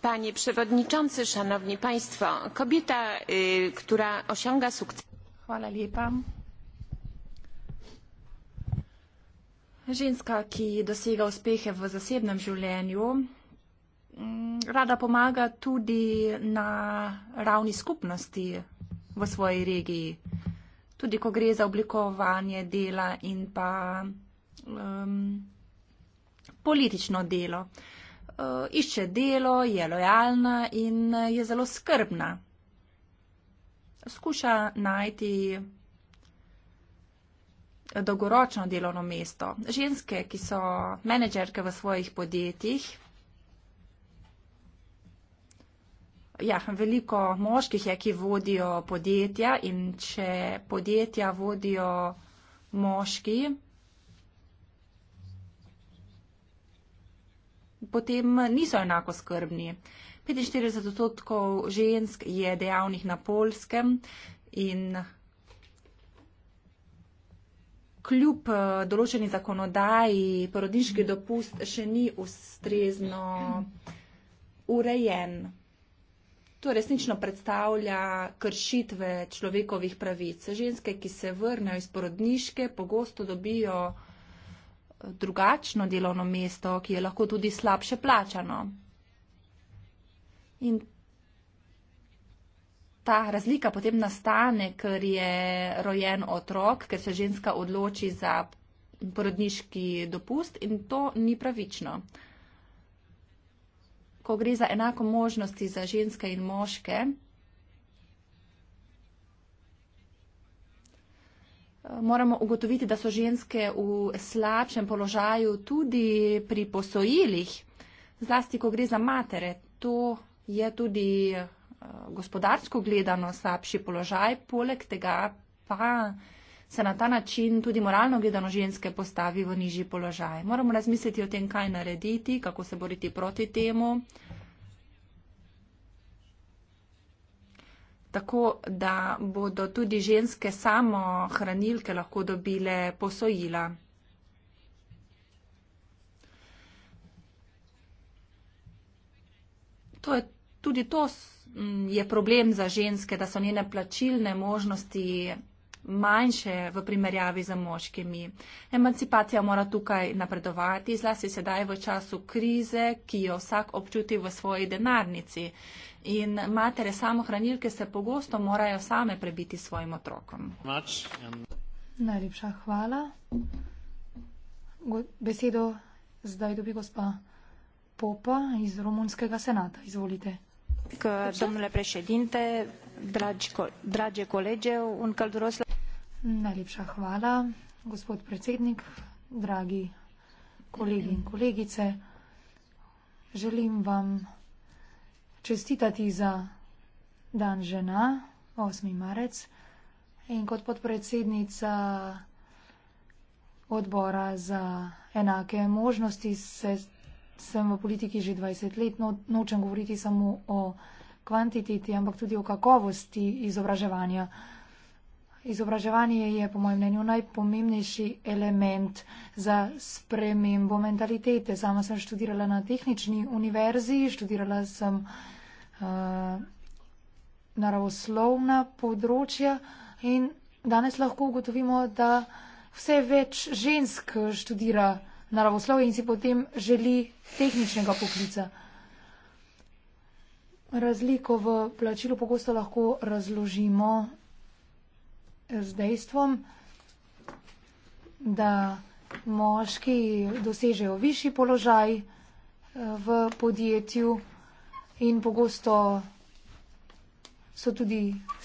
panie przewodniczący, szanowni państwo, kobieta, e, która osiąga sukces. Hvala lepa. Ženska, ki dosega uspehe v zasebnem življenju, mm, rada pomaga tudi na ravni skupnosti v svoji regiji. Tudi ko gre za oblikovanje dela in pa um, politično delo. Uh, išče delo, je lojalna in je zelo skrbna. Skuša najti dolgoročno delovno mesto. Ženske, ki so menedžerke v svojih podjetjih, ja, veliko moških je, ki vodijo podjetja in če podjetja vodijo moški, potem niso enako skrbni. 45 odstotkov žensk je dejavnih na polskem in kljub eh, določeni zakonodaji, porodniški dopust še ni ustrezno urejen. To resnično predstavlja kršitve človekovih pravic. Ženske, ki se vrnejo iz porodniške, pogosto dobijo eh, drugačno delovno mesto, ki je lahko tudi slabše plačano. In ta razlika potem nastane, ker je rojen otrok, ker se ženska odloči za porodniški dopust in to ni pravično. Ko gre za enako možnosti za ženske in moške, moramo ugotoviti, da so ženske v slabšem položaju tudi pri posojilih, zlasti ko gre za matere. To je tudi Eh, gospodarsko gledano slabši položaj, poleg tega pa se na ta način tudi moralno gledano ženske postavi v nižji položaj. Moramo razmisliti o tem, kaj narediti, kako se boriti proti temu. Tako, da bodo tudi ženske samo hranilke lahko dobile posojila. To je, tudi to Mm, je problem za ženske, da so njene plačilne možnosti manjše v primerjavi z moškimi. Emancipacija mora tukaj napredovati, zlasti sedaj v času krize, ki jo vsak občuti v svoji denarnici. In matere samohranilke se pogosto morajo same prebiti svojim otrokom. Najlepša hvala. Besedo zdaj dobi gospa Popa iz Romunskega senata. Izvolite că, domnule președinte, dragi, dragi colegi, un călduros la... Najlepša hvala, gospod predsednik, dragi kolegi in kolegice. Želim vam čestitati za dan žena, 8. marec. In kot podpredsednica odbora za enake možnosti se sem v politiki že 20 let, no, nočem govoriti samo o kvantiteti, ampak tudi o kakovosti izobraževanja. Izobraževanje je, po mojem mnenju, najpomembnejši element za spremembo mentalitete. Sama sem študirala na tehnični univerzi, študirala sem uh, naravoslovna področja in danes lahko ugotovimo, da vse več žensk študira naravoslovje in si potem želi tehničnega poklica. Razliko v plačilu pogosto lahko razložimo z dejstvom, da moški dosežejo višji položaj eh, v podjetju in pogosto so tudi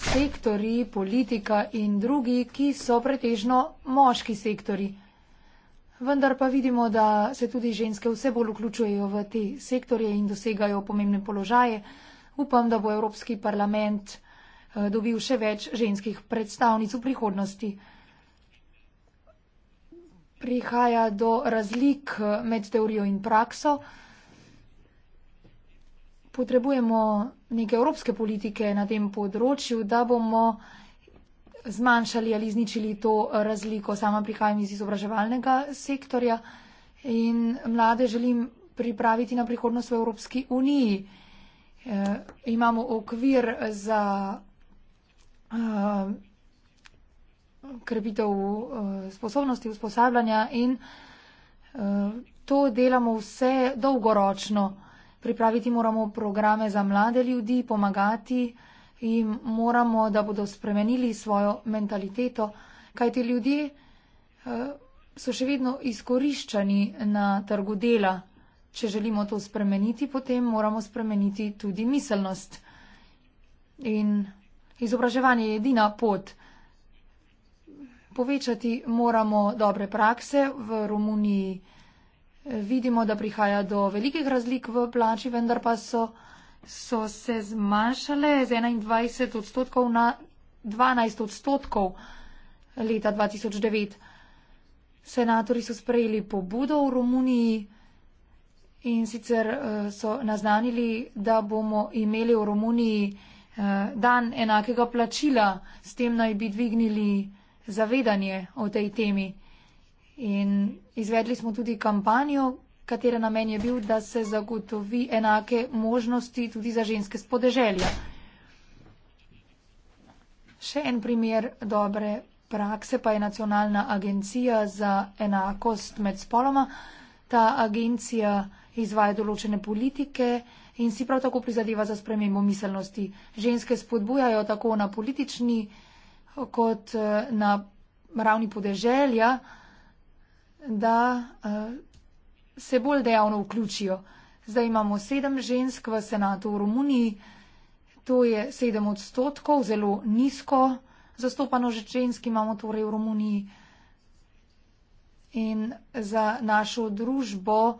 sektori, politika in drugi, ki so pretežno moški sektori. Vendar pa vidimo, da se tudi ženske vse bolj vključujejo v te sektorje in dosegajo pomembne položaje. Upam, da bo Evropski parlament eh, dobil še več ženskih predstavnic v prihodnosti. Prihaja do razlik eh, med teorijo in prakso. Potrebujemo neke evropske politike na tem področju, da bomo zmanjšali ali izničili to razliko. Sama prihajam iz izobraževalnega sektorja in mlade želim pripraviti na prihodnost v Evropski uniji. E, imamo okvir za e, krepitev e, sposobnosti usposabljanja in e, to delamo vse dolgoročno. Pripraviti moramo programe za mlade ljudi, pomagati. E, jim moramo, da bodo spremenili svojo mentaliteto, kajti ljudje eh, so še vedno izkoriščani na trgu dela. Če želimo to spremeniti, potem moramo spremeniti tudi miselnost. In izobraževanje je edina pot. Povečati moramo dobre prakse. V Romuniji eh, vidimo, da prihaja do velikih razlik v plači, vendar pa so so se zmanjšale z 21 odstotkov na 12 odstotkov leta 2009. Senatori so sprejeli pobudo v Romuniji in sicer eh, so naznanili, da bomo imeli v Romuniji eh, dan enakega plačila, s tem naj bi dvignili zavedanje o tej temi. In izvedli smo tudi kampanjo, katere namen je bil, da se zagotovi enake možnosti tudi za ženske spodeželja. Še en primer dobre prakse pa je Nacionalna agencija za enakost med spoloma. Ta agencija izvaja določene politike in si prav tako prizadeva za spremembo miselnosti. Ženske spodbujajo tako na politični kot eh, na ravni podeželja, da eh, se bolj dejavno vključijo. Zdaj imamo sedem žensk v senatu v Romuniji, to je sedem odstotkov, zelo nizko zastopano že žensk imamo torej v Romuniji. In za našo družbo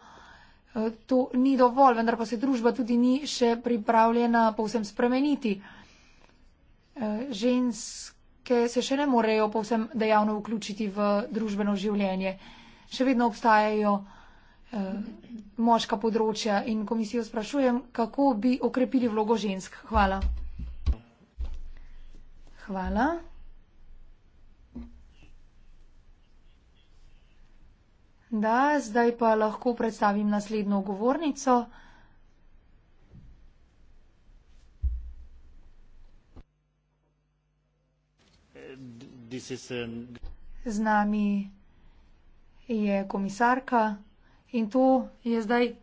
eh, to ni dovolj, vendar pa se družba tudi ni še pripravljena povsem spremeniti. Eh, ženske se še ne morejo povsem dejavno vključiti v družbeno življenje. Še vedno obstajajo. Eh, moška področja in komisijo sprašujem, kako bi okrepili vlogo žensk. Hvala. Hvala. Da, zdaj pa lahko predstavim naslednjo govornico. Um, Z nami je komisarka. In to je zdaj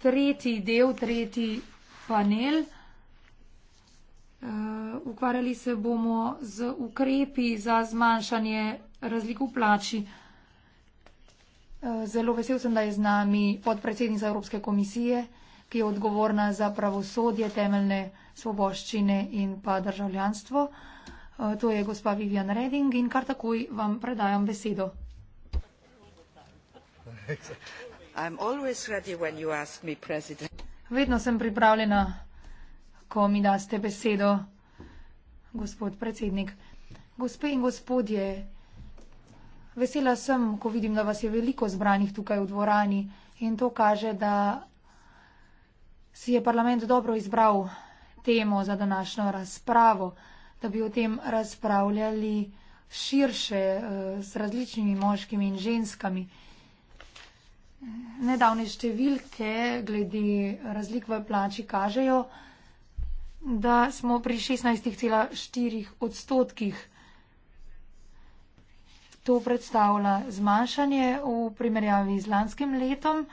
tretji del, tretji panel. Eh, ukvarjali se bomo z ukrepi za zmanjšanje razlik v plači. Eh, zelo vesel sem, da je z nami podpredsednica Evropske komisije, ki je odgovorna za pravosodje, temeljne svoboščine in pa državljanstvo. Eh, to je gospa Vivian Reding in kar takoj vam predajam besedo. Vedno sem pripravljena, ko mi daste besedo, gospod predsednik. Gospe in gospodje, vesela sem, ko vidim, da vas je veliko zbranih tukaj v dvorani in to kaže, da si je parlament dobro izbral temo za današnjo razpravo, da bi o tem razpravljali širše eh, z različnimi moškimi in ženskami. Nedavne številke glede razlik v plači kažejo, da smo pri 16,4 odstotkih. To predstavlja zmanjšanje v primerjavi z lanskim letom.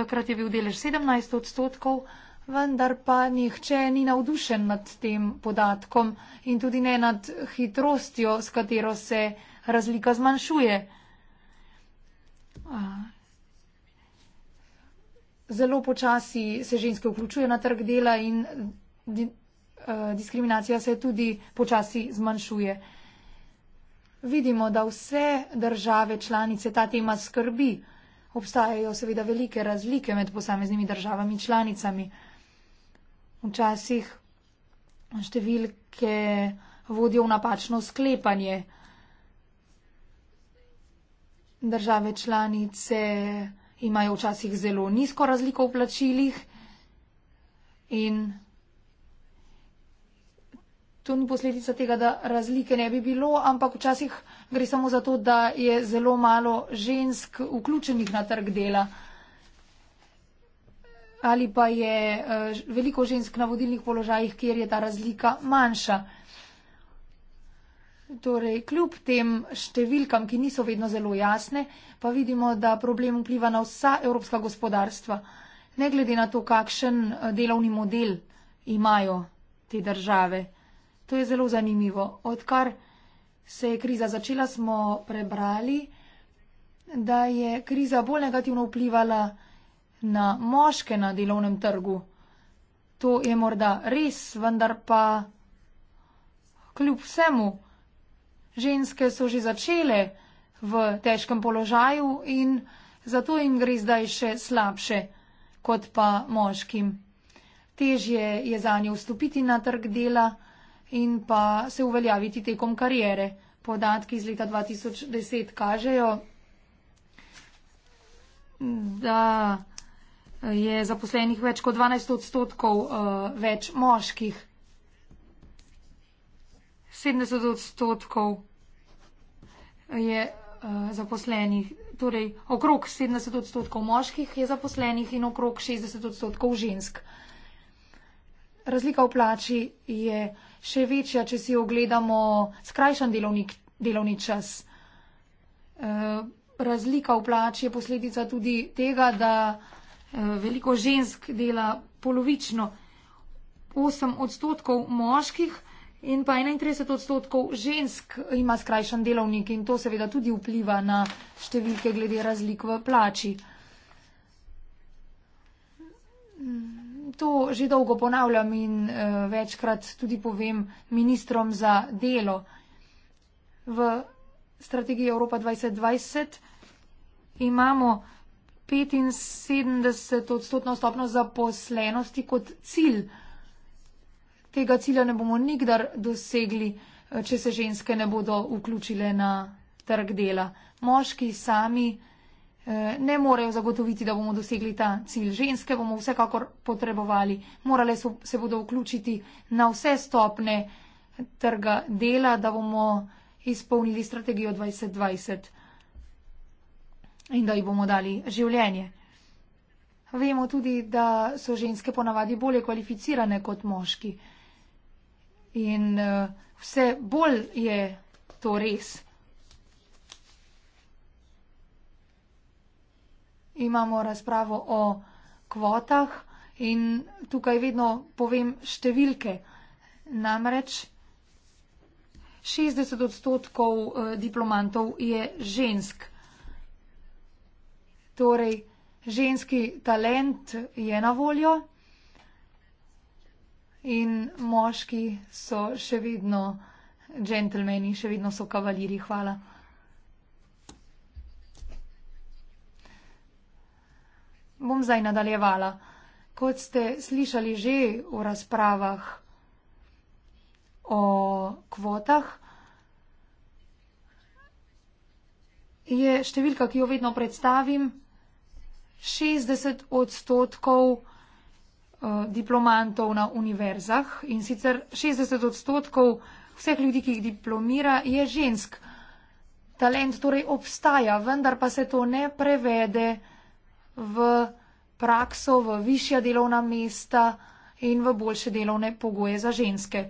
Takrat je bil delež 17 odstotkov, vendar pa nihče ni navdušen nad tem podatkom in tudi ne nad hitrostjo, s katero se razlika zmanjšuje zelo počasi se ženske vključuje na trg dela in di, uh, diskriminacija se tudi počasi zmanjšuje. Vidimo, da vse države članice ta tema skrbi. Obstajajo seveda velike razlike med posameznimi državami članicami. Včasih številke vodijo v napačno sklepanje. Države članice imajo včasih zelo nizko razliko v plačilih in to ni posledica tega, da razlike ne bi bilo, ampak včasih gre samo za to, da je zelo malo žensk vključenih na trg dela ali pa je eh, veliko žensk na vodilnih položajih, kjer je ta razlika manjša. Torej, kljub tem številkam, ki niso vedno zelo jasne, pa vidimo, da problem vpliva na vsa evropska gospodarstva, ne glede na to, kakšen eh, delovni model imajo te države. To je zelo zanimivo. Odkar se je kriza začela, smo prebrali, da je kriza bolj negativno vplivala na moške na delovnem trgu. To je morda res, vendar pa kljub vsemu. Ženske so že začele v težkem položaju in zato jim gre zdaj še slabše kot pa moškim. Težje je za nje vstopiti na trg dela in pa se uveljaviti tekom karijere. Podatki iz leta 2010 kažejo, da je zaposlenih več kot 12 odstotkov eh, več moških. 70 odstotkov je uh, zaposlenih, torej okrog 70 odstotkov moških je zaposlenih in okrog 60 odstotkov žensk. Razlika v plači je še večja, če si ogledamo skrajšan delovnik, delovni čas. Eh, razlika v plači je posledica tudi tega, da eh, veliko žensk dela polovično. 8 odstotkov moških In pa 31 odstotkov žensk ima skrajšan delovnik in to seveda tudi vpliva na številke glede razlik v plači. To že dolgo ponavljam in eh, večkrat tudi povem ministrom za delo. V strategiji Evropa 2020 imamo 75 odstotno stopno zaposlenosti kot cilj tega cilja ne bomo nikdar dosegli, eh, če se ženske ne bodo vključile na trg dela. Moški sami eh, ne morejo zagotoviti, da bomo dosegli ta cilj. Ženske bomo vsekakor potrebovali. Morale so, se bodo vključiti na vse stopne trga dela, da bomo izpolnili strategijo 2020 in da ji bomo dali življenje. Vemo tudi, da so ženske ponavadi bolje kvalificirane kot moški. In uh, vse bolj je to res. Imamo razpravo o kvotah in tukaj vedno povem številke. Namreč 60 odstotkov uh, diplomantov je žensk. Torej, ženski talent je na voljo in moški so še vedno džentlmeni, še vedno so kavaliri. Hvala. Bom zdaj nadaljevala. Kot ste slišali že v razpravah o kvotah, je številka, ki jo vedno predstavim, 60 odstotkov Eh, diplomantov na univerzah in sicer 60 odstotkov vseh ljudi, ki jih diplomira, je žensk. Talent torej obstaja, vendar pa se to ne prevede v prakso, v višja delovna mesta in v boljše delovne pogoje za ženske.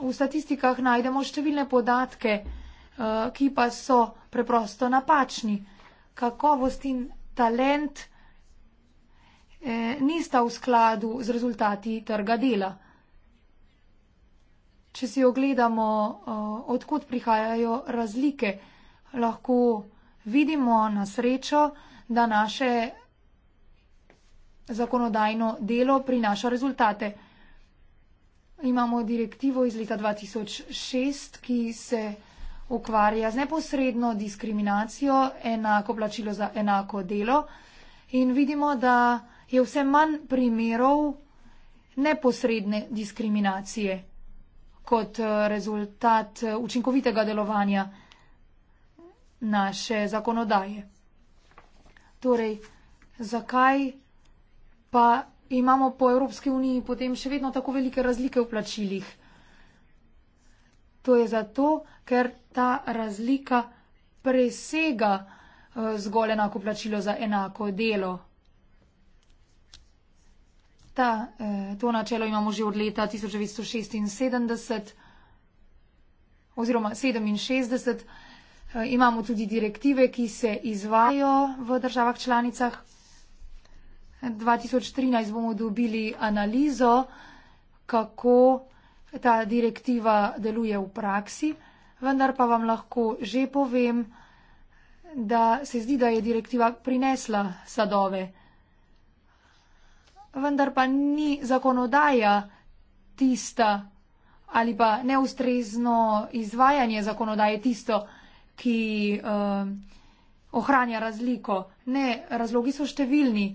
V statistikah najdemo številne podatke, eh, ki pa so preprosto napačni. Kakovost in talent. Eh, nista v skladu z rezultati trga dela. Če si ogledamo, eh, odkud prihajajo razlike, lahko vidimo na srečo, da naše zakonodajno delo prinaša rezultate. Imamo direktivo iz leta 2006, ki se ukvarja z neposredno diskriminacijo, enako plačilo za enako delo in vidimo, da je vse manj primerov neposredne diskriminacije kot eh, rezultat eh, učinkovitega delovanja naše zakonodaje. Torej, zakaj pa imamo po Evropski uniji potem še vedno tako velike razlike v plačilih? To je zato, ker ta razlika presega eh, zgolj enako plačilo za enako delo leta. E, to načelo imamo že od leta 1976 oziroma 67. E, eh, imamo tudi direktive, ki se izvajo v državah članicah. 2013 bomo dobili analizo, kako ta direktiva deluje v praksi, vendar pa vam lahko že povem, da se zdi, da je direktiva prinesla sadove vendar pa ni zakonodaja tista ali pa neustrezno izvajanje zakonodaje tisto, ki uh, ohranja razliko. Ne, razlogi so številni.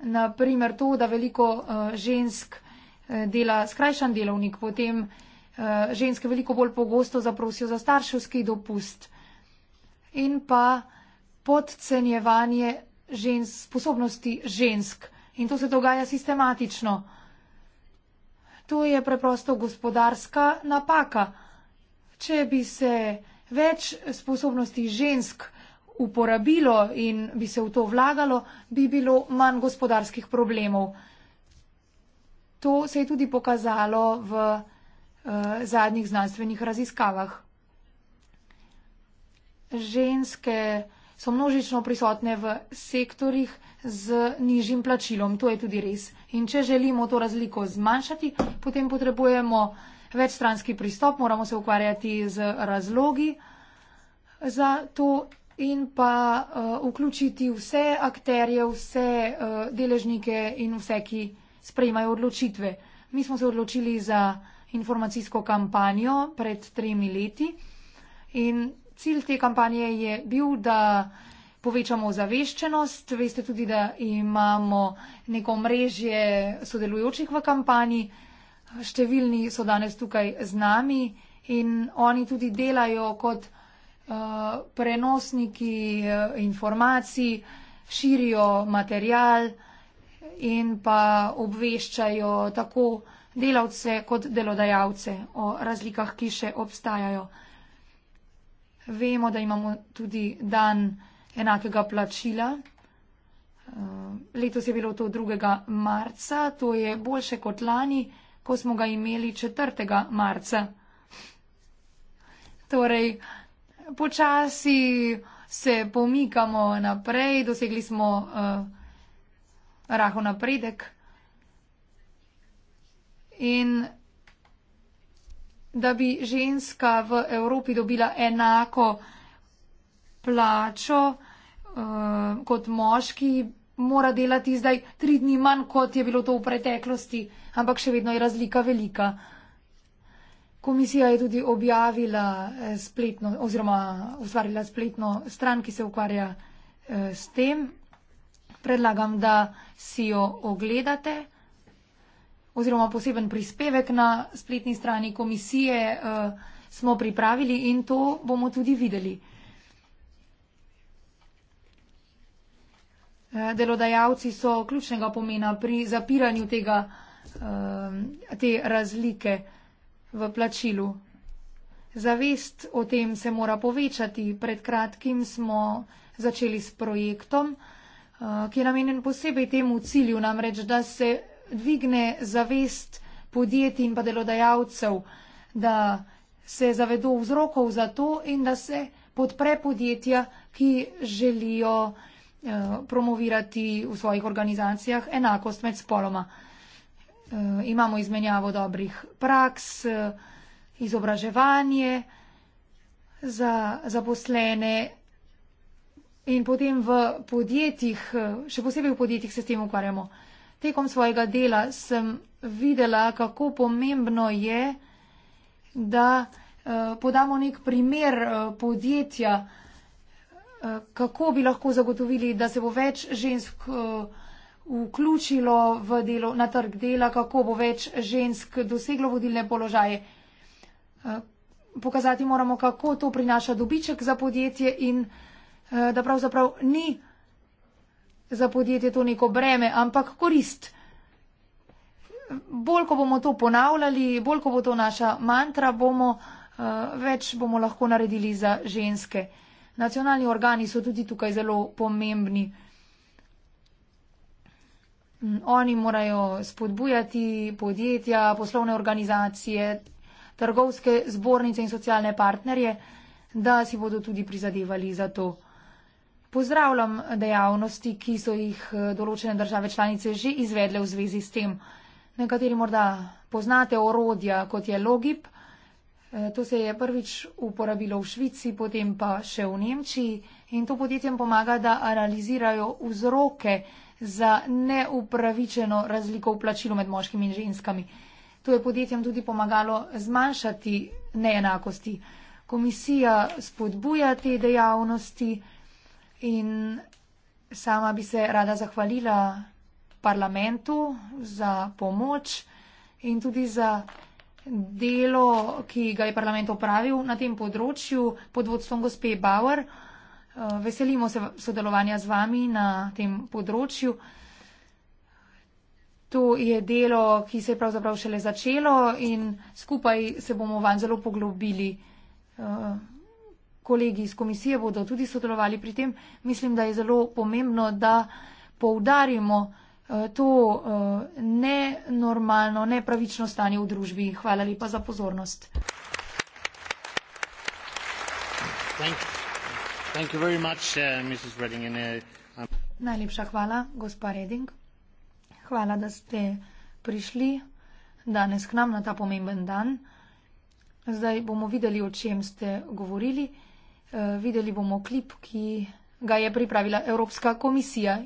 Naprimer to, da veliko uh, žensk eh, dela skrajšan delovnik, potem uh, ženske veliko bolj pogosto zaprosijo za starševski dopust in pa podcenjevanje žensk, sposobnosti žensk. In to se dogaja sistematično. To je preprosto gospodarska napaka. Če bi se več sposobnosti žensk uporabilo in bi se v to vlagalo, bi bilo manj gospodarskih problemov. To se je tudi pokazalo v uh, zadnjih znanstvenih raziskavah. Ženske so množično prisotne v sektorjih, z nižjim plačilom. To je tudi res. In če želimo to razliko zmanjšati, potem potrebujemo večstranski pristop, moramo se ukvarjati z razlogi za to in pa uh, vključiti vse akterje, vse uh, deležnike in vse, ki sprejmajo odločitve. Mi smo se odločili za informacijsko kampanjo pred tremi leti in cilj te kampanje je bil, da uh, povečamo zaveščenost. Veste tudi, da imamo neko mrežje sodelujočih v kampanji. Številni so danes tukaj z nami in oni tudi delajo kot uh, prenosniki uh, informacij, širijo material in pa obveščajo tako delavce kot delodajalce o razlikah, ki še obstajajo. Vemo, da imamo tudi dan enakega plačila. Letos je bilo to 2. marca, to je boljše kot lani, ko smo ga imeli 4. marca. Torej, počasi se pomikamo naprej, dosegli smo uh, eh, raho napredek. In da bi ženska v Evropi dobila enako plačo, Eh, kot moški mora delati zdaj tri dni manj, kot je bilo to v preteklosti, ampak še vedno je razlika velika. Komisija je tudi objavila eh, spletno oziroma ustvarila spletno stran, ki se ukvarja eh, s tem. Predlagam, da si jo ogledate oziroma poseben prispevek na spletni strani komisije smo pripravili in to bomo tudi videli. Eh, delodajalci so ključnega pomena pri zapiranju tega, eh, te razlike v plačilu. Zavest o tem se mora povečati. Pred kratkim smo začeli s projektom, eh, ki je namenjen posebej temu cilju, namreč, da se dvigne zavest podjetij in pa delodajalcev, da se zavedo vzrokov za to in da se podpre podjetja, ki želijo Eh, promovirati v svojih organizacijah enakost med spoloma. Eh, imamo izmenjavo dobrih praks, eh, izobraževanje za zaposlene in potem v podjetjih, še posebej v podjetjih se s tem ukvarjamo. Tekom svojega dela sem videla, kako pomembno je, da podamo nek primer podjetja, kako bi lahko zagotovili, da se bo več žensk eh, vključilo v delo, na trg dela, kako bo več žensk doseglo vodilne položaje. Eh, pokazati moramo, kako to prinaša dobiček za podjetje in eh, da pravzaprav ni za podjetje to neko breme, ampak korist. Bolj, ko bomo to ponavljali, bolj, ko bo to naša mantra, bomo, več bomo lahko naredili za ženske nacionalni organi so tudi tukaj zelo pomembni. Mm, oni morajo spodbujati podjetja, poslovne organizacije, trgovske zbornice in socialne partnerje, da si bodo tudi prizadevali za to. Pozdravljam dejavnosti, ki so jih eh, določene države članice že izvedle v zvezi s tem. Nekateri morda poznate orodja, kot je logip. Eh, to se je prvič uporabilo v Švici, potem pa še v Nemčiji in to podjetjem pomaga, da analizirajo vzroke za neupravičeno razliko v plačilu med moškimi in ženskami. To je podjetjem tudi pomagalo zmanjšati neenakosti. Komisija spodbuja te dejavnosti in sama bi se rada zahvalila parlamentu za pomoč in tudi za delo, ki ga je parlament opravil na tem področju pod vodstvom gospe Bauer. Eh, veselimo se sodelovanja z vami na tem področju. To je delo, ki se je pravzaprav šele začelo in skupaj se bomo vanj zelo poglobili. Eh, kolegi iz komisije bodo tudi sodelovali pri tem. Mislim, da je zelo pomembno, da poudarimo, Eh, to eh, nenormalno, nepravično stanje v družbi. Hvala lepa za pozornost. Thank you. Thank you much, uh, Reding, uh, Najlepša hvala, gospa Reding. Hvala, da ste prišli danes k nam na ta pomemben dan. Zdaj bomo videli, o čem ste govorili. Uh, videli bomo klip, ki ga je pripravila Evropska komisija.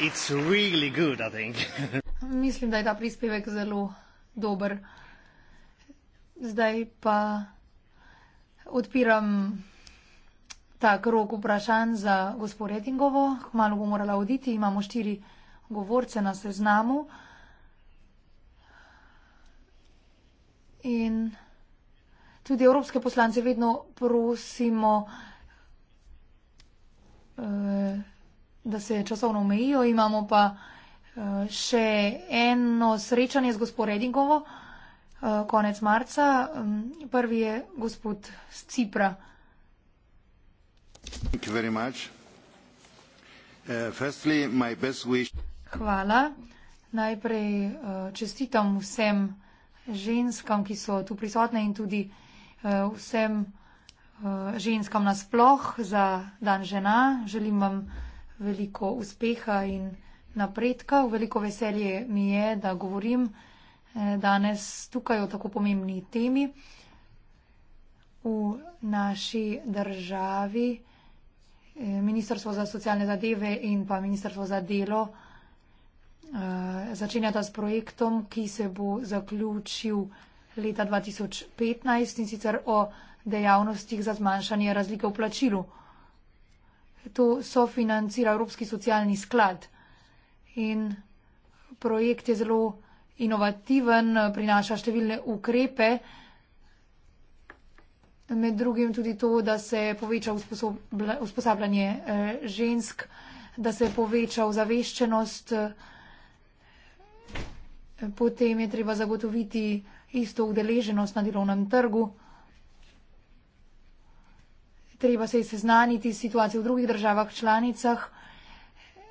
It's really good, I think. Mislim, da je ta prispevek zelo dober. Zdaj pa odpiram tak rok vprašanj za gospod Rettingovo. Hmalo bo morala oditi. Imamo štiri govorce na seznamu. In tudi evropske poslance vedno prosimo. Uh, da se časovno omejijo. Imamo pa eh, še eno srečanje z gospod Redingovo eh, konec marca. Mm, prvi je gospod z Cipra. Eh, Hvala. Najprej čestitam vsem ženskam, ki so tu prisotne in tudi vsem ženskam nasploh za dan žena. Želim vam veliko uspeha in napredka. Veliko veselje mi je, da govorim eh, danes tukaj o tako pomembni temi. V naši državi eh, Ministrstvo za socialne zadeve in pa Ministrstvo za delo eh, začenjata s projektom, ki se bo zaključil leta 2015 in sicer o dejavnostih za zmanjšanje razlike v plačilu to sofinancira Evropski socialni sklad. In projekt je zelo inovativen, prinaša številne ukrepe, med drugim tudi to, da se poveča usposabljanje eh, žensk, da se poveča ozaveščenost, potem je treba zagotoviti isto udeleženost na delovnem trgu treba se je seznaniti s situacijo v drugih državah članicah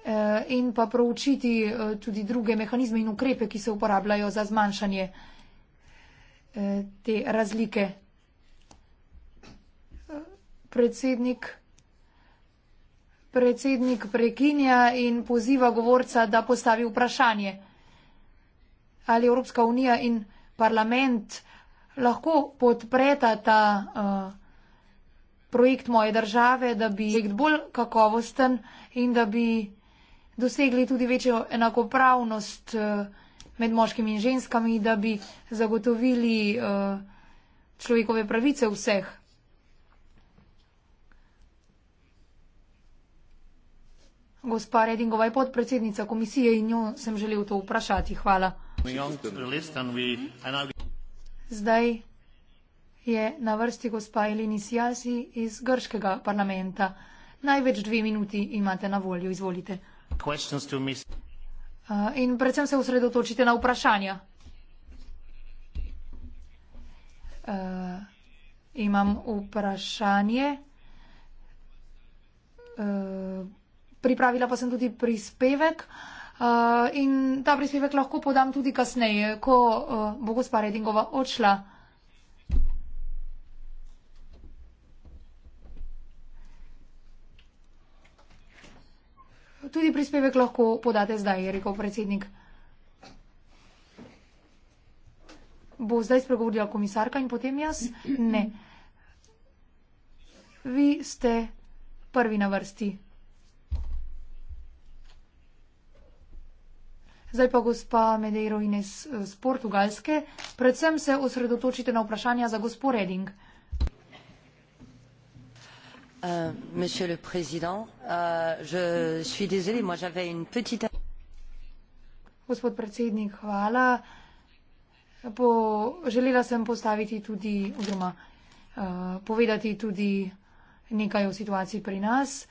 eh, in pa proučiti eh, tudi druge mehanizme in ukrepe, ki se uporabljajo za zmanjšanje eh, te razlike. Predsednik, predsednik prekinja in poziva govorca, da postavi vprašanje, ali Evropska unija in parlament lahko podpreta ta uh, projekt moje države, da bi projekt bolj kakovosten in da bi dosegli tudi večjo enakopravnost eh, med moškimi in ženskami, da bi zagotovili eh, človekove pravice vseh. Gospa Redingova je podpredsednica komisije in njo sem želel to vprašati. Hvala. Zdaj je na vrsti gospa Elini Sijasi iz grškega parlamenta. Največ dve minuti imate na voljo, izvolite. In predvsem se usredotočite na vprašanja. Uh, imam vprašanje. Uh, pripravila pa sem tudi prispevek. Uh, in ta prispevek lahko podam tudi kasneje, ko uh, bo gospa Redingova odšla. Uh, Tudi prispevek lahko podate zdaj, je rekel predsednik. Bo zdaj spregovorila komisarka in potem jaz? Ne. Vi ste prvi na vrsti. Zdaj pa gospa Medeiro Ines z Portugalske. Predvsem se osredotočite na vprašanja za gospo Reding. Euh, monsieur le président euh, je suis désolée moi j'avais une petite gospod predsednik hvala po želela sem postaviti tudi oziroma uh, povedati tudi nekaj o situaciji pri nas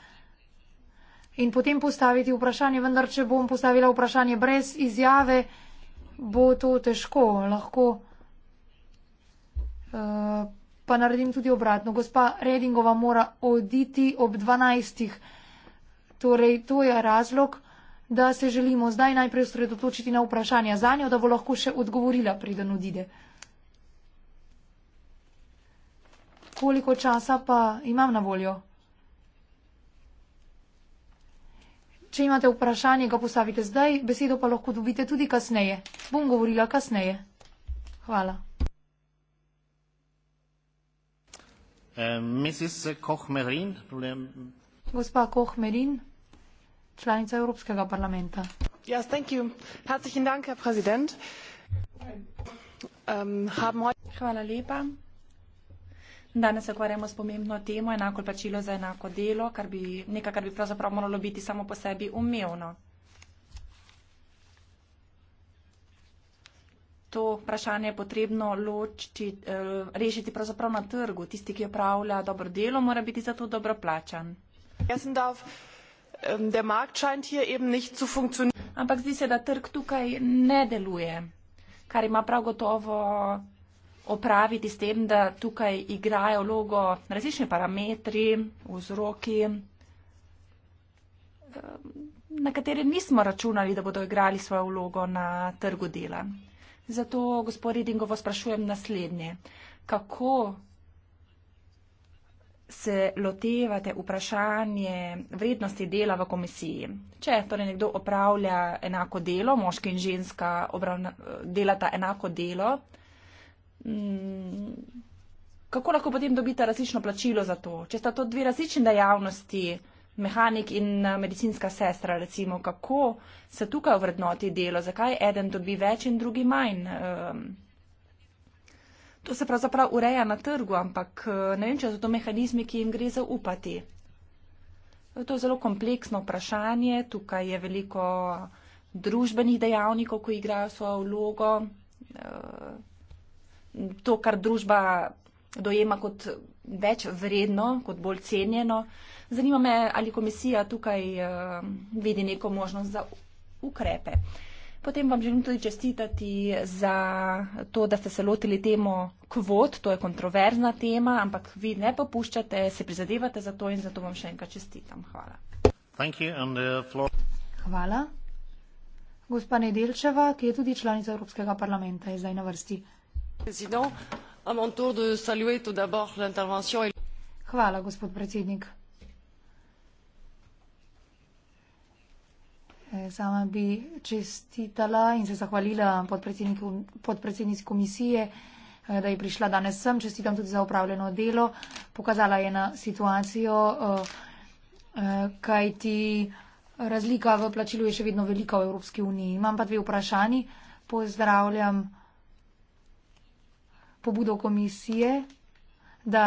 in potem postaviti vprašanje vendar če bom postavila vprašanje brez izjave bo to težko lahko uh, pa naredim tudi obratno. Gospa Redingova mora oditi ob 12. Torej, to je razlog, da se želimo zdaj najprej osredotočiti na vprašanja za njo, da bo lahko še odgovorila, preden odide. Koliko časa pa imam na voljo? Če imate vprašanje, ga postavite zdaj, besedo pa lahko dobite tudi kasneje. Bom govorila kasneje. Hvala. Eh, gospa koch merin članica evropskega parlamenta ähm, danes se ukvarjamo s pomembno temo enako plačilo za enako delo kar bi nekaj kar bi pravzaprav moralo biti samo po sebi umevno. to vprašanje potrebno ločiti, eh, rešiti pravzaprav na trgu. Tisti, ki opravlja dobro delo, mora biti za to dobro plačan. Ampak zdi se, da trg tukaj ne deluje, kar ima prav gotovo opraviti s tem, da tukaj igrajo vlogo različni parametri, vzroki, na katere nismo računali, da bodo igrali svojo vlogo na trgu dela. Zato, gospod Redingovo, sprašujem naslednje. Kako se lotevate vprašanje vrednosti dela v komisiji? Če torej nekdo opravlja enako delo, moški in ženska obravna, delata enako delo, mm, kako lahko potem dobite različno plačilo za to? Če sta to dve različne dejavnosti, mehanik in eh, medicinska sestra, recimo, kako se tukaj vrednoti delo, zakaj eden dobi več in drugi manj. Ehm. To se pravzaprav ureja na trgu, ampak eh, ne vem, če so to mehanizmi, ki jim gre zaupati. To je zelo kompleksno vprašanje, tukaj je veliko družbenih dejavnikov, ki igrajo svojo vlogo. Eh, to, kar družba dojema kot več vredno, kot bolj cenjeno, Zanima me, ali komisija tukaj uh, vidi neko možnost za ukrepe. Potem vam želim tudi čestitati za to, da ste se lotili temo kvot, to je kontroverzna tema, ampak vi ne popuščate, se prizadevate za to in zato vam še enkrat čestitam. Hvala. Uh, Hvala. Gospa Nedelčeva, ki je tudi članica Evropskega parlamenta, je zdaj na vrsti. Hvala, gospod predsednik. Eh, sama bi čestitala in se zahvalila podpredsednici komisije, eh, da je prišla danes sem. Čestitam tudi za upravljeno delo. Pokazala je na situacijo, eh, kaj ti razlika v plačilu je še vedno velika v Evropski uniji. Imam pa dve vprašanji. Pozdravljam pobudo komisije, da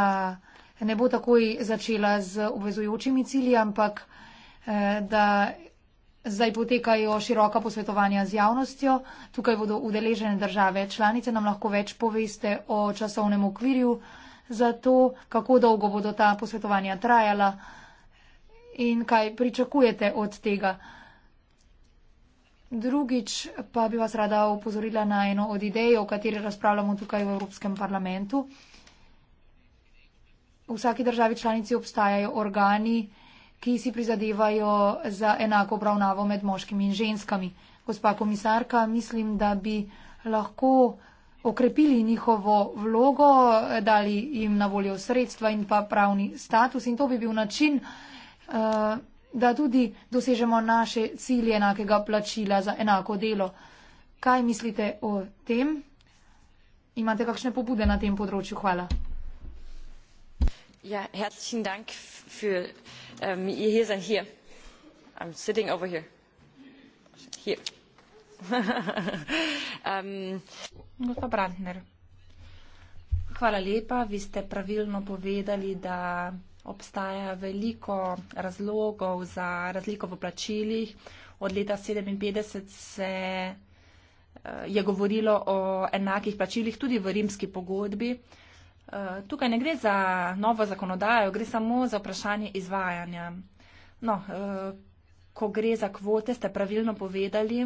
ne bo takoj začela z obvezujočimi cilji, ampak da Zdaj potekajo široka posvetovanja z javnostjo. Tukaj bodo udeležene države članice. Nam lahko več poveste o časovnem okvirju za to, kako dolgo bodo ta posvetovanja trajala in kaj pričakujete od tega. Drugič pa bi vas rada upozorila na eno od idej, o kateri razpravljamo tukaj v Evropskem parlamentu. V vsaki državi članici obstajajo organi, ki si prizadevajo za enako obravnavo med moškimi in ženskami. Gospa komisarka, mislim, da bi lahko okrepili njihovo vlogo, dali jim na voljo sredstva in pa pravni status in to bi bil način, eh, da tudi dosežemo naše cilje enakega plačila za enako delo. Kaj mislite o tem? Imate kakšne pobude na tem področju? Hvala. Ja, herzlichen Dank für Um, hier zijn hier. I'm sitting over here. Here. um. Gospa Brandner, hvala lepa. Vi ste pravilno povedali, da obstaja veliko razlogov za razliko v plačilih. Od leta 1957 se eh, je govorilo o enakih plačilih tudi v rimski pogodbi. Eh, tukaj ne gre za novo zakonodajo, gre samo za vprašanje izvajanja. No, eh, ko gre za kvote, ste pravilno povedali,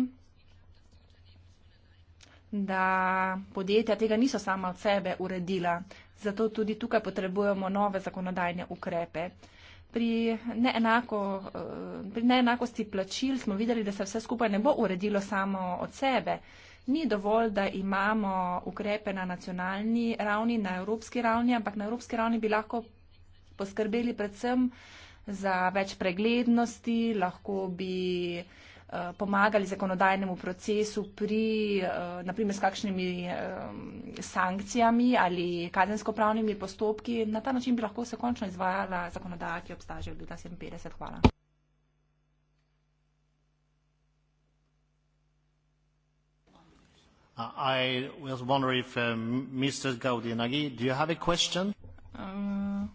da podjetja tega niso sama od sebe uredila, zato tudi tukaj potrebujemo nove zakonodajne ukrepe. Pri, neenako, eh, pri neenakosti plačil smo videli, da se vse skupaj ne bo uredilo samo od sebe ni dovolj, da imamo ukrepe na nacionalni ravni, na evropski ravni, ampak na evropski ravni bi lahko poskrbeli predvsem za več preglednosti, lahko bi eh, pomagali zakonodajnemu procesu pri, eh, naprimer, s kakšnimi eh, sankcijami ali kazensko-pravnimi postopki. Na ta način bi lahko se končno izvajala zakonodaja, ki obstaja že od leta 1957. Hvala. Uh, I was wondering if Mr. Um, Gaudenaghi, do you have a question? Uh,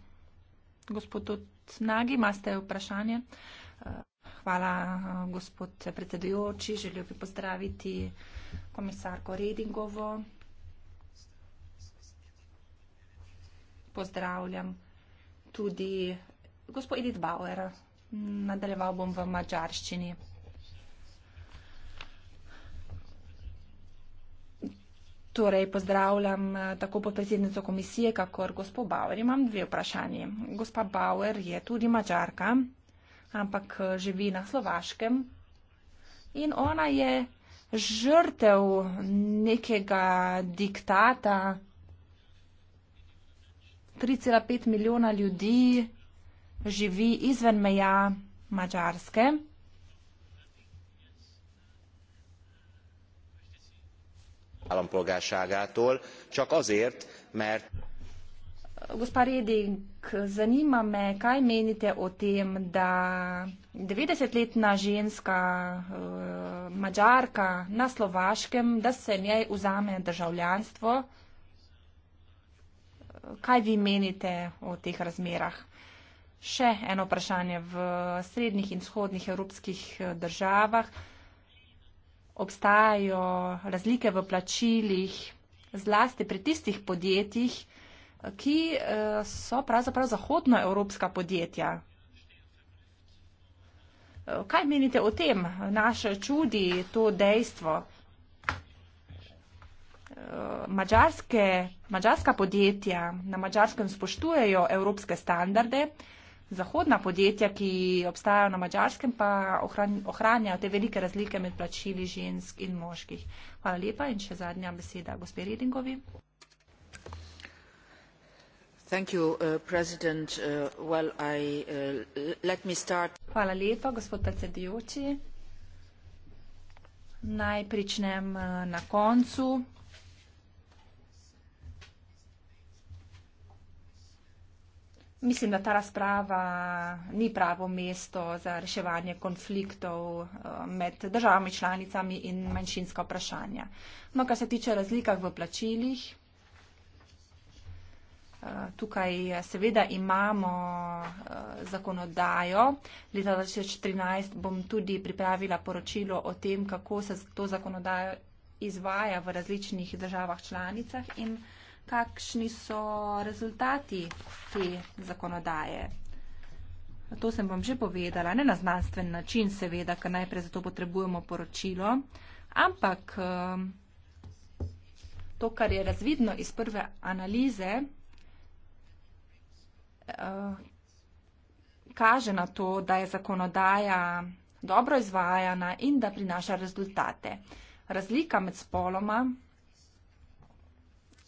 gospod Nagi, imate vprašanje? Uh, hvala, gospod predsedujoči. Želel bi pozdraviti komisarko Redingovo. Pozdravljam tudi gospo Edith Bauer. Nadaljeval bom v madžarščini. Torej, pozdravljam eh, tako podpredsednico komisije, kakor gospod Bauer. Imam dve vprašanje. Gospa Bauer je tudi mačarka, ampak eh, živi na Slovaškem in ona je žrtev nekega diktata. 3,5 milijona ljudi živi izven meja Mačarske. állampolgárságától csak azért mert. gospa reding zanima me kaj menite o tem da devetdesetletna ženska eh, mađarka na slovaškem da se njej vzame državljanstvo kaj vi menite o teh razmerah še eno vprašanje v srednjih in vzhodnih evropskih eh, državah obstajajo razlike v plačilih, zlasti pri tistih podjetjih, ki eh, so pravzaprav zahodnoevropska podjetja. Eh, kaj menite o tem? Naš čudi to dejstvo. Eh, Mačarska podjetja na mačarskem spoštujejo evropske standarde, zahodna podjetja, ki obstajajo na mačarskem, pa ohranjajo te velike razlike med plačili žensk in moških. Hvala lepa in še zadnja beseda gospe Redingovi. Uh, uh, uh, Hvala lepa, gospod predsedujoči. Naj pričnem na koncu. Mislim, da ta razprava ni pravo mesto za reševanje konfliktov eh, med državami članicami in manjšinska vprašanja. No, kar se tiče razlikah v plačilih, eh, tukaj seveda imamo eh, zakonodajo. Leta 2013 bom tudi pripravila poročilo o tem, kako se to zakonodajo izvaja v različnih državah članicah in članicah kakšni so rezultati te zakonodaje. To sem vam že povedala, ne na znanstven način, seveda, ker najprej zato potrebujemo poročilo, ampak ehm, to, kar je razvidno iz prve analize, eh, kaže na to, da je zakonodaja dobro izvajana in da prinaša rezultate. Razlika med spoloma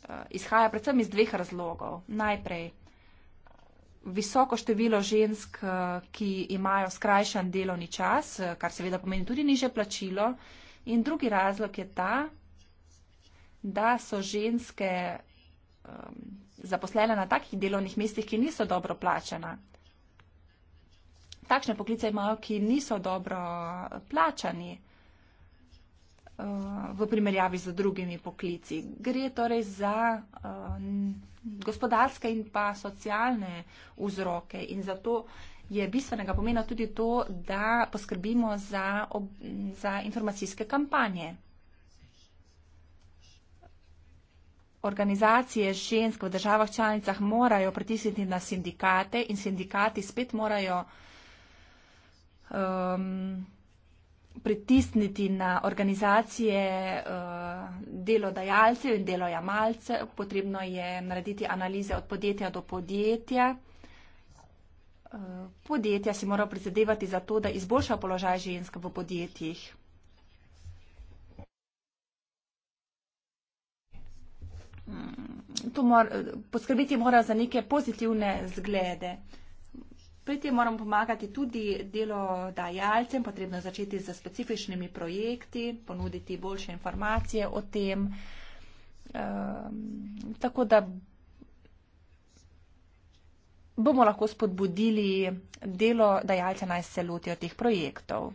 Eh, izhaja predvsem iz dveh razlogov. Najprej visoko število žensk, eh, ki imajo skrajšan delovni čas, eh, kar seveda pomeni tudi niže plačilo. In drugi razlog je ta, da so ženske um, zaposlene na takih delovnih mestih, ki niso dobro plačena. Takšne poklice imajo, ki niso dobro plačani v primerjavi z drugimi poklici. Gre torej za uh, gospodarske in pa socialne vzroke in zato je bistvenega pomena tudi to, da poskrbimo za, ob, za informacijske kampanje. Organizacije žensk v državah članicah morajo pritisniti na sindikate in sindikati spet morajo um, pritisniti na organizacije eh, delodajalcev in delojamalcev, potrebno je narediti analize od podjetja do podjetja. Eh, podjetja si morajo prizadevati za to, da izboljšajo položaj žensk v podjetjih. Mm, to mora, eh, poskrbeti mora za neke pozitivne zglede. Pri tem moramo pomagati tudi delodajalcem, potrebno je začeti z specifičnimi projekti, ponuditi boljše informacije o tem. Um, tako da bomo lahko spodbudili delo dajalce naj se lotijo teh projektov.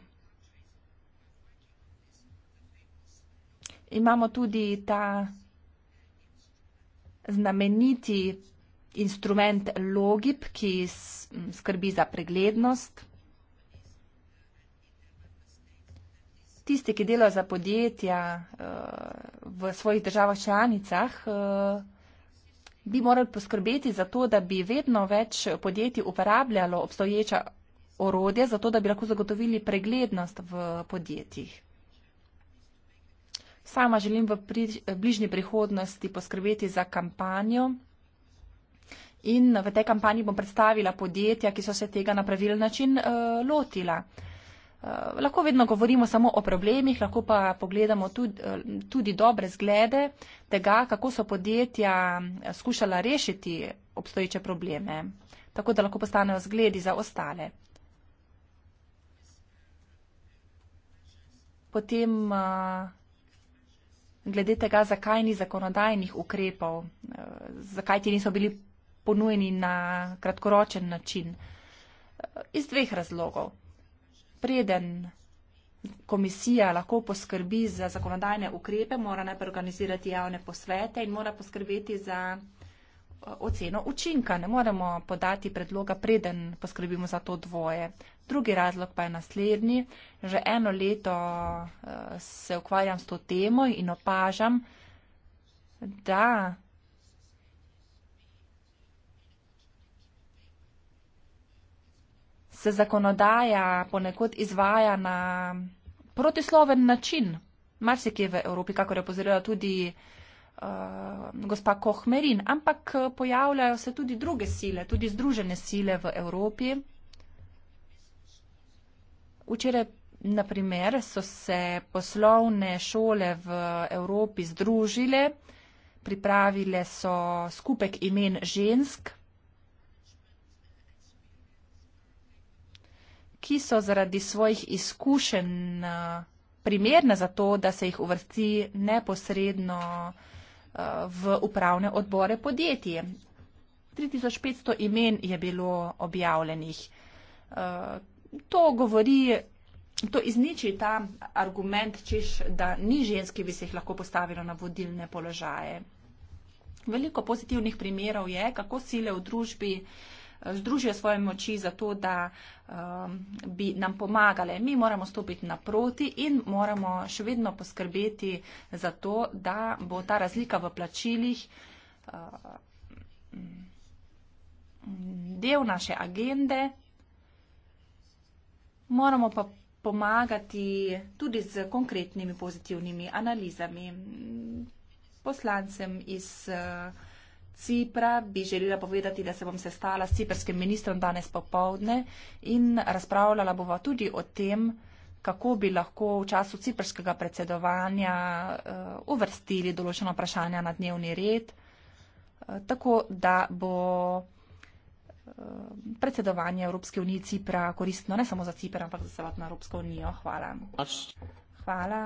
Imamo tudi ta znameniti instrument Logip, ki skrbi za preglednost. Tisti, ki delajo za podjetja eh, v svojih državah članicah, eh, bi morali poskrbeti za to, da bi vedno več podjetij uporabljalo obstoječa orodja, zato da bi lahko zagotovili preglednost v podjetjih. Sama želim v eh, bližnji prihodnosti poskrbeti za kampanjo in v tej kampanji bom predstavila podjetja, ki so se tega na pravilen način uh, lotila. Uh, lahko vedno govorimo samo o problemih, lahko pa pogledamo tudi, uh, eh, tudi dobre zglede tega, kako so podjetja skušala rešiti obstoječe probleme, tako da lahko postanejo zgledi za ostale. Potem uh, glede tega, zakaj ni zakonodajnih ukrepov, uh, zakaj ti niso bili ponujeni na kratkoročen način. Iz dveh razlogov. Preden komisija lahko poskrbi za zakonodajne ukrepe, mora najprej organizirati javne posvete in mora poskrbeti za eh, oceno učinka. Ne moremo podati predloga, preden poskrbimo za to dvoje. Drugi razlog pa je naslednji. Že eno leto eh, se ukvarjam s to temo in opažam, da se zakonodaja ponekod izvaja na protisloven način. Mar se kje v Evropi, kako je opozorila tudi uh, gospa Kohmerin, ampak eh, pojavljajo se tudi druge sile, tudi združene sile v Evropi. Včeraj, naprimer, so se poslovne šole v Evropi združile, pripravile so skupek imen žensk, ki so zaradi svojih izkušenj eh, primerne za to, da se jih uvrsti neposredno eh, v upravne odbore podjetije. 3500 imen je bilo objavljenih. Eh, to govori, to izniči ta argument, češ, da ni žensk, ki bi se jih lahko postavilo na vodilne položaje. Veliko pozitivnih primerov je, kako sile v družbi uh, združijo svoje moči za to, da um, bi nam pomagale. Mi moramo stopiti naproti in moramo še vedno poskrbeti za to, da bo ta razlika v plačilih uh, del naše agende. Moramo pa pomagati tudi z konkretnimi pozitivnimi analizami poslancem iz. Uh, Cipra bi želela povedati, da se bom sestala s ciperskim ministrom danes popovdne in razpravljala bova tudi o tem, kako bi lahko v času ciperskega predsedovanja uh, uvrstili določeno vprašanje na dnevni red, uh, tako da bo eh, predsedovanje Evropske unije Cipra koristno ne samo za Cipra, ampak za celotno Evropsko unijo. Hvala. Hvala.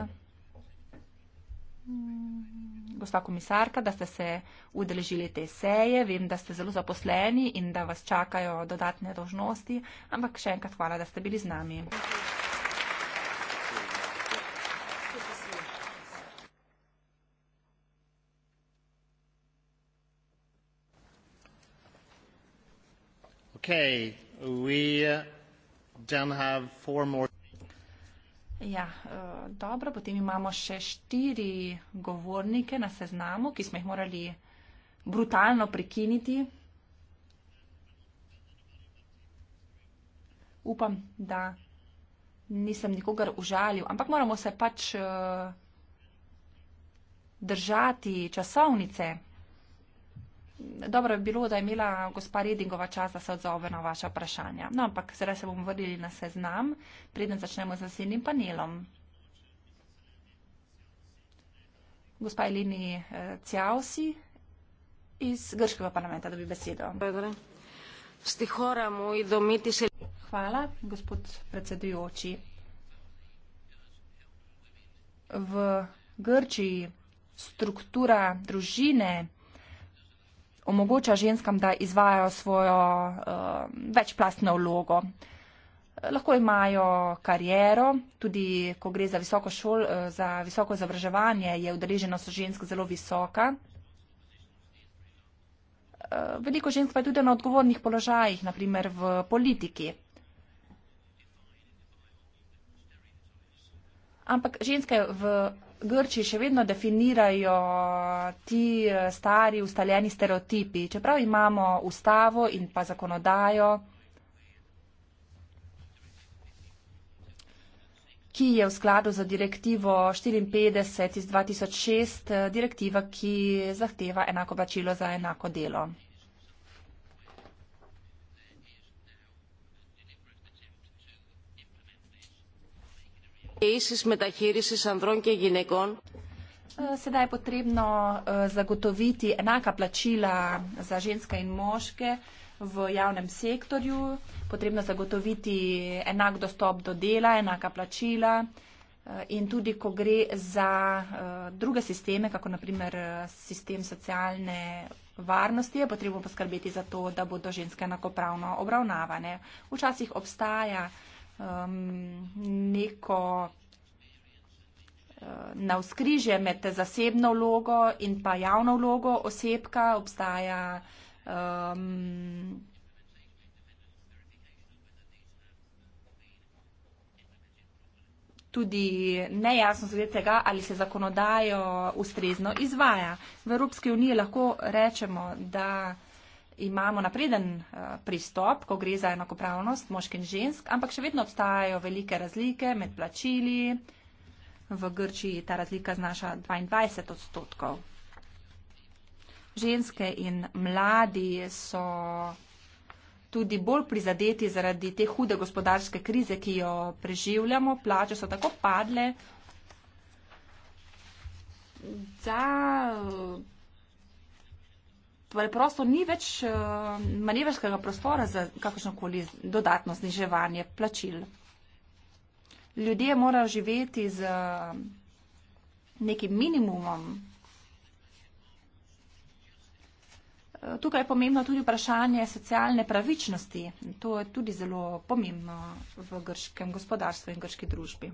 Mm, gospa komisarka, da ste se udeležili te seje. Vem, da ste zelo zaposleni in da vas čakajo dodatne dožnosti, ampak še enkrat hvala, da ste bili z nami. Okay, we uh, then have four more. Ja, e, dobro, potem imamo še štiri govornike na seznamu, ki smo jih morali brutalno prekiniti. Upam, da nisem nikogar užalil, ampak moramo se pač e, držati časovnice dobro bi bilo, da je imela gospa Redingova čas, da se odzove na vaša vprašanja. No, ampak zdaj se bomo vrnili na seznam, preden začnemo z naslednjim panelom. Gospa Elini eh, Cjavsi iz Grškega parlamenta dobi besedo. Hvala, gospod predsedujoči. V Grčiji struktura družine omogoča ženskam, da izvajajo svojo uh, večplastno vlogo. Lahko imajo kariero, tudi ko gre za visoko šol, uh, za visoko izobraževanje, je udeleženost žensk zelo visoka. Uh, veliko žensk pa je tudi na odgovornih položajih, naprimer v politiki. Ampak ženske v Grčiji še vedno definirajo ti eh, stari ustaljeni stereotipi, čeprav imamo ustavo in pa zakonodajo, ki je v skladu za direktivo 54 iz 2006, eh, direktiva, ki zahteva enako plačilo za enako delo. Eh, sedaj je potrebno eh, zagotoviti enaka plačila za ženske in moške v javnem sektorju, potrebno zagotoviti enak dostop do dela, enaka plačila eh, in tudi, ko gre za druge sisteme, kako naprimer sistem socialne varnosti, je potrebno poskrbeti za to, da bodo ženske enakopravno obravnavane. Včasih obstaja um, neko uh, Na vzkrižje med zasebno vlogo in pa javno vlogo osebka obstaja um, tudi nejasno zgled tega, ali se zakonodajo ustrezno izvaja. V Evropski uniji lahko rečemo, da uh, imamo napreden eh, pristop, ko gre za enakopravnost moških in žensk, ampak še vedno obstajajo velike razlike med plačili. V Grčiji ta razlika znaša 22 odstotkov. Ženske in mladi so tudi bolj prizadeti zaradi te hude gospodarske krize, ki jo preživljamo. Plače so tako padle, da preprosto ni več eh, manevrskega prostora za kakršnokoli dodatno zniževanje plačil. Ljudje morajo živeti z eh, nekim minimumom. Eh, tukaj je pomembno tudi vprašanje socialne pravičnosti. To je tudi zelo pomembno v grškem gospodarstvu in grški družbi.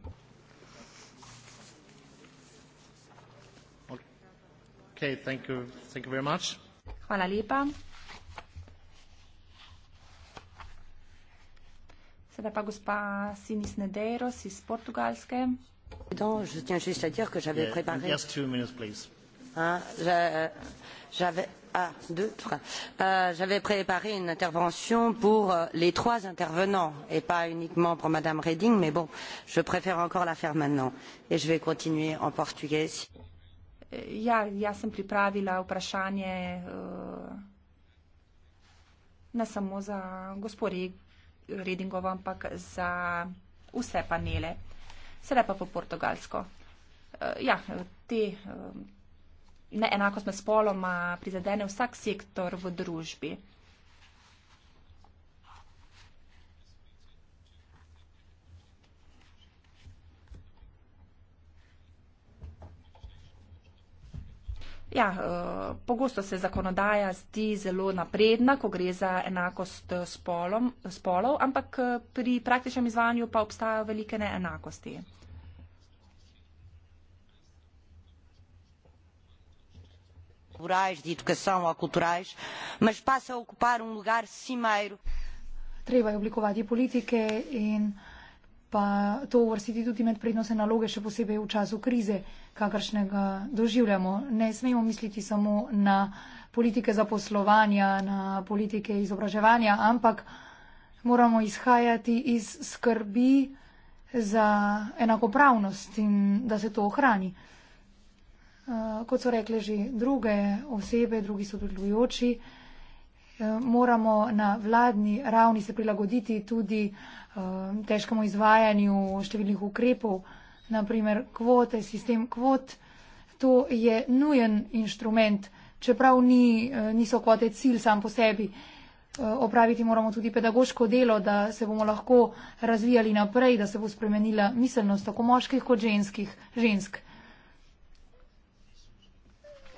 Okay, thank you. Thank you very much. Hvala lepa. Sedaj pa gospa Sinis Nedeiros iz Portugalske. Ah, j'a- ah, deux, trois. Euh, j'avais préparé une intervention pour euh, les trois intervenants et pas uniquement pour Madame Reding, mais bon, je préfère encore la faire maintenant et je vais continuer en portugais. Ja, jaz sem pripravila vprašanje eh, ne samo za gospodje Redingova, ampak za vse panele. Sedaj pa po portugalsko. Eh, ja, te eh, neenakost med spoloma prizadene vsak sektor v družbi. Ja, eh, pogosto se zakonodaja zdi zelo napredna, ko gre za enakost eh, spolom, spolov, ampak eh, pri praktičnem izvajanju pa obstajajo velike neenakosti. De educação ou culturais, mas passa a ocupar um lugar cimeiro. Treva a oblicovar de política em. In pa to uvrstiti tudi med prednostne naloge, še posebej v času krize, kakršnega doživljamo. Ne smemo misliti samo na politike zaposlovanja, na politike izobraževanja, ampak moramo izhajati iz skrbi za enakopravnost in da se to ohrani. Eh, kot so rekli že druge osebe, drugi so tudi ljujoči, moramo na vladni ravni se prilagoditi tudi eh, težkemu izvajanju številnih ukrepov, naprimer kvote, sistem kvot. To je nujen inštrument, čeprav ni, eh, niso kvote cilj sam po sebi. Eh, opraviti moramo tudi pedagoško delo, da se bomo lahko razvijali naprej, da se bo spremenila miselnost tako moških kot ženskih, žensk.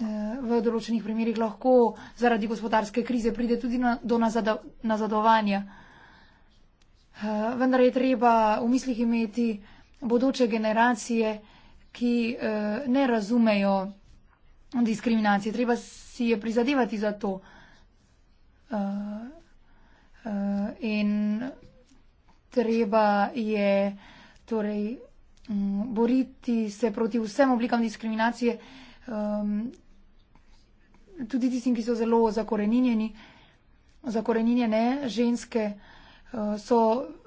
Eh, v določenih primerjih lahko zaradi gospodarske krize pride tudi na, do nazadovanja. Eh, vendar je treba v mislih imeti bodoče generacije, ki eh, ne razumejo diskriminacije. Treba si je prizadevati za to. In treba je torej, mm, boriti se proti vsem oblikam diskriminacije. Ehm, tudi tistim, ki so zelo zakoreninjeni, zakoreninjene ženske, eh, so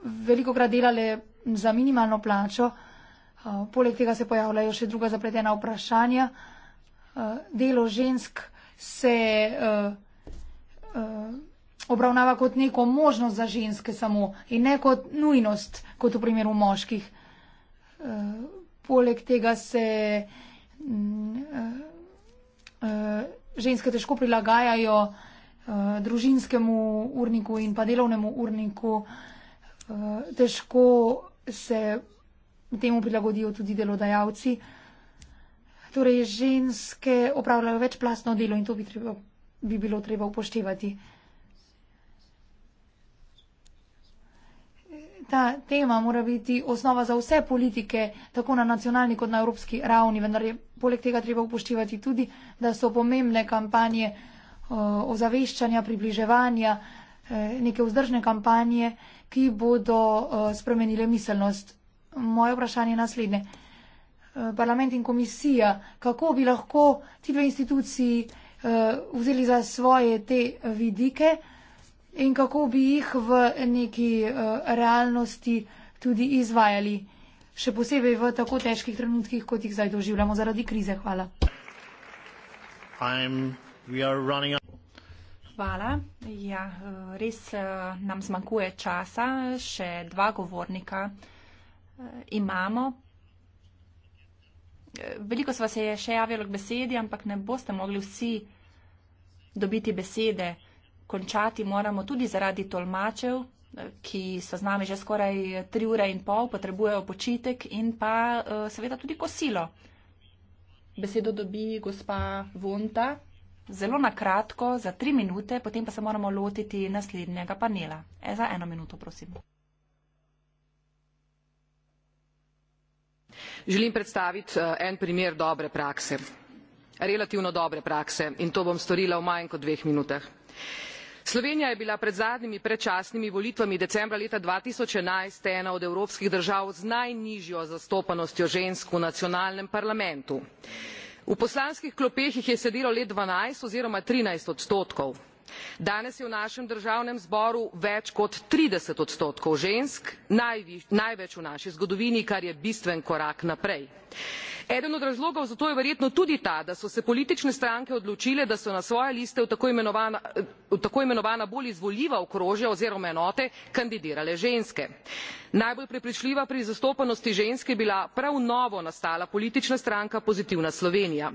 veliko krat delale za minimalno plačo, eh, poleg tega se pojavljajo še druga zapletena vprašanja. Eh, delo žensk se obravnava kot neko možnost za ženske samo in ne kot nujnost, kot v primeru moških. Poleg tega se. Mm, ženske težko prilagajajo uh, družinskemu urniku in pa delovnemu urniku, uh, težko se temu prilagodijo tudi delodajalci. Torej, ženske opravljajo večplastno delo in to bi, treba, bi bilo treba upoštevati. Uh, ta tema mora biti osnova za vse politike, tako na nacionalni kot na evropski ravni, vendar je poleg tega treba upoštevati tudi, da so pomembne kampanje eh, ozaveščanja, približevanja, eh, neke vzdržne kampanje, ki bodo eh, spremenile miselnost. Moje vprašanje je naslednje. Parlament in komisija, kako bi lahko ti dve instituciji vzeli za svoje te vidike? in kako bi jih v neki uh, realnosti tudi izvajali, še posebej v tako težkih trenutkih, kot jih zdaj doživljamo zaradi krize. Hvala. Hvala. Ja, eh, res eh, nam zmanjkuje časa, še dva govornika imamo. Veliko sva se je še javilo k besedi, ampak ne boste mogli vsi dobiti besede končati moramo tudi zaradi tolmačev, eh, ki so z nami že skoraj tri ure in pol, potrebujejo počitek in pa eh, seveda tudi kosilo. Besedo dobi gospa Vonta. Zelo na kratko, za tri minute, potem pa se moramo lotiti naslednjega panela. E, za eno minuto, prosim. Želim predstaviti eh, en primer dobre prakse, relativno dobre prakse in to bom storila v manj kot dveh minutah slovenija je bila pred zadnjimi predčasnimi volitvami decembra leta dva tisoč enajst ena od evropskih držav z najnižjo zastopanostjo žensk v nacionalnem parlamentu. v poslanskih klopeh jih je sedelo le dvanajst oziroma trinajst odstotkov danes je v našem državnem zboru več kot trideset odstotkov žensk največ v naši zgodovini kar je bistven korak naprej eden od razlogov za to je verjetno tudi ta da so se politične stranke odločile da so na svoje liste v tako imenovana bolj izvoljiva okrožja oziroma enote kandidirale ženske. najbolj prepričljiva pri zastopanosti žensk je bila prav novo nastala politična stranka pozitivna slovenija.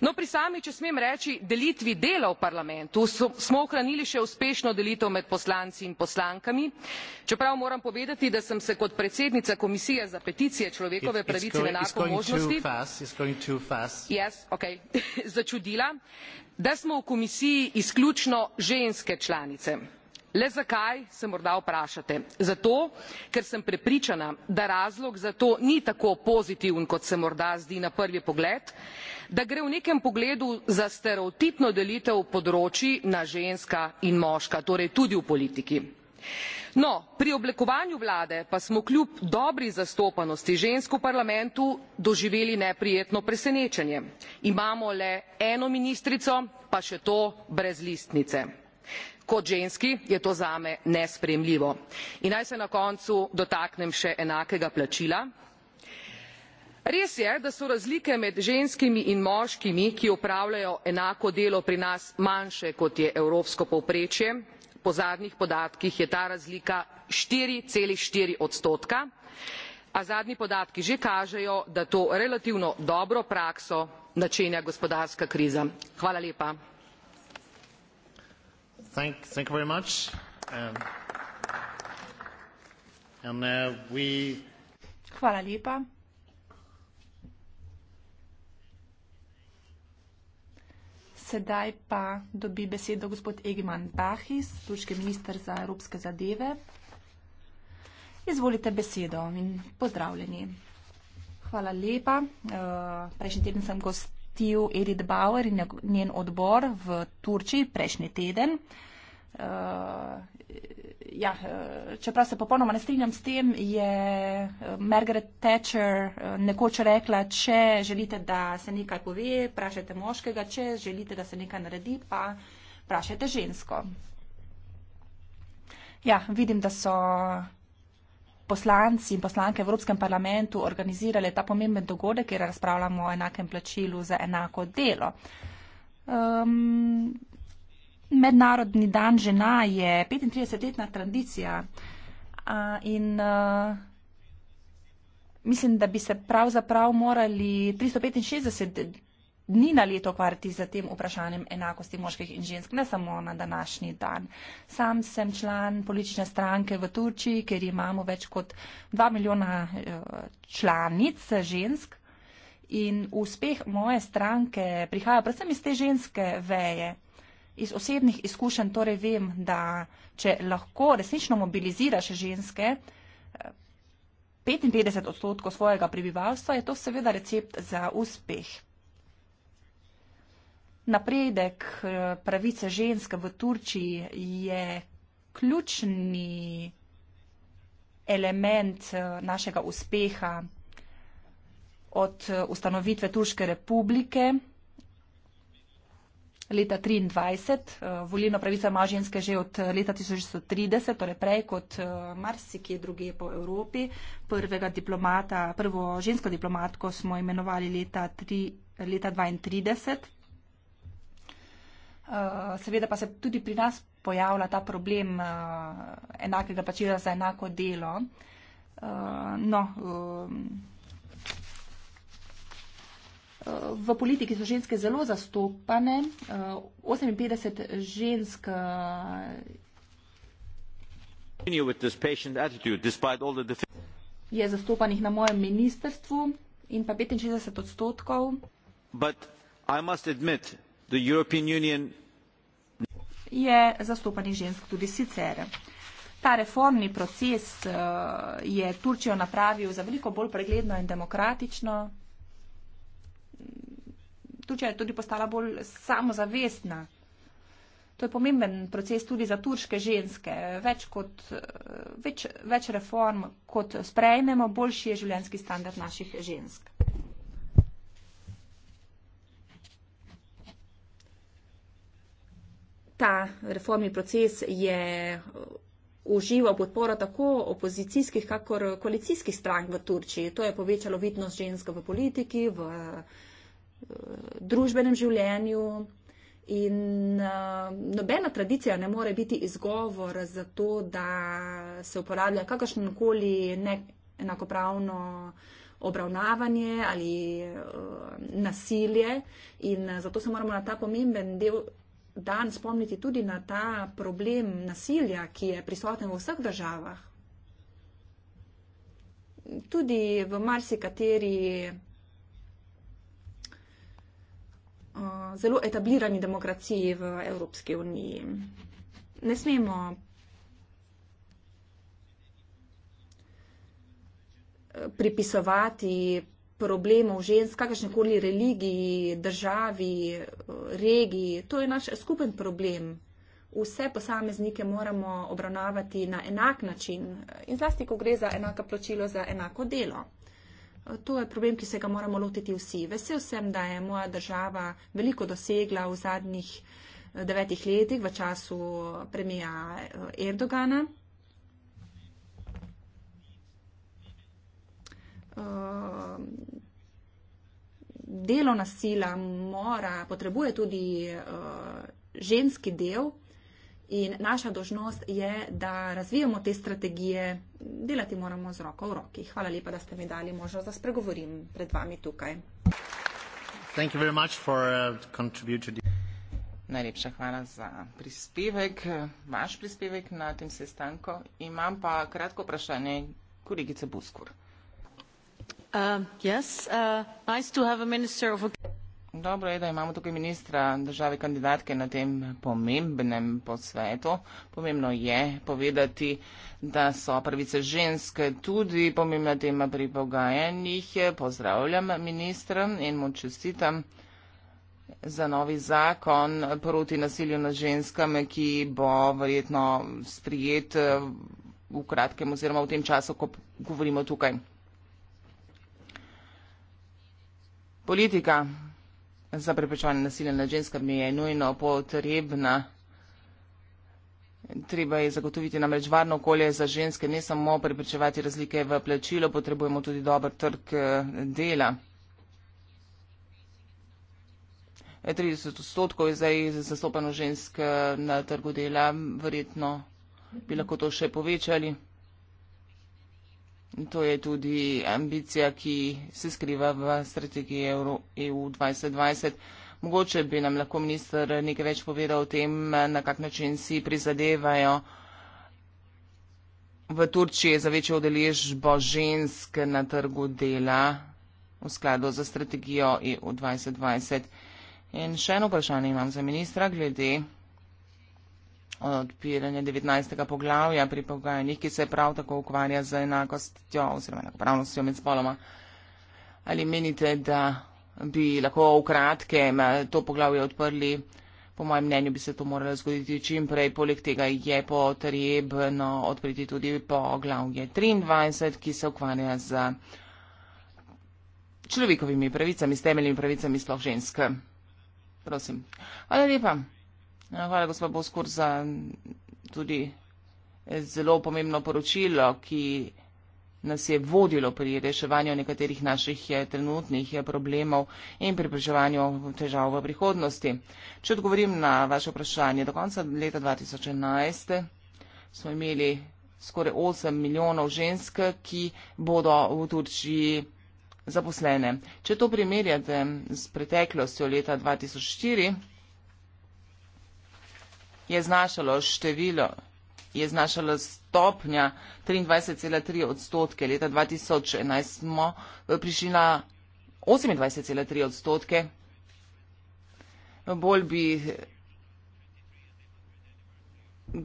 no pri sami če smem reči delitvi dela v parlamentu smo ohranili še uspešno delitev med poslanci in poslankami čeprav moram povedati da sem se kot predsednica komisije za peticije človekove pravice in enake možnosti začudila da smo v komisiji izključno ženske članice le zakaj se morda vprašate zato ker sem prepričana da razlog za to ni tako pozitiven kot se morda zdi na prvi pogled da gre v nekem pogledu za stereotipno delitev področij na ženska in moška torej tudi v politiki no pri oblikovanju vlade pa smo kljub dobri zastopanosti žensk v parlamentu doživeli neprijetno presenečenje imamo le eno ministrico pa še to brez listnice. kot ženski je to zame nesprejemljivo in naj se na koncu dotaknem še enakega plačila res je da so razlike med ženskimi in moškimi ki opravljajo enako delo pri nas manjše kot je evropsko povprečje po zadnjih podatkih je ta razlika štiri štiri odstotka a zadnji podatki že kažejo da to relativno dobro prakso načenja gospodarska kriza. Sedaj pa dobi besedo gospod Egiman Bahis, turški minister za evropske zadeve. Izvolite besedo in pozdravljeni. Hvala lepa. Eh, prejšnji teden sem gostil Edith Bauer in njen odbor v Turčiji prejšnji teden. Eh, ja, eh, čeprav se popolnoma ne strinjam s tem, je eh, Margaret Thatcher eh, nekoč rekla, če želite, da se nekaj pove, vprašajte moškega, če želite, da se nekaj naredi, pa vprašajte žensko. Ja, vidim, da so poslanci in poslanke v Evropskem parlamentu organizirali ta pomemben dogodek, kjer razpravljamo o enakem plačilu za enako delo. Um, Mednarodni dan žena je 35-letna tradicija uh, in uh, mislim, da bi se pravzaprav morali 365 dni na leto ukvarjati z tem vprašanjem enakosti moških in žensk, ne samo na današnji dan. Sam sem član politične stranke v Turčiji, ker imamo več kot 2 milijona uh, članic žensk in uspeh moje stranke prihaja predvsem iz te ženske veje iz osebnih izkušenj torej vem, da če lahko resnično mobiliziraš ženske, 55 eh, odstotkov svojega prebivalstva, je to seveda recept za uspeh. Napredek eh, pravice ženske v Turčiji je ključni element eh, našega uspeha od ustanovitve Turške republike leta 23. Eh, volilno pravico ima ženske že od eh, leta 1930, torej prej kot eh, marsikje druge po Evropi. Prvega diplomata, prvo žensko diplomatko smo imenovali leta, tri, leta 32. Seveda pa se tudi pri nas pojavlja ta problem enakega plačila za enako delo. No, V politiki so ženske zelo zastopane. 58 eh, žensk. Eh, je zastopanih na mojem ministrstvu in pa 65 odstotkov. Admit, Union... Je zastopanih žensk tudi sicer. Ta reformni proces eh, je Turčijo napravil za veliko bolj pregledno in demokratično. Turčija je tudi postala bolj samozavestna. To je pomemben proces tudi za turške ženske. Več, kot, več, več reform, kot sprejmemo, boljši je življenski standard naših žensk. Ta reformni proces je užival podporo tako opozicijskih, kakor koalicijskih strank v Turčiji. To je povečalo vidnost žensk v politiki, v družbenem življenju in uh, nobena tradicija ne more biti izgovor za to, da se uporablja kakršnokoli neenakopravno obravnavanje ali uh, nasilje in eh, zato se moramo na ta pomemben del dan spomniti tudi na ta problem nasilja, ki je prisoten v vseh državah. Tudi v marsikateri Eh, zelo etablirani demokraciji v Evropski uniji. Ne smemo eh, pripisovati problemov žensk, kakršnekoli religiji, državi, eh, regiji. To je naš skupen problem. Vse posameznike moramo obravnavati na enak način in zlasti, ko gre za enako plačilo za enako delo. To je problem, ki se ga moramo lotiti vsi. Vesel sem, da je moja država veliko dosegla v zadnjih eh, devetih letih v času eh, premija eh, Erdogana. Delovna sila mora, potrebuje tudi ženski del, In naša dožnost je, da razvijamo te strategije, delati moramo z roko v roki. Hvala lepa, da ste mi dali možnost, da spregovorim pred vami tukaj. Uh, Najlepša hvala za prispevek, vaš prispevek na tem sestanku. Imam pa kratko vprašanje kolegice Buskur. Uh, yes, uh, nice Dobro je, da imamo tukaj ministra države kandidatke na tem pomembnem posvetu. Pomembno je povedati, da so pravice ženske tudi pomembna tema pri pogajanjih. Pozdravljam ministra in mu čestitam za novi zakon proti nasilju nad ženskami, ki bo verjetno sprijet v kratkem oziroma v tem času, ko govorimo tukaj. Politika za preprečevanje nasilja nad ženskami je nujno potrebna. Treba je zagotoviti namreč varno okolje za ženske, ne samo preprečevati razlike v plačilo, potrebujemo tudi dober trg eh, dela. 30 eh, odstotkov je zdaj zastopano žensk eh, na trgu dela, verjetno bi lahko to še povečali. To je tudi ambicija, ki se skriva v strategiji EU 2020. E Mogoče bi nam lahko minister nekaj več povedal o tem, na kak način si prizadevajo v Turčiji za večjo udeležbo žensk na trgu dela v skladu za strategijo EU 2020. In še eno vprašanje imam za ministra glede odpiranje 19. poglavja pri pogajanjih, ki se prav tako ukvarja z enakostjo oziroma enakopravnostjo med spoloma. Ali menite, da bi lahko v kratkem eh, to poglavje odprli? Po mojem mnenju bi se to moralo zgoditi čim prej. Poleg tega je potrebno odpriti tudi poglavje 23, ki se ukvarja z človekovimi pravicami, s temeljnimi pravicami sploh žensk. Prosim. Hvala lepa. Eh, hvala, gospa Boskor, za mm, tudi eh, zelo pomembno poročilo, ki nas je vodilo pri reševanju nekaterih naših eh, trenutnih problemov in pripričevanju težav v prihodnosti. Če odgovorim na vaše vprašanje, do konca leta 2011 smo imeli skoraj 8 milijonov žensk, ki bodo v Turčiji zaposlene. Če to primerjate mm, s preteklostjo leta 2004, je znašalo število, je znašalo stopnja 23,3 odstotke. Leta 2011 smo eh, prišli na 28,3 odstotke. Bolj bi eh,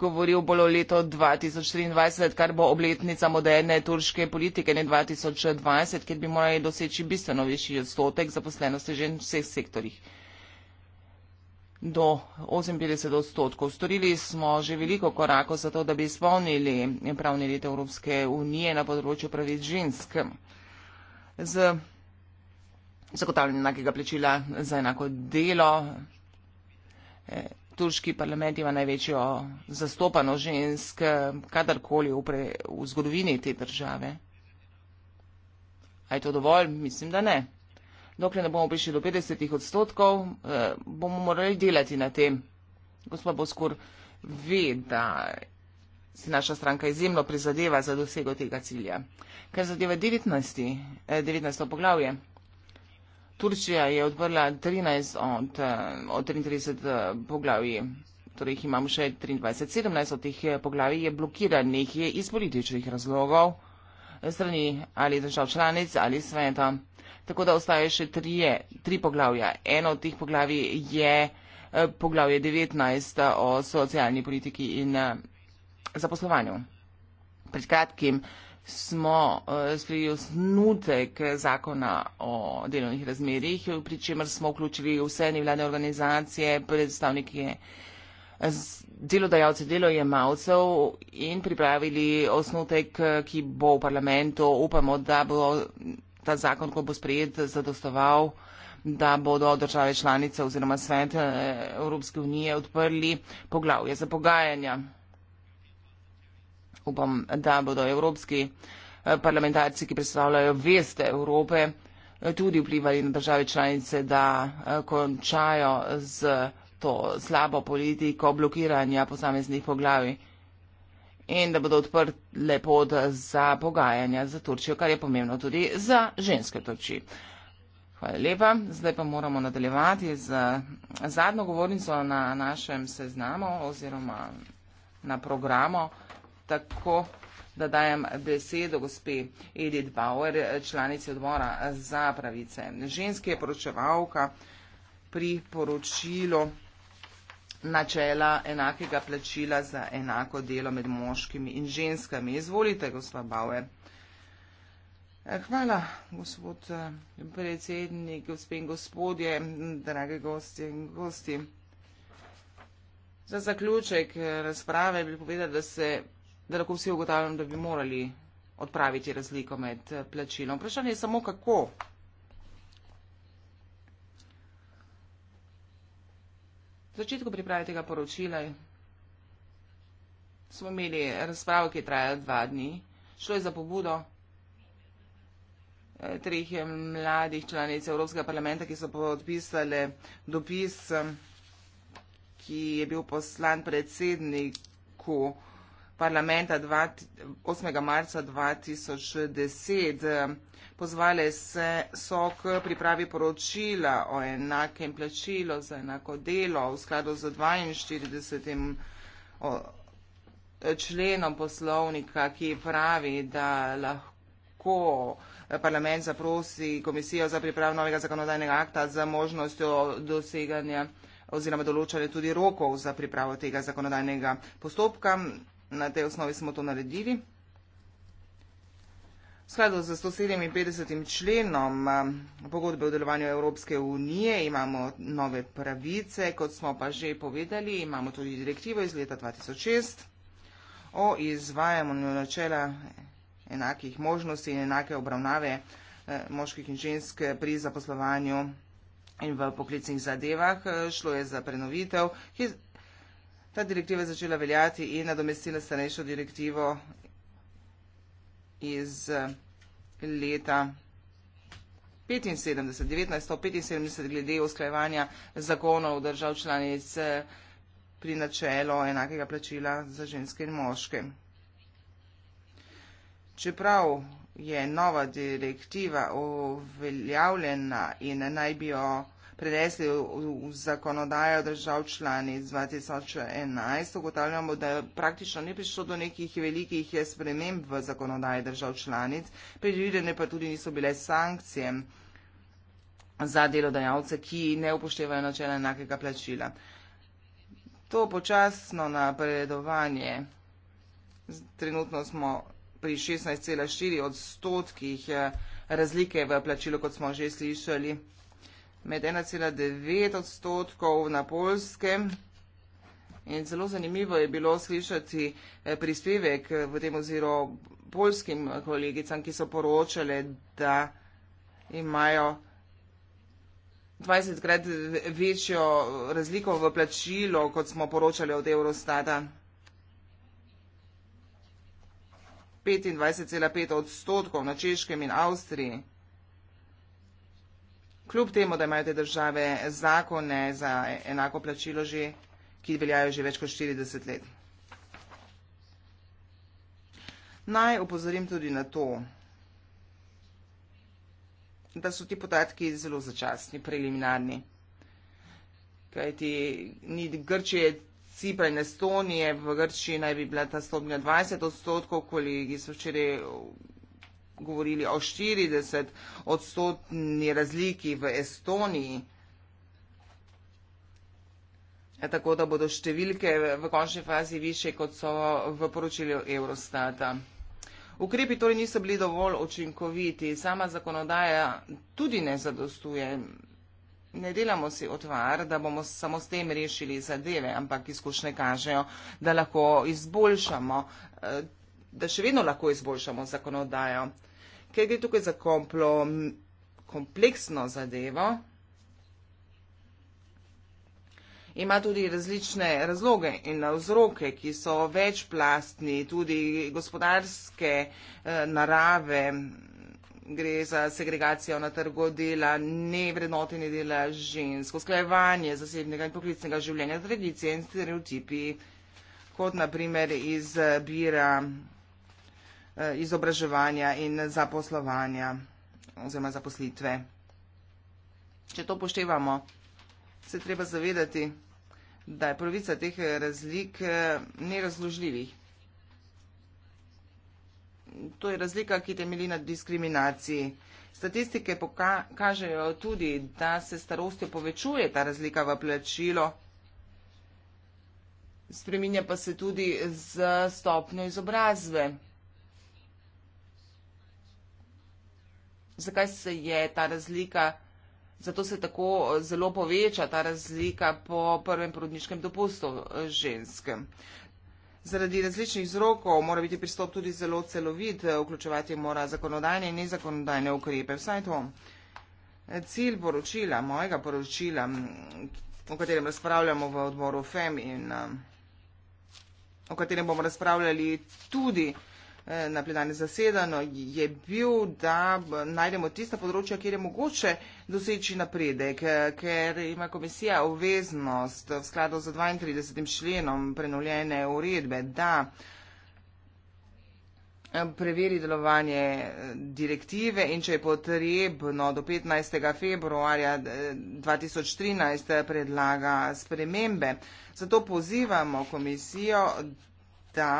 govoril bolj o leto 2023, kar bo obletnica moderne turške politike, ne 2020, kjer bi morali doseči bistveno višji odstotek zaposlenosti že v vseh sektorjih do 58 odstotkov. Storili smo že veliko korakov za to, da bi izpolnili pravni red Evropske unije na področju pravic žensk z zagotavljanjem enakega plačila za enako delo. Eh, turški parlament ima največjo zastopano žensk kadarkoli v, pre, v zgodovini te države. A je to dovolj? Mislim, da ne dokler ne bomo prišli do 50 odstotkov, eh, bomo morali delati na tem. Gospod Boskur ve, da si naša stranka izjemno prizadeva za dosego tega cilja. Kar zadeva 19. Eh, 19. poglavje. Turčija je odprla 13 od, eh, od 33 eh, poglavij, torej jih imamo še 23. 17 od teh eh, poglavij je blokiranih iz političnih razlogov strani ali držav članic ali sveta tako da ostaje še trije, tri poglavja. Eno od teh poglavij je eh, poglavje 19 eh, o socialni politiki in eh, zaposlovanju. Pred kratkim smo sprejeli osnutek zakona o delovnih razmerjih, pri čemer smo vključili vse nevladne organizacije, predstavnike delodajalcev, delojemalcev in pripravili osnutek, ki bo v parlamentu, upamo, da bo ta zakon, ko bo sprejet, zadostoval, da bodo države članice oziroma svet eh, Evropske unije odprli poglavje za pogajanja. Upam, da bodo evropski eh, parlamentarci, ki predstavljajo veste Evrope, eh, tudi vplivali na države članice, da končajo z to slabo politiko blokiranja posameznih poglavij in da bodo odprle pod za pogajanja za Turčijo, kar je pomembno tudi za ženske Turčije. Hvala lepa. Zdaj pa moramo nadaljevati z zadnjo govornico na našem seznamu oziroma na programu, tako da dajem besedo gospe Edith Bauer, članici odbora za pravice ženske poročevalka pri poročilu načela enakega plačila za enako delo med moškimi in ženskami. Izvolite, gospa Bauer. Hvala, gospod eh, predsednik, gospe in gospodje, drage gosti in gosti. Za zaključek eh, razprave bi povedal, da, se, da lahko vsi ugotavljam, da bi morali odpraviti razliko med eh, plačilom. Vprašanje je samo kako. V začetku priprave tega poročila smo imeli razpravo, ki je trajala dva dni. Šlo je za pobudo eh, treh eh, mladih članic Evropskega parlamenta, ki so podpisali dopis, eh, ki je bil poslan predsedniku parlamenta 8. marca 2010. Pozvale se so k pripravi poročila o enakem plačilu za enako delo v skladu z 42. členom poslovnika, ki pravi, da lahko parlament zaprosi komisijo za priprav novega zakonodajnega akta za možnostjo doseganja oziroma določanje tudi rokov za pripravo tega zakonodajnega postopka. Na tej osnovi smo to naredili. V skladu z 157. členom eh, pogodbe o delovanju Evropske unije imamo nove pravice, kot smo pa že povedali, imamo tudi direktivo iz leta 2006 o izvajanju načela enakih možnosti in enake obravnave eh, moških in žensk pri zaposlovanju in v poklicnih zadevah. Eh, šlo je za prenovitev. Ta direktiva je začela veljati in nadomestila starejšo direktivo iz eh, leta 75, 1975 glede usklajevanja zakonov držav članic eh, pri načelo enakega plačila za ženske in moške. Čeprav je nova direktiva uveljavljena in naj bi jo prenesli v zakonodajo držav člani iz 2011, ugotavljamo, da praktično ni prišlo do nekih velikih sprememb v zakonodaji držav članic, predvidene pa tudi niso bile sankcije za delodajalce, ki ne upoštevajo načela enakega plačila. To počasno napredovanje, trenutno smo pri 16,4 odstotkih eh, razlike v plačilu, kot smo že slišali med 1,9 odstotkov na polskem. In zelo zanimivo je bilo slišati eh, prispevek eh, v tem oziru polskim kolegicam, ki so poročale, da imajo 20 krat večjo razliko v plačilo, kot smo poročali od Eurostata. 25,5 odstotkov na češkem in Avstriji kljub temu, da imajo te države zakone za enako plačilo že, ki veljajo že več kot 40 let. Naj upozorim tudi na to, da so ti podatki zelo začasni, preliminarni. Kaj ti ni Grčije, Cipra in Estonije, v Grčiji naj bi bila ta stopnja 20 odstotkov, koliki so včeraj govorili o 40 odstotni razliki v Estoniji. Eh, tako da bodo številke v končni fazi više, kot so v poročilju Eurostata. Ukrepi torej niso bili dovolj učinkoviti, sama zakonodaja tudi ne zadostuje. Ne delamo si otvar, da bomo samo s tem rešili zadeve, ampak izkušnje kažejo, da lahko izboljšamo eh, da še vedno lahko izboljšamo zakonodajo, ker gre tukaj za komplo, kompleksno zadevo. Ima tudi različne razloge in vzroke, ki so večplastni, tudi gospodarske eh, narave, gre za segregacijo na trgu dela, nevrednotenje dela žensk, usklajevanje zasebnega in poklicnega življenja, tradicije in stereotipi, kot naprimer izbira. Eh, izobraževanja in zaposlovanja oziroma zaposlitve. Če to poštevamo, se treba zavedati, da je polovica teh eh, razlik eh, nerazložljivih. To je razlika, ki temelji na diskriminaciji. Statistike pokažejo tudi, da se starostjo povečuje ta razlika v plačilo, spreminja pa se tudi z stopnjo izobrazbe. zakaj se je ta razlika, zato se tako zelo poveča ta razlika po prvem porodniškem dopustu eh, ženskem. Zaradi različnih vzrokov mora biti pristop tudi zelo celovit, eh, vključevati mora zakonodajne in nezakonodajne ukrepe. Vsaj to. Eh, cilj poročila, mojega poročila, o katerem razpravljamo v odboru FEM in o katerem bomo razpravljali tudi Eh, na plenarni zasedano, je bil, da najdemo tista področja, kjer je mogoče doseči napredek, eh, ker ima komisija obveznost v skladu z 32. členom prenovljene uredbe, da eh, preveri delovanje direktive in če je potrebno do 15. februarja 2013 predlaga spremembe. Zato pozivamo komisijo, da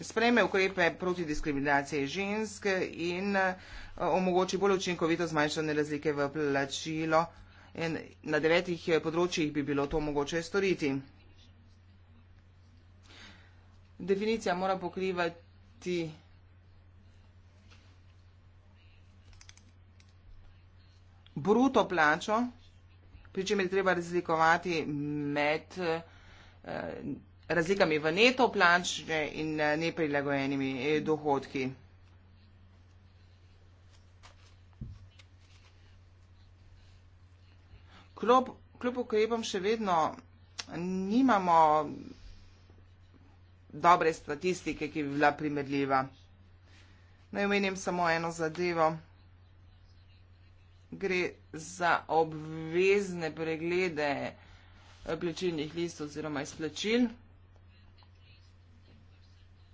Spreme ukrepe proti diskriminaciji žensk in eh, omogoči bolj učinkovito zmanjšanje razlike v plačilo. In na devetih eh, področjih bi bilo to mogoče storiti. Definicija mora pokrivati bruto plačo, pri čem je treba razlikovati med. Eh, razlikami v neto plačne in eh, neprilagojenimi eh, dohodki. Klob, kljub ukrepom še vedno nimamo dobre statistike, ki bi bila primerljiva. Naj omenim samo eno zadevo. Gre za obvezne preglede eh, plačilnih listov oziroma izplačil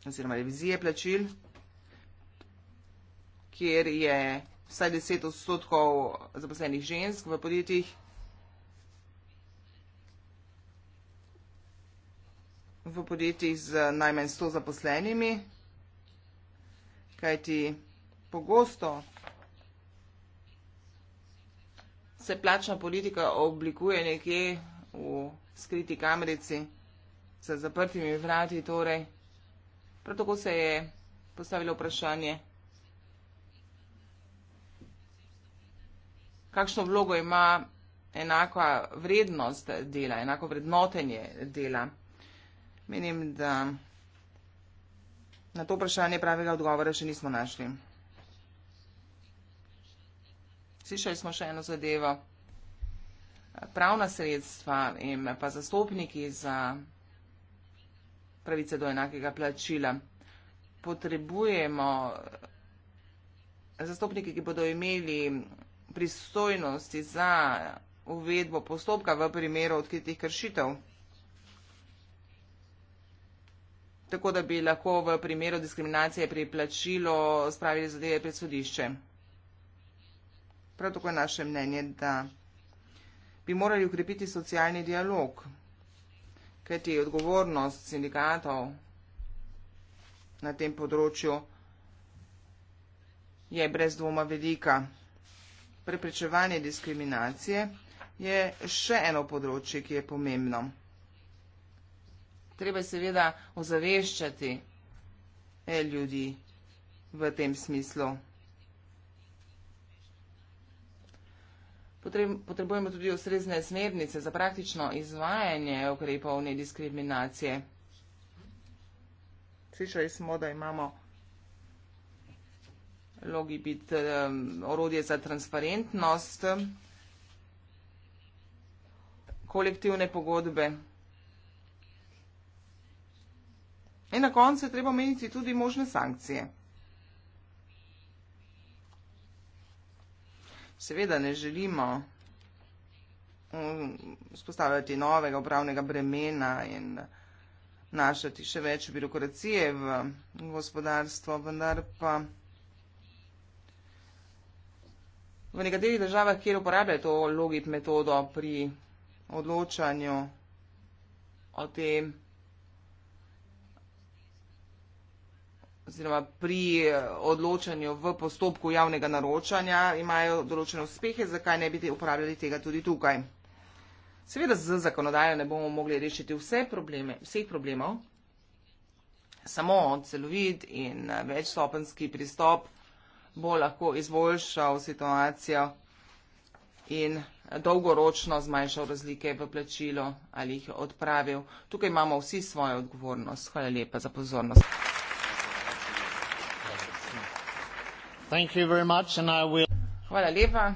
oziroma revizije plačil, kjer je vsaj 10 odstotkov zaposlenih žensk v podjetjih. v podjetjih z najmanj 100 zaposlenimi, kajti pogosto se plačna politika oblikuje nekje v skriti kamerici, za zaprtimi vrati torej. Prav tako se je postavilo vprašanje, kakšno vlogo ima enaka vrednost dela, enako vrednotenje dela. Menim, da na to vprašanje pravega odgovora še nismo našli. Slišali smo še eno zadevo. Pravna sredstva in pa zastopniki za pravice do enakega plačila. Potrebujemo eh, zastopnike, ki bodo imeli pristojnosti za uvedbo postopka v primeru odkritih kršitev, tako da bi lahko v primeru diskriminacije pri plačilu spravili zadeve pred sodišče. Prav tako je naše mnenje, da bi morali ukrepiti socialni dialog kajti odgovornost sindikatov na tem področju je brez dvoma velika. Preprečevanje diskriminacije je še eno področje, ki je pomembno. Treba seveda ozaveščati eh, ljudi v tem smislu. potrebujemo tudi osrezne smernice za praktično izvajanje ukrepov nediskriminacije. Slišali smo, da imamo logi biti orodje za transparentnost, kolektivne pogodbe. In na koncu treba omeniti tudi možne sankcije. seveda ne želimo spostavljati um, novega upravnega bremena in našati še več birokracije v gospodarstvo, vendar pa v nekaterih državah, kjer uporabljajo to logit metodo pri odločanju o tem, oziroma pri eh, odločanju v postopku javnega naročanja imajo določene uspehe, zakaj ne bi uporabljali tega tudi tukaj. Seveda z zakonodajo ne bomo mogli rešiti vse probleme, vseh problemov, samo celovit in eh, večstopenski pristop bo lahko izboljšal situacijo in eh, dolgoročno zmanjšal razlike v plačilo ali jih odpravil. Tukaj imamo vsi svojo odgovornost. Hvala lepa za pozornost. Hvala lepa.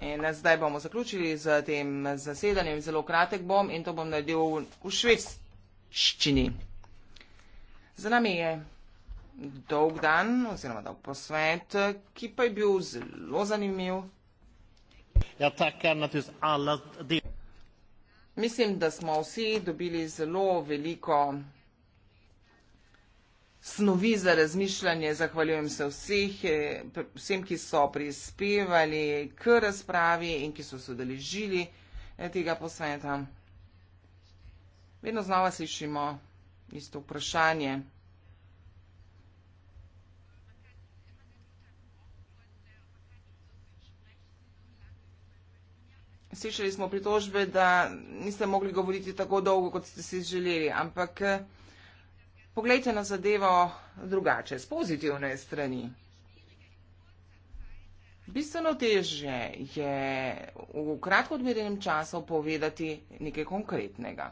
In zdaj bomo zaključili z tem zasedanjem. Zelo kratek bom in to bom naredil v švedščini. Za nami je dolg dan oziroma dolg posvet, ki pa je bil zelo zanimiv. Ja, takar, Mislim, da smo vsi dobili zelo veliko snovi za razmišljanje. Zahvaljujem se vseh, eh, vsem, ki so prispevali k razpravi in ki so se deležili eh, tega posveta. Vedno znova slišimo isto vprašanje. Slišali smo pritožbe, da niste mogli govoriti tako dolgo, kot ste si želeli, ampak eh, Poglejte na zadevo drugače, z pozitivne strani. Bistveno težje je v kratko odmerenem času povedati nekaj konkretnega.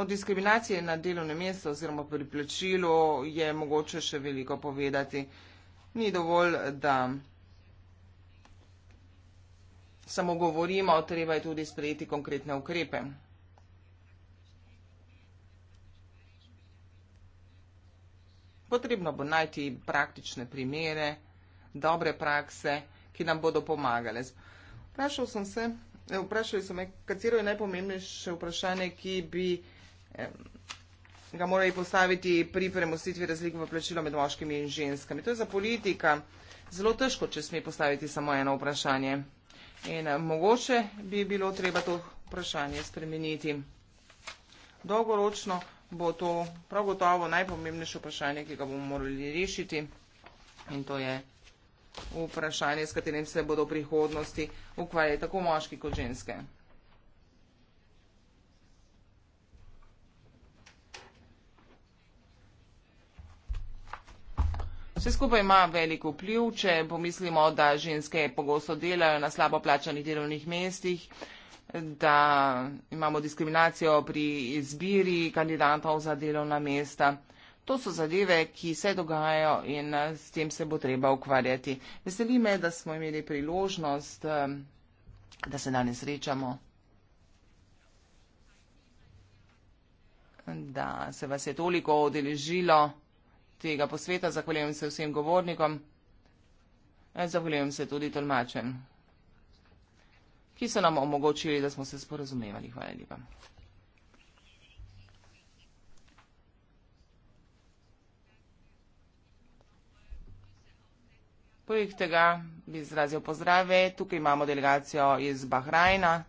O diskriminaciji na delovnem mestu oziroma pri plačilu je mogoče še veliko povedati. Ni dovolj, da samo govorimo, treba je tudi sprejeti konkretne ukrepe. Potrebno bo najti praktične primere, dobre prakse, ki nam bodo pomagale. Vprašal sem se, eh, vprašali so me, katero je najpomembnejše vprašanje, ki bi ga morali postaviti pri premostitvi razlik v plačilo med moškimi in ženskami. To je za politika zelo težko, če sme postaviti samo eno vprašanje. In eh, mogoče bi bilo treba to vprašanje spremeniti. Dolgoročno bo to prav gotovo najpomembnejše vprašanje, ki ga bomo morali rešiti. In to je vprašanje, s katerim se bodo v prihodnosti ukvarjali tako moški kot ženske. Vse skupaj ima velik vpliv, če pomislimo, da ženske pogosto delajo na slabo plačanih delovnih mestih, da imamo diskriminacijo pri izbiri kandidatov za delovna mesta. To so zadeve, ki se dogajajo in eh, s tem se bo treba ukvarjati. Veseli me, da smo imeli priložnost, eh, da se danes srečamo. Da se vas je toliko odeležilo tega posveta, zahvaljujem se vsem govornikom, zahvaljujem se tudi tolmačem ki so nam omogočili, da smo se sporazumevali. Hvala lepa. Poleg tega bi izrazil pozdrave. Tukaj imamo delegacijo iz Bahrajna.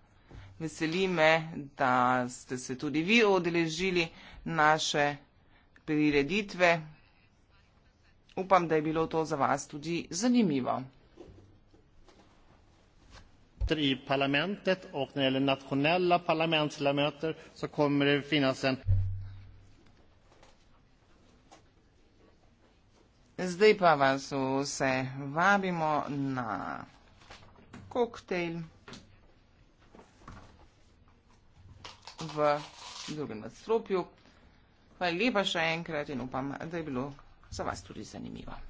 Veseli me, da ste se tudi vi odeležili naše prireditve. Upam, da je bilo to za vas tudi zanimivo ledamöter i parlamentet och när det gäller nationella parlamentsledamöter så kommer det finnas en... Zdaj pa vas vse vabimo na koktejl v drugem nadstropju. Hvala lepa še enkrat in upam, da je bilo za vas tudi zanimivo.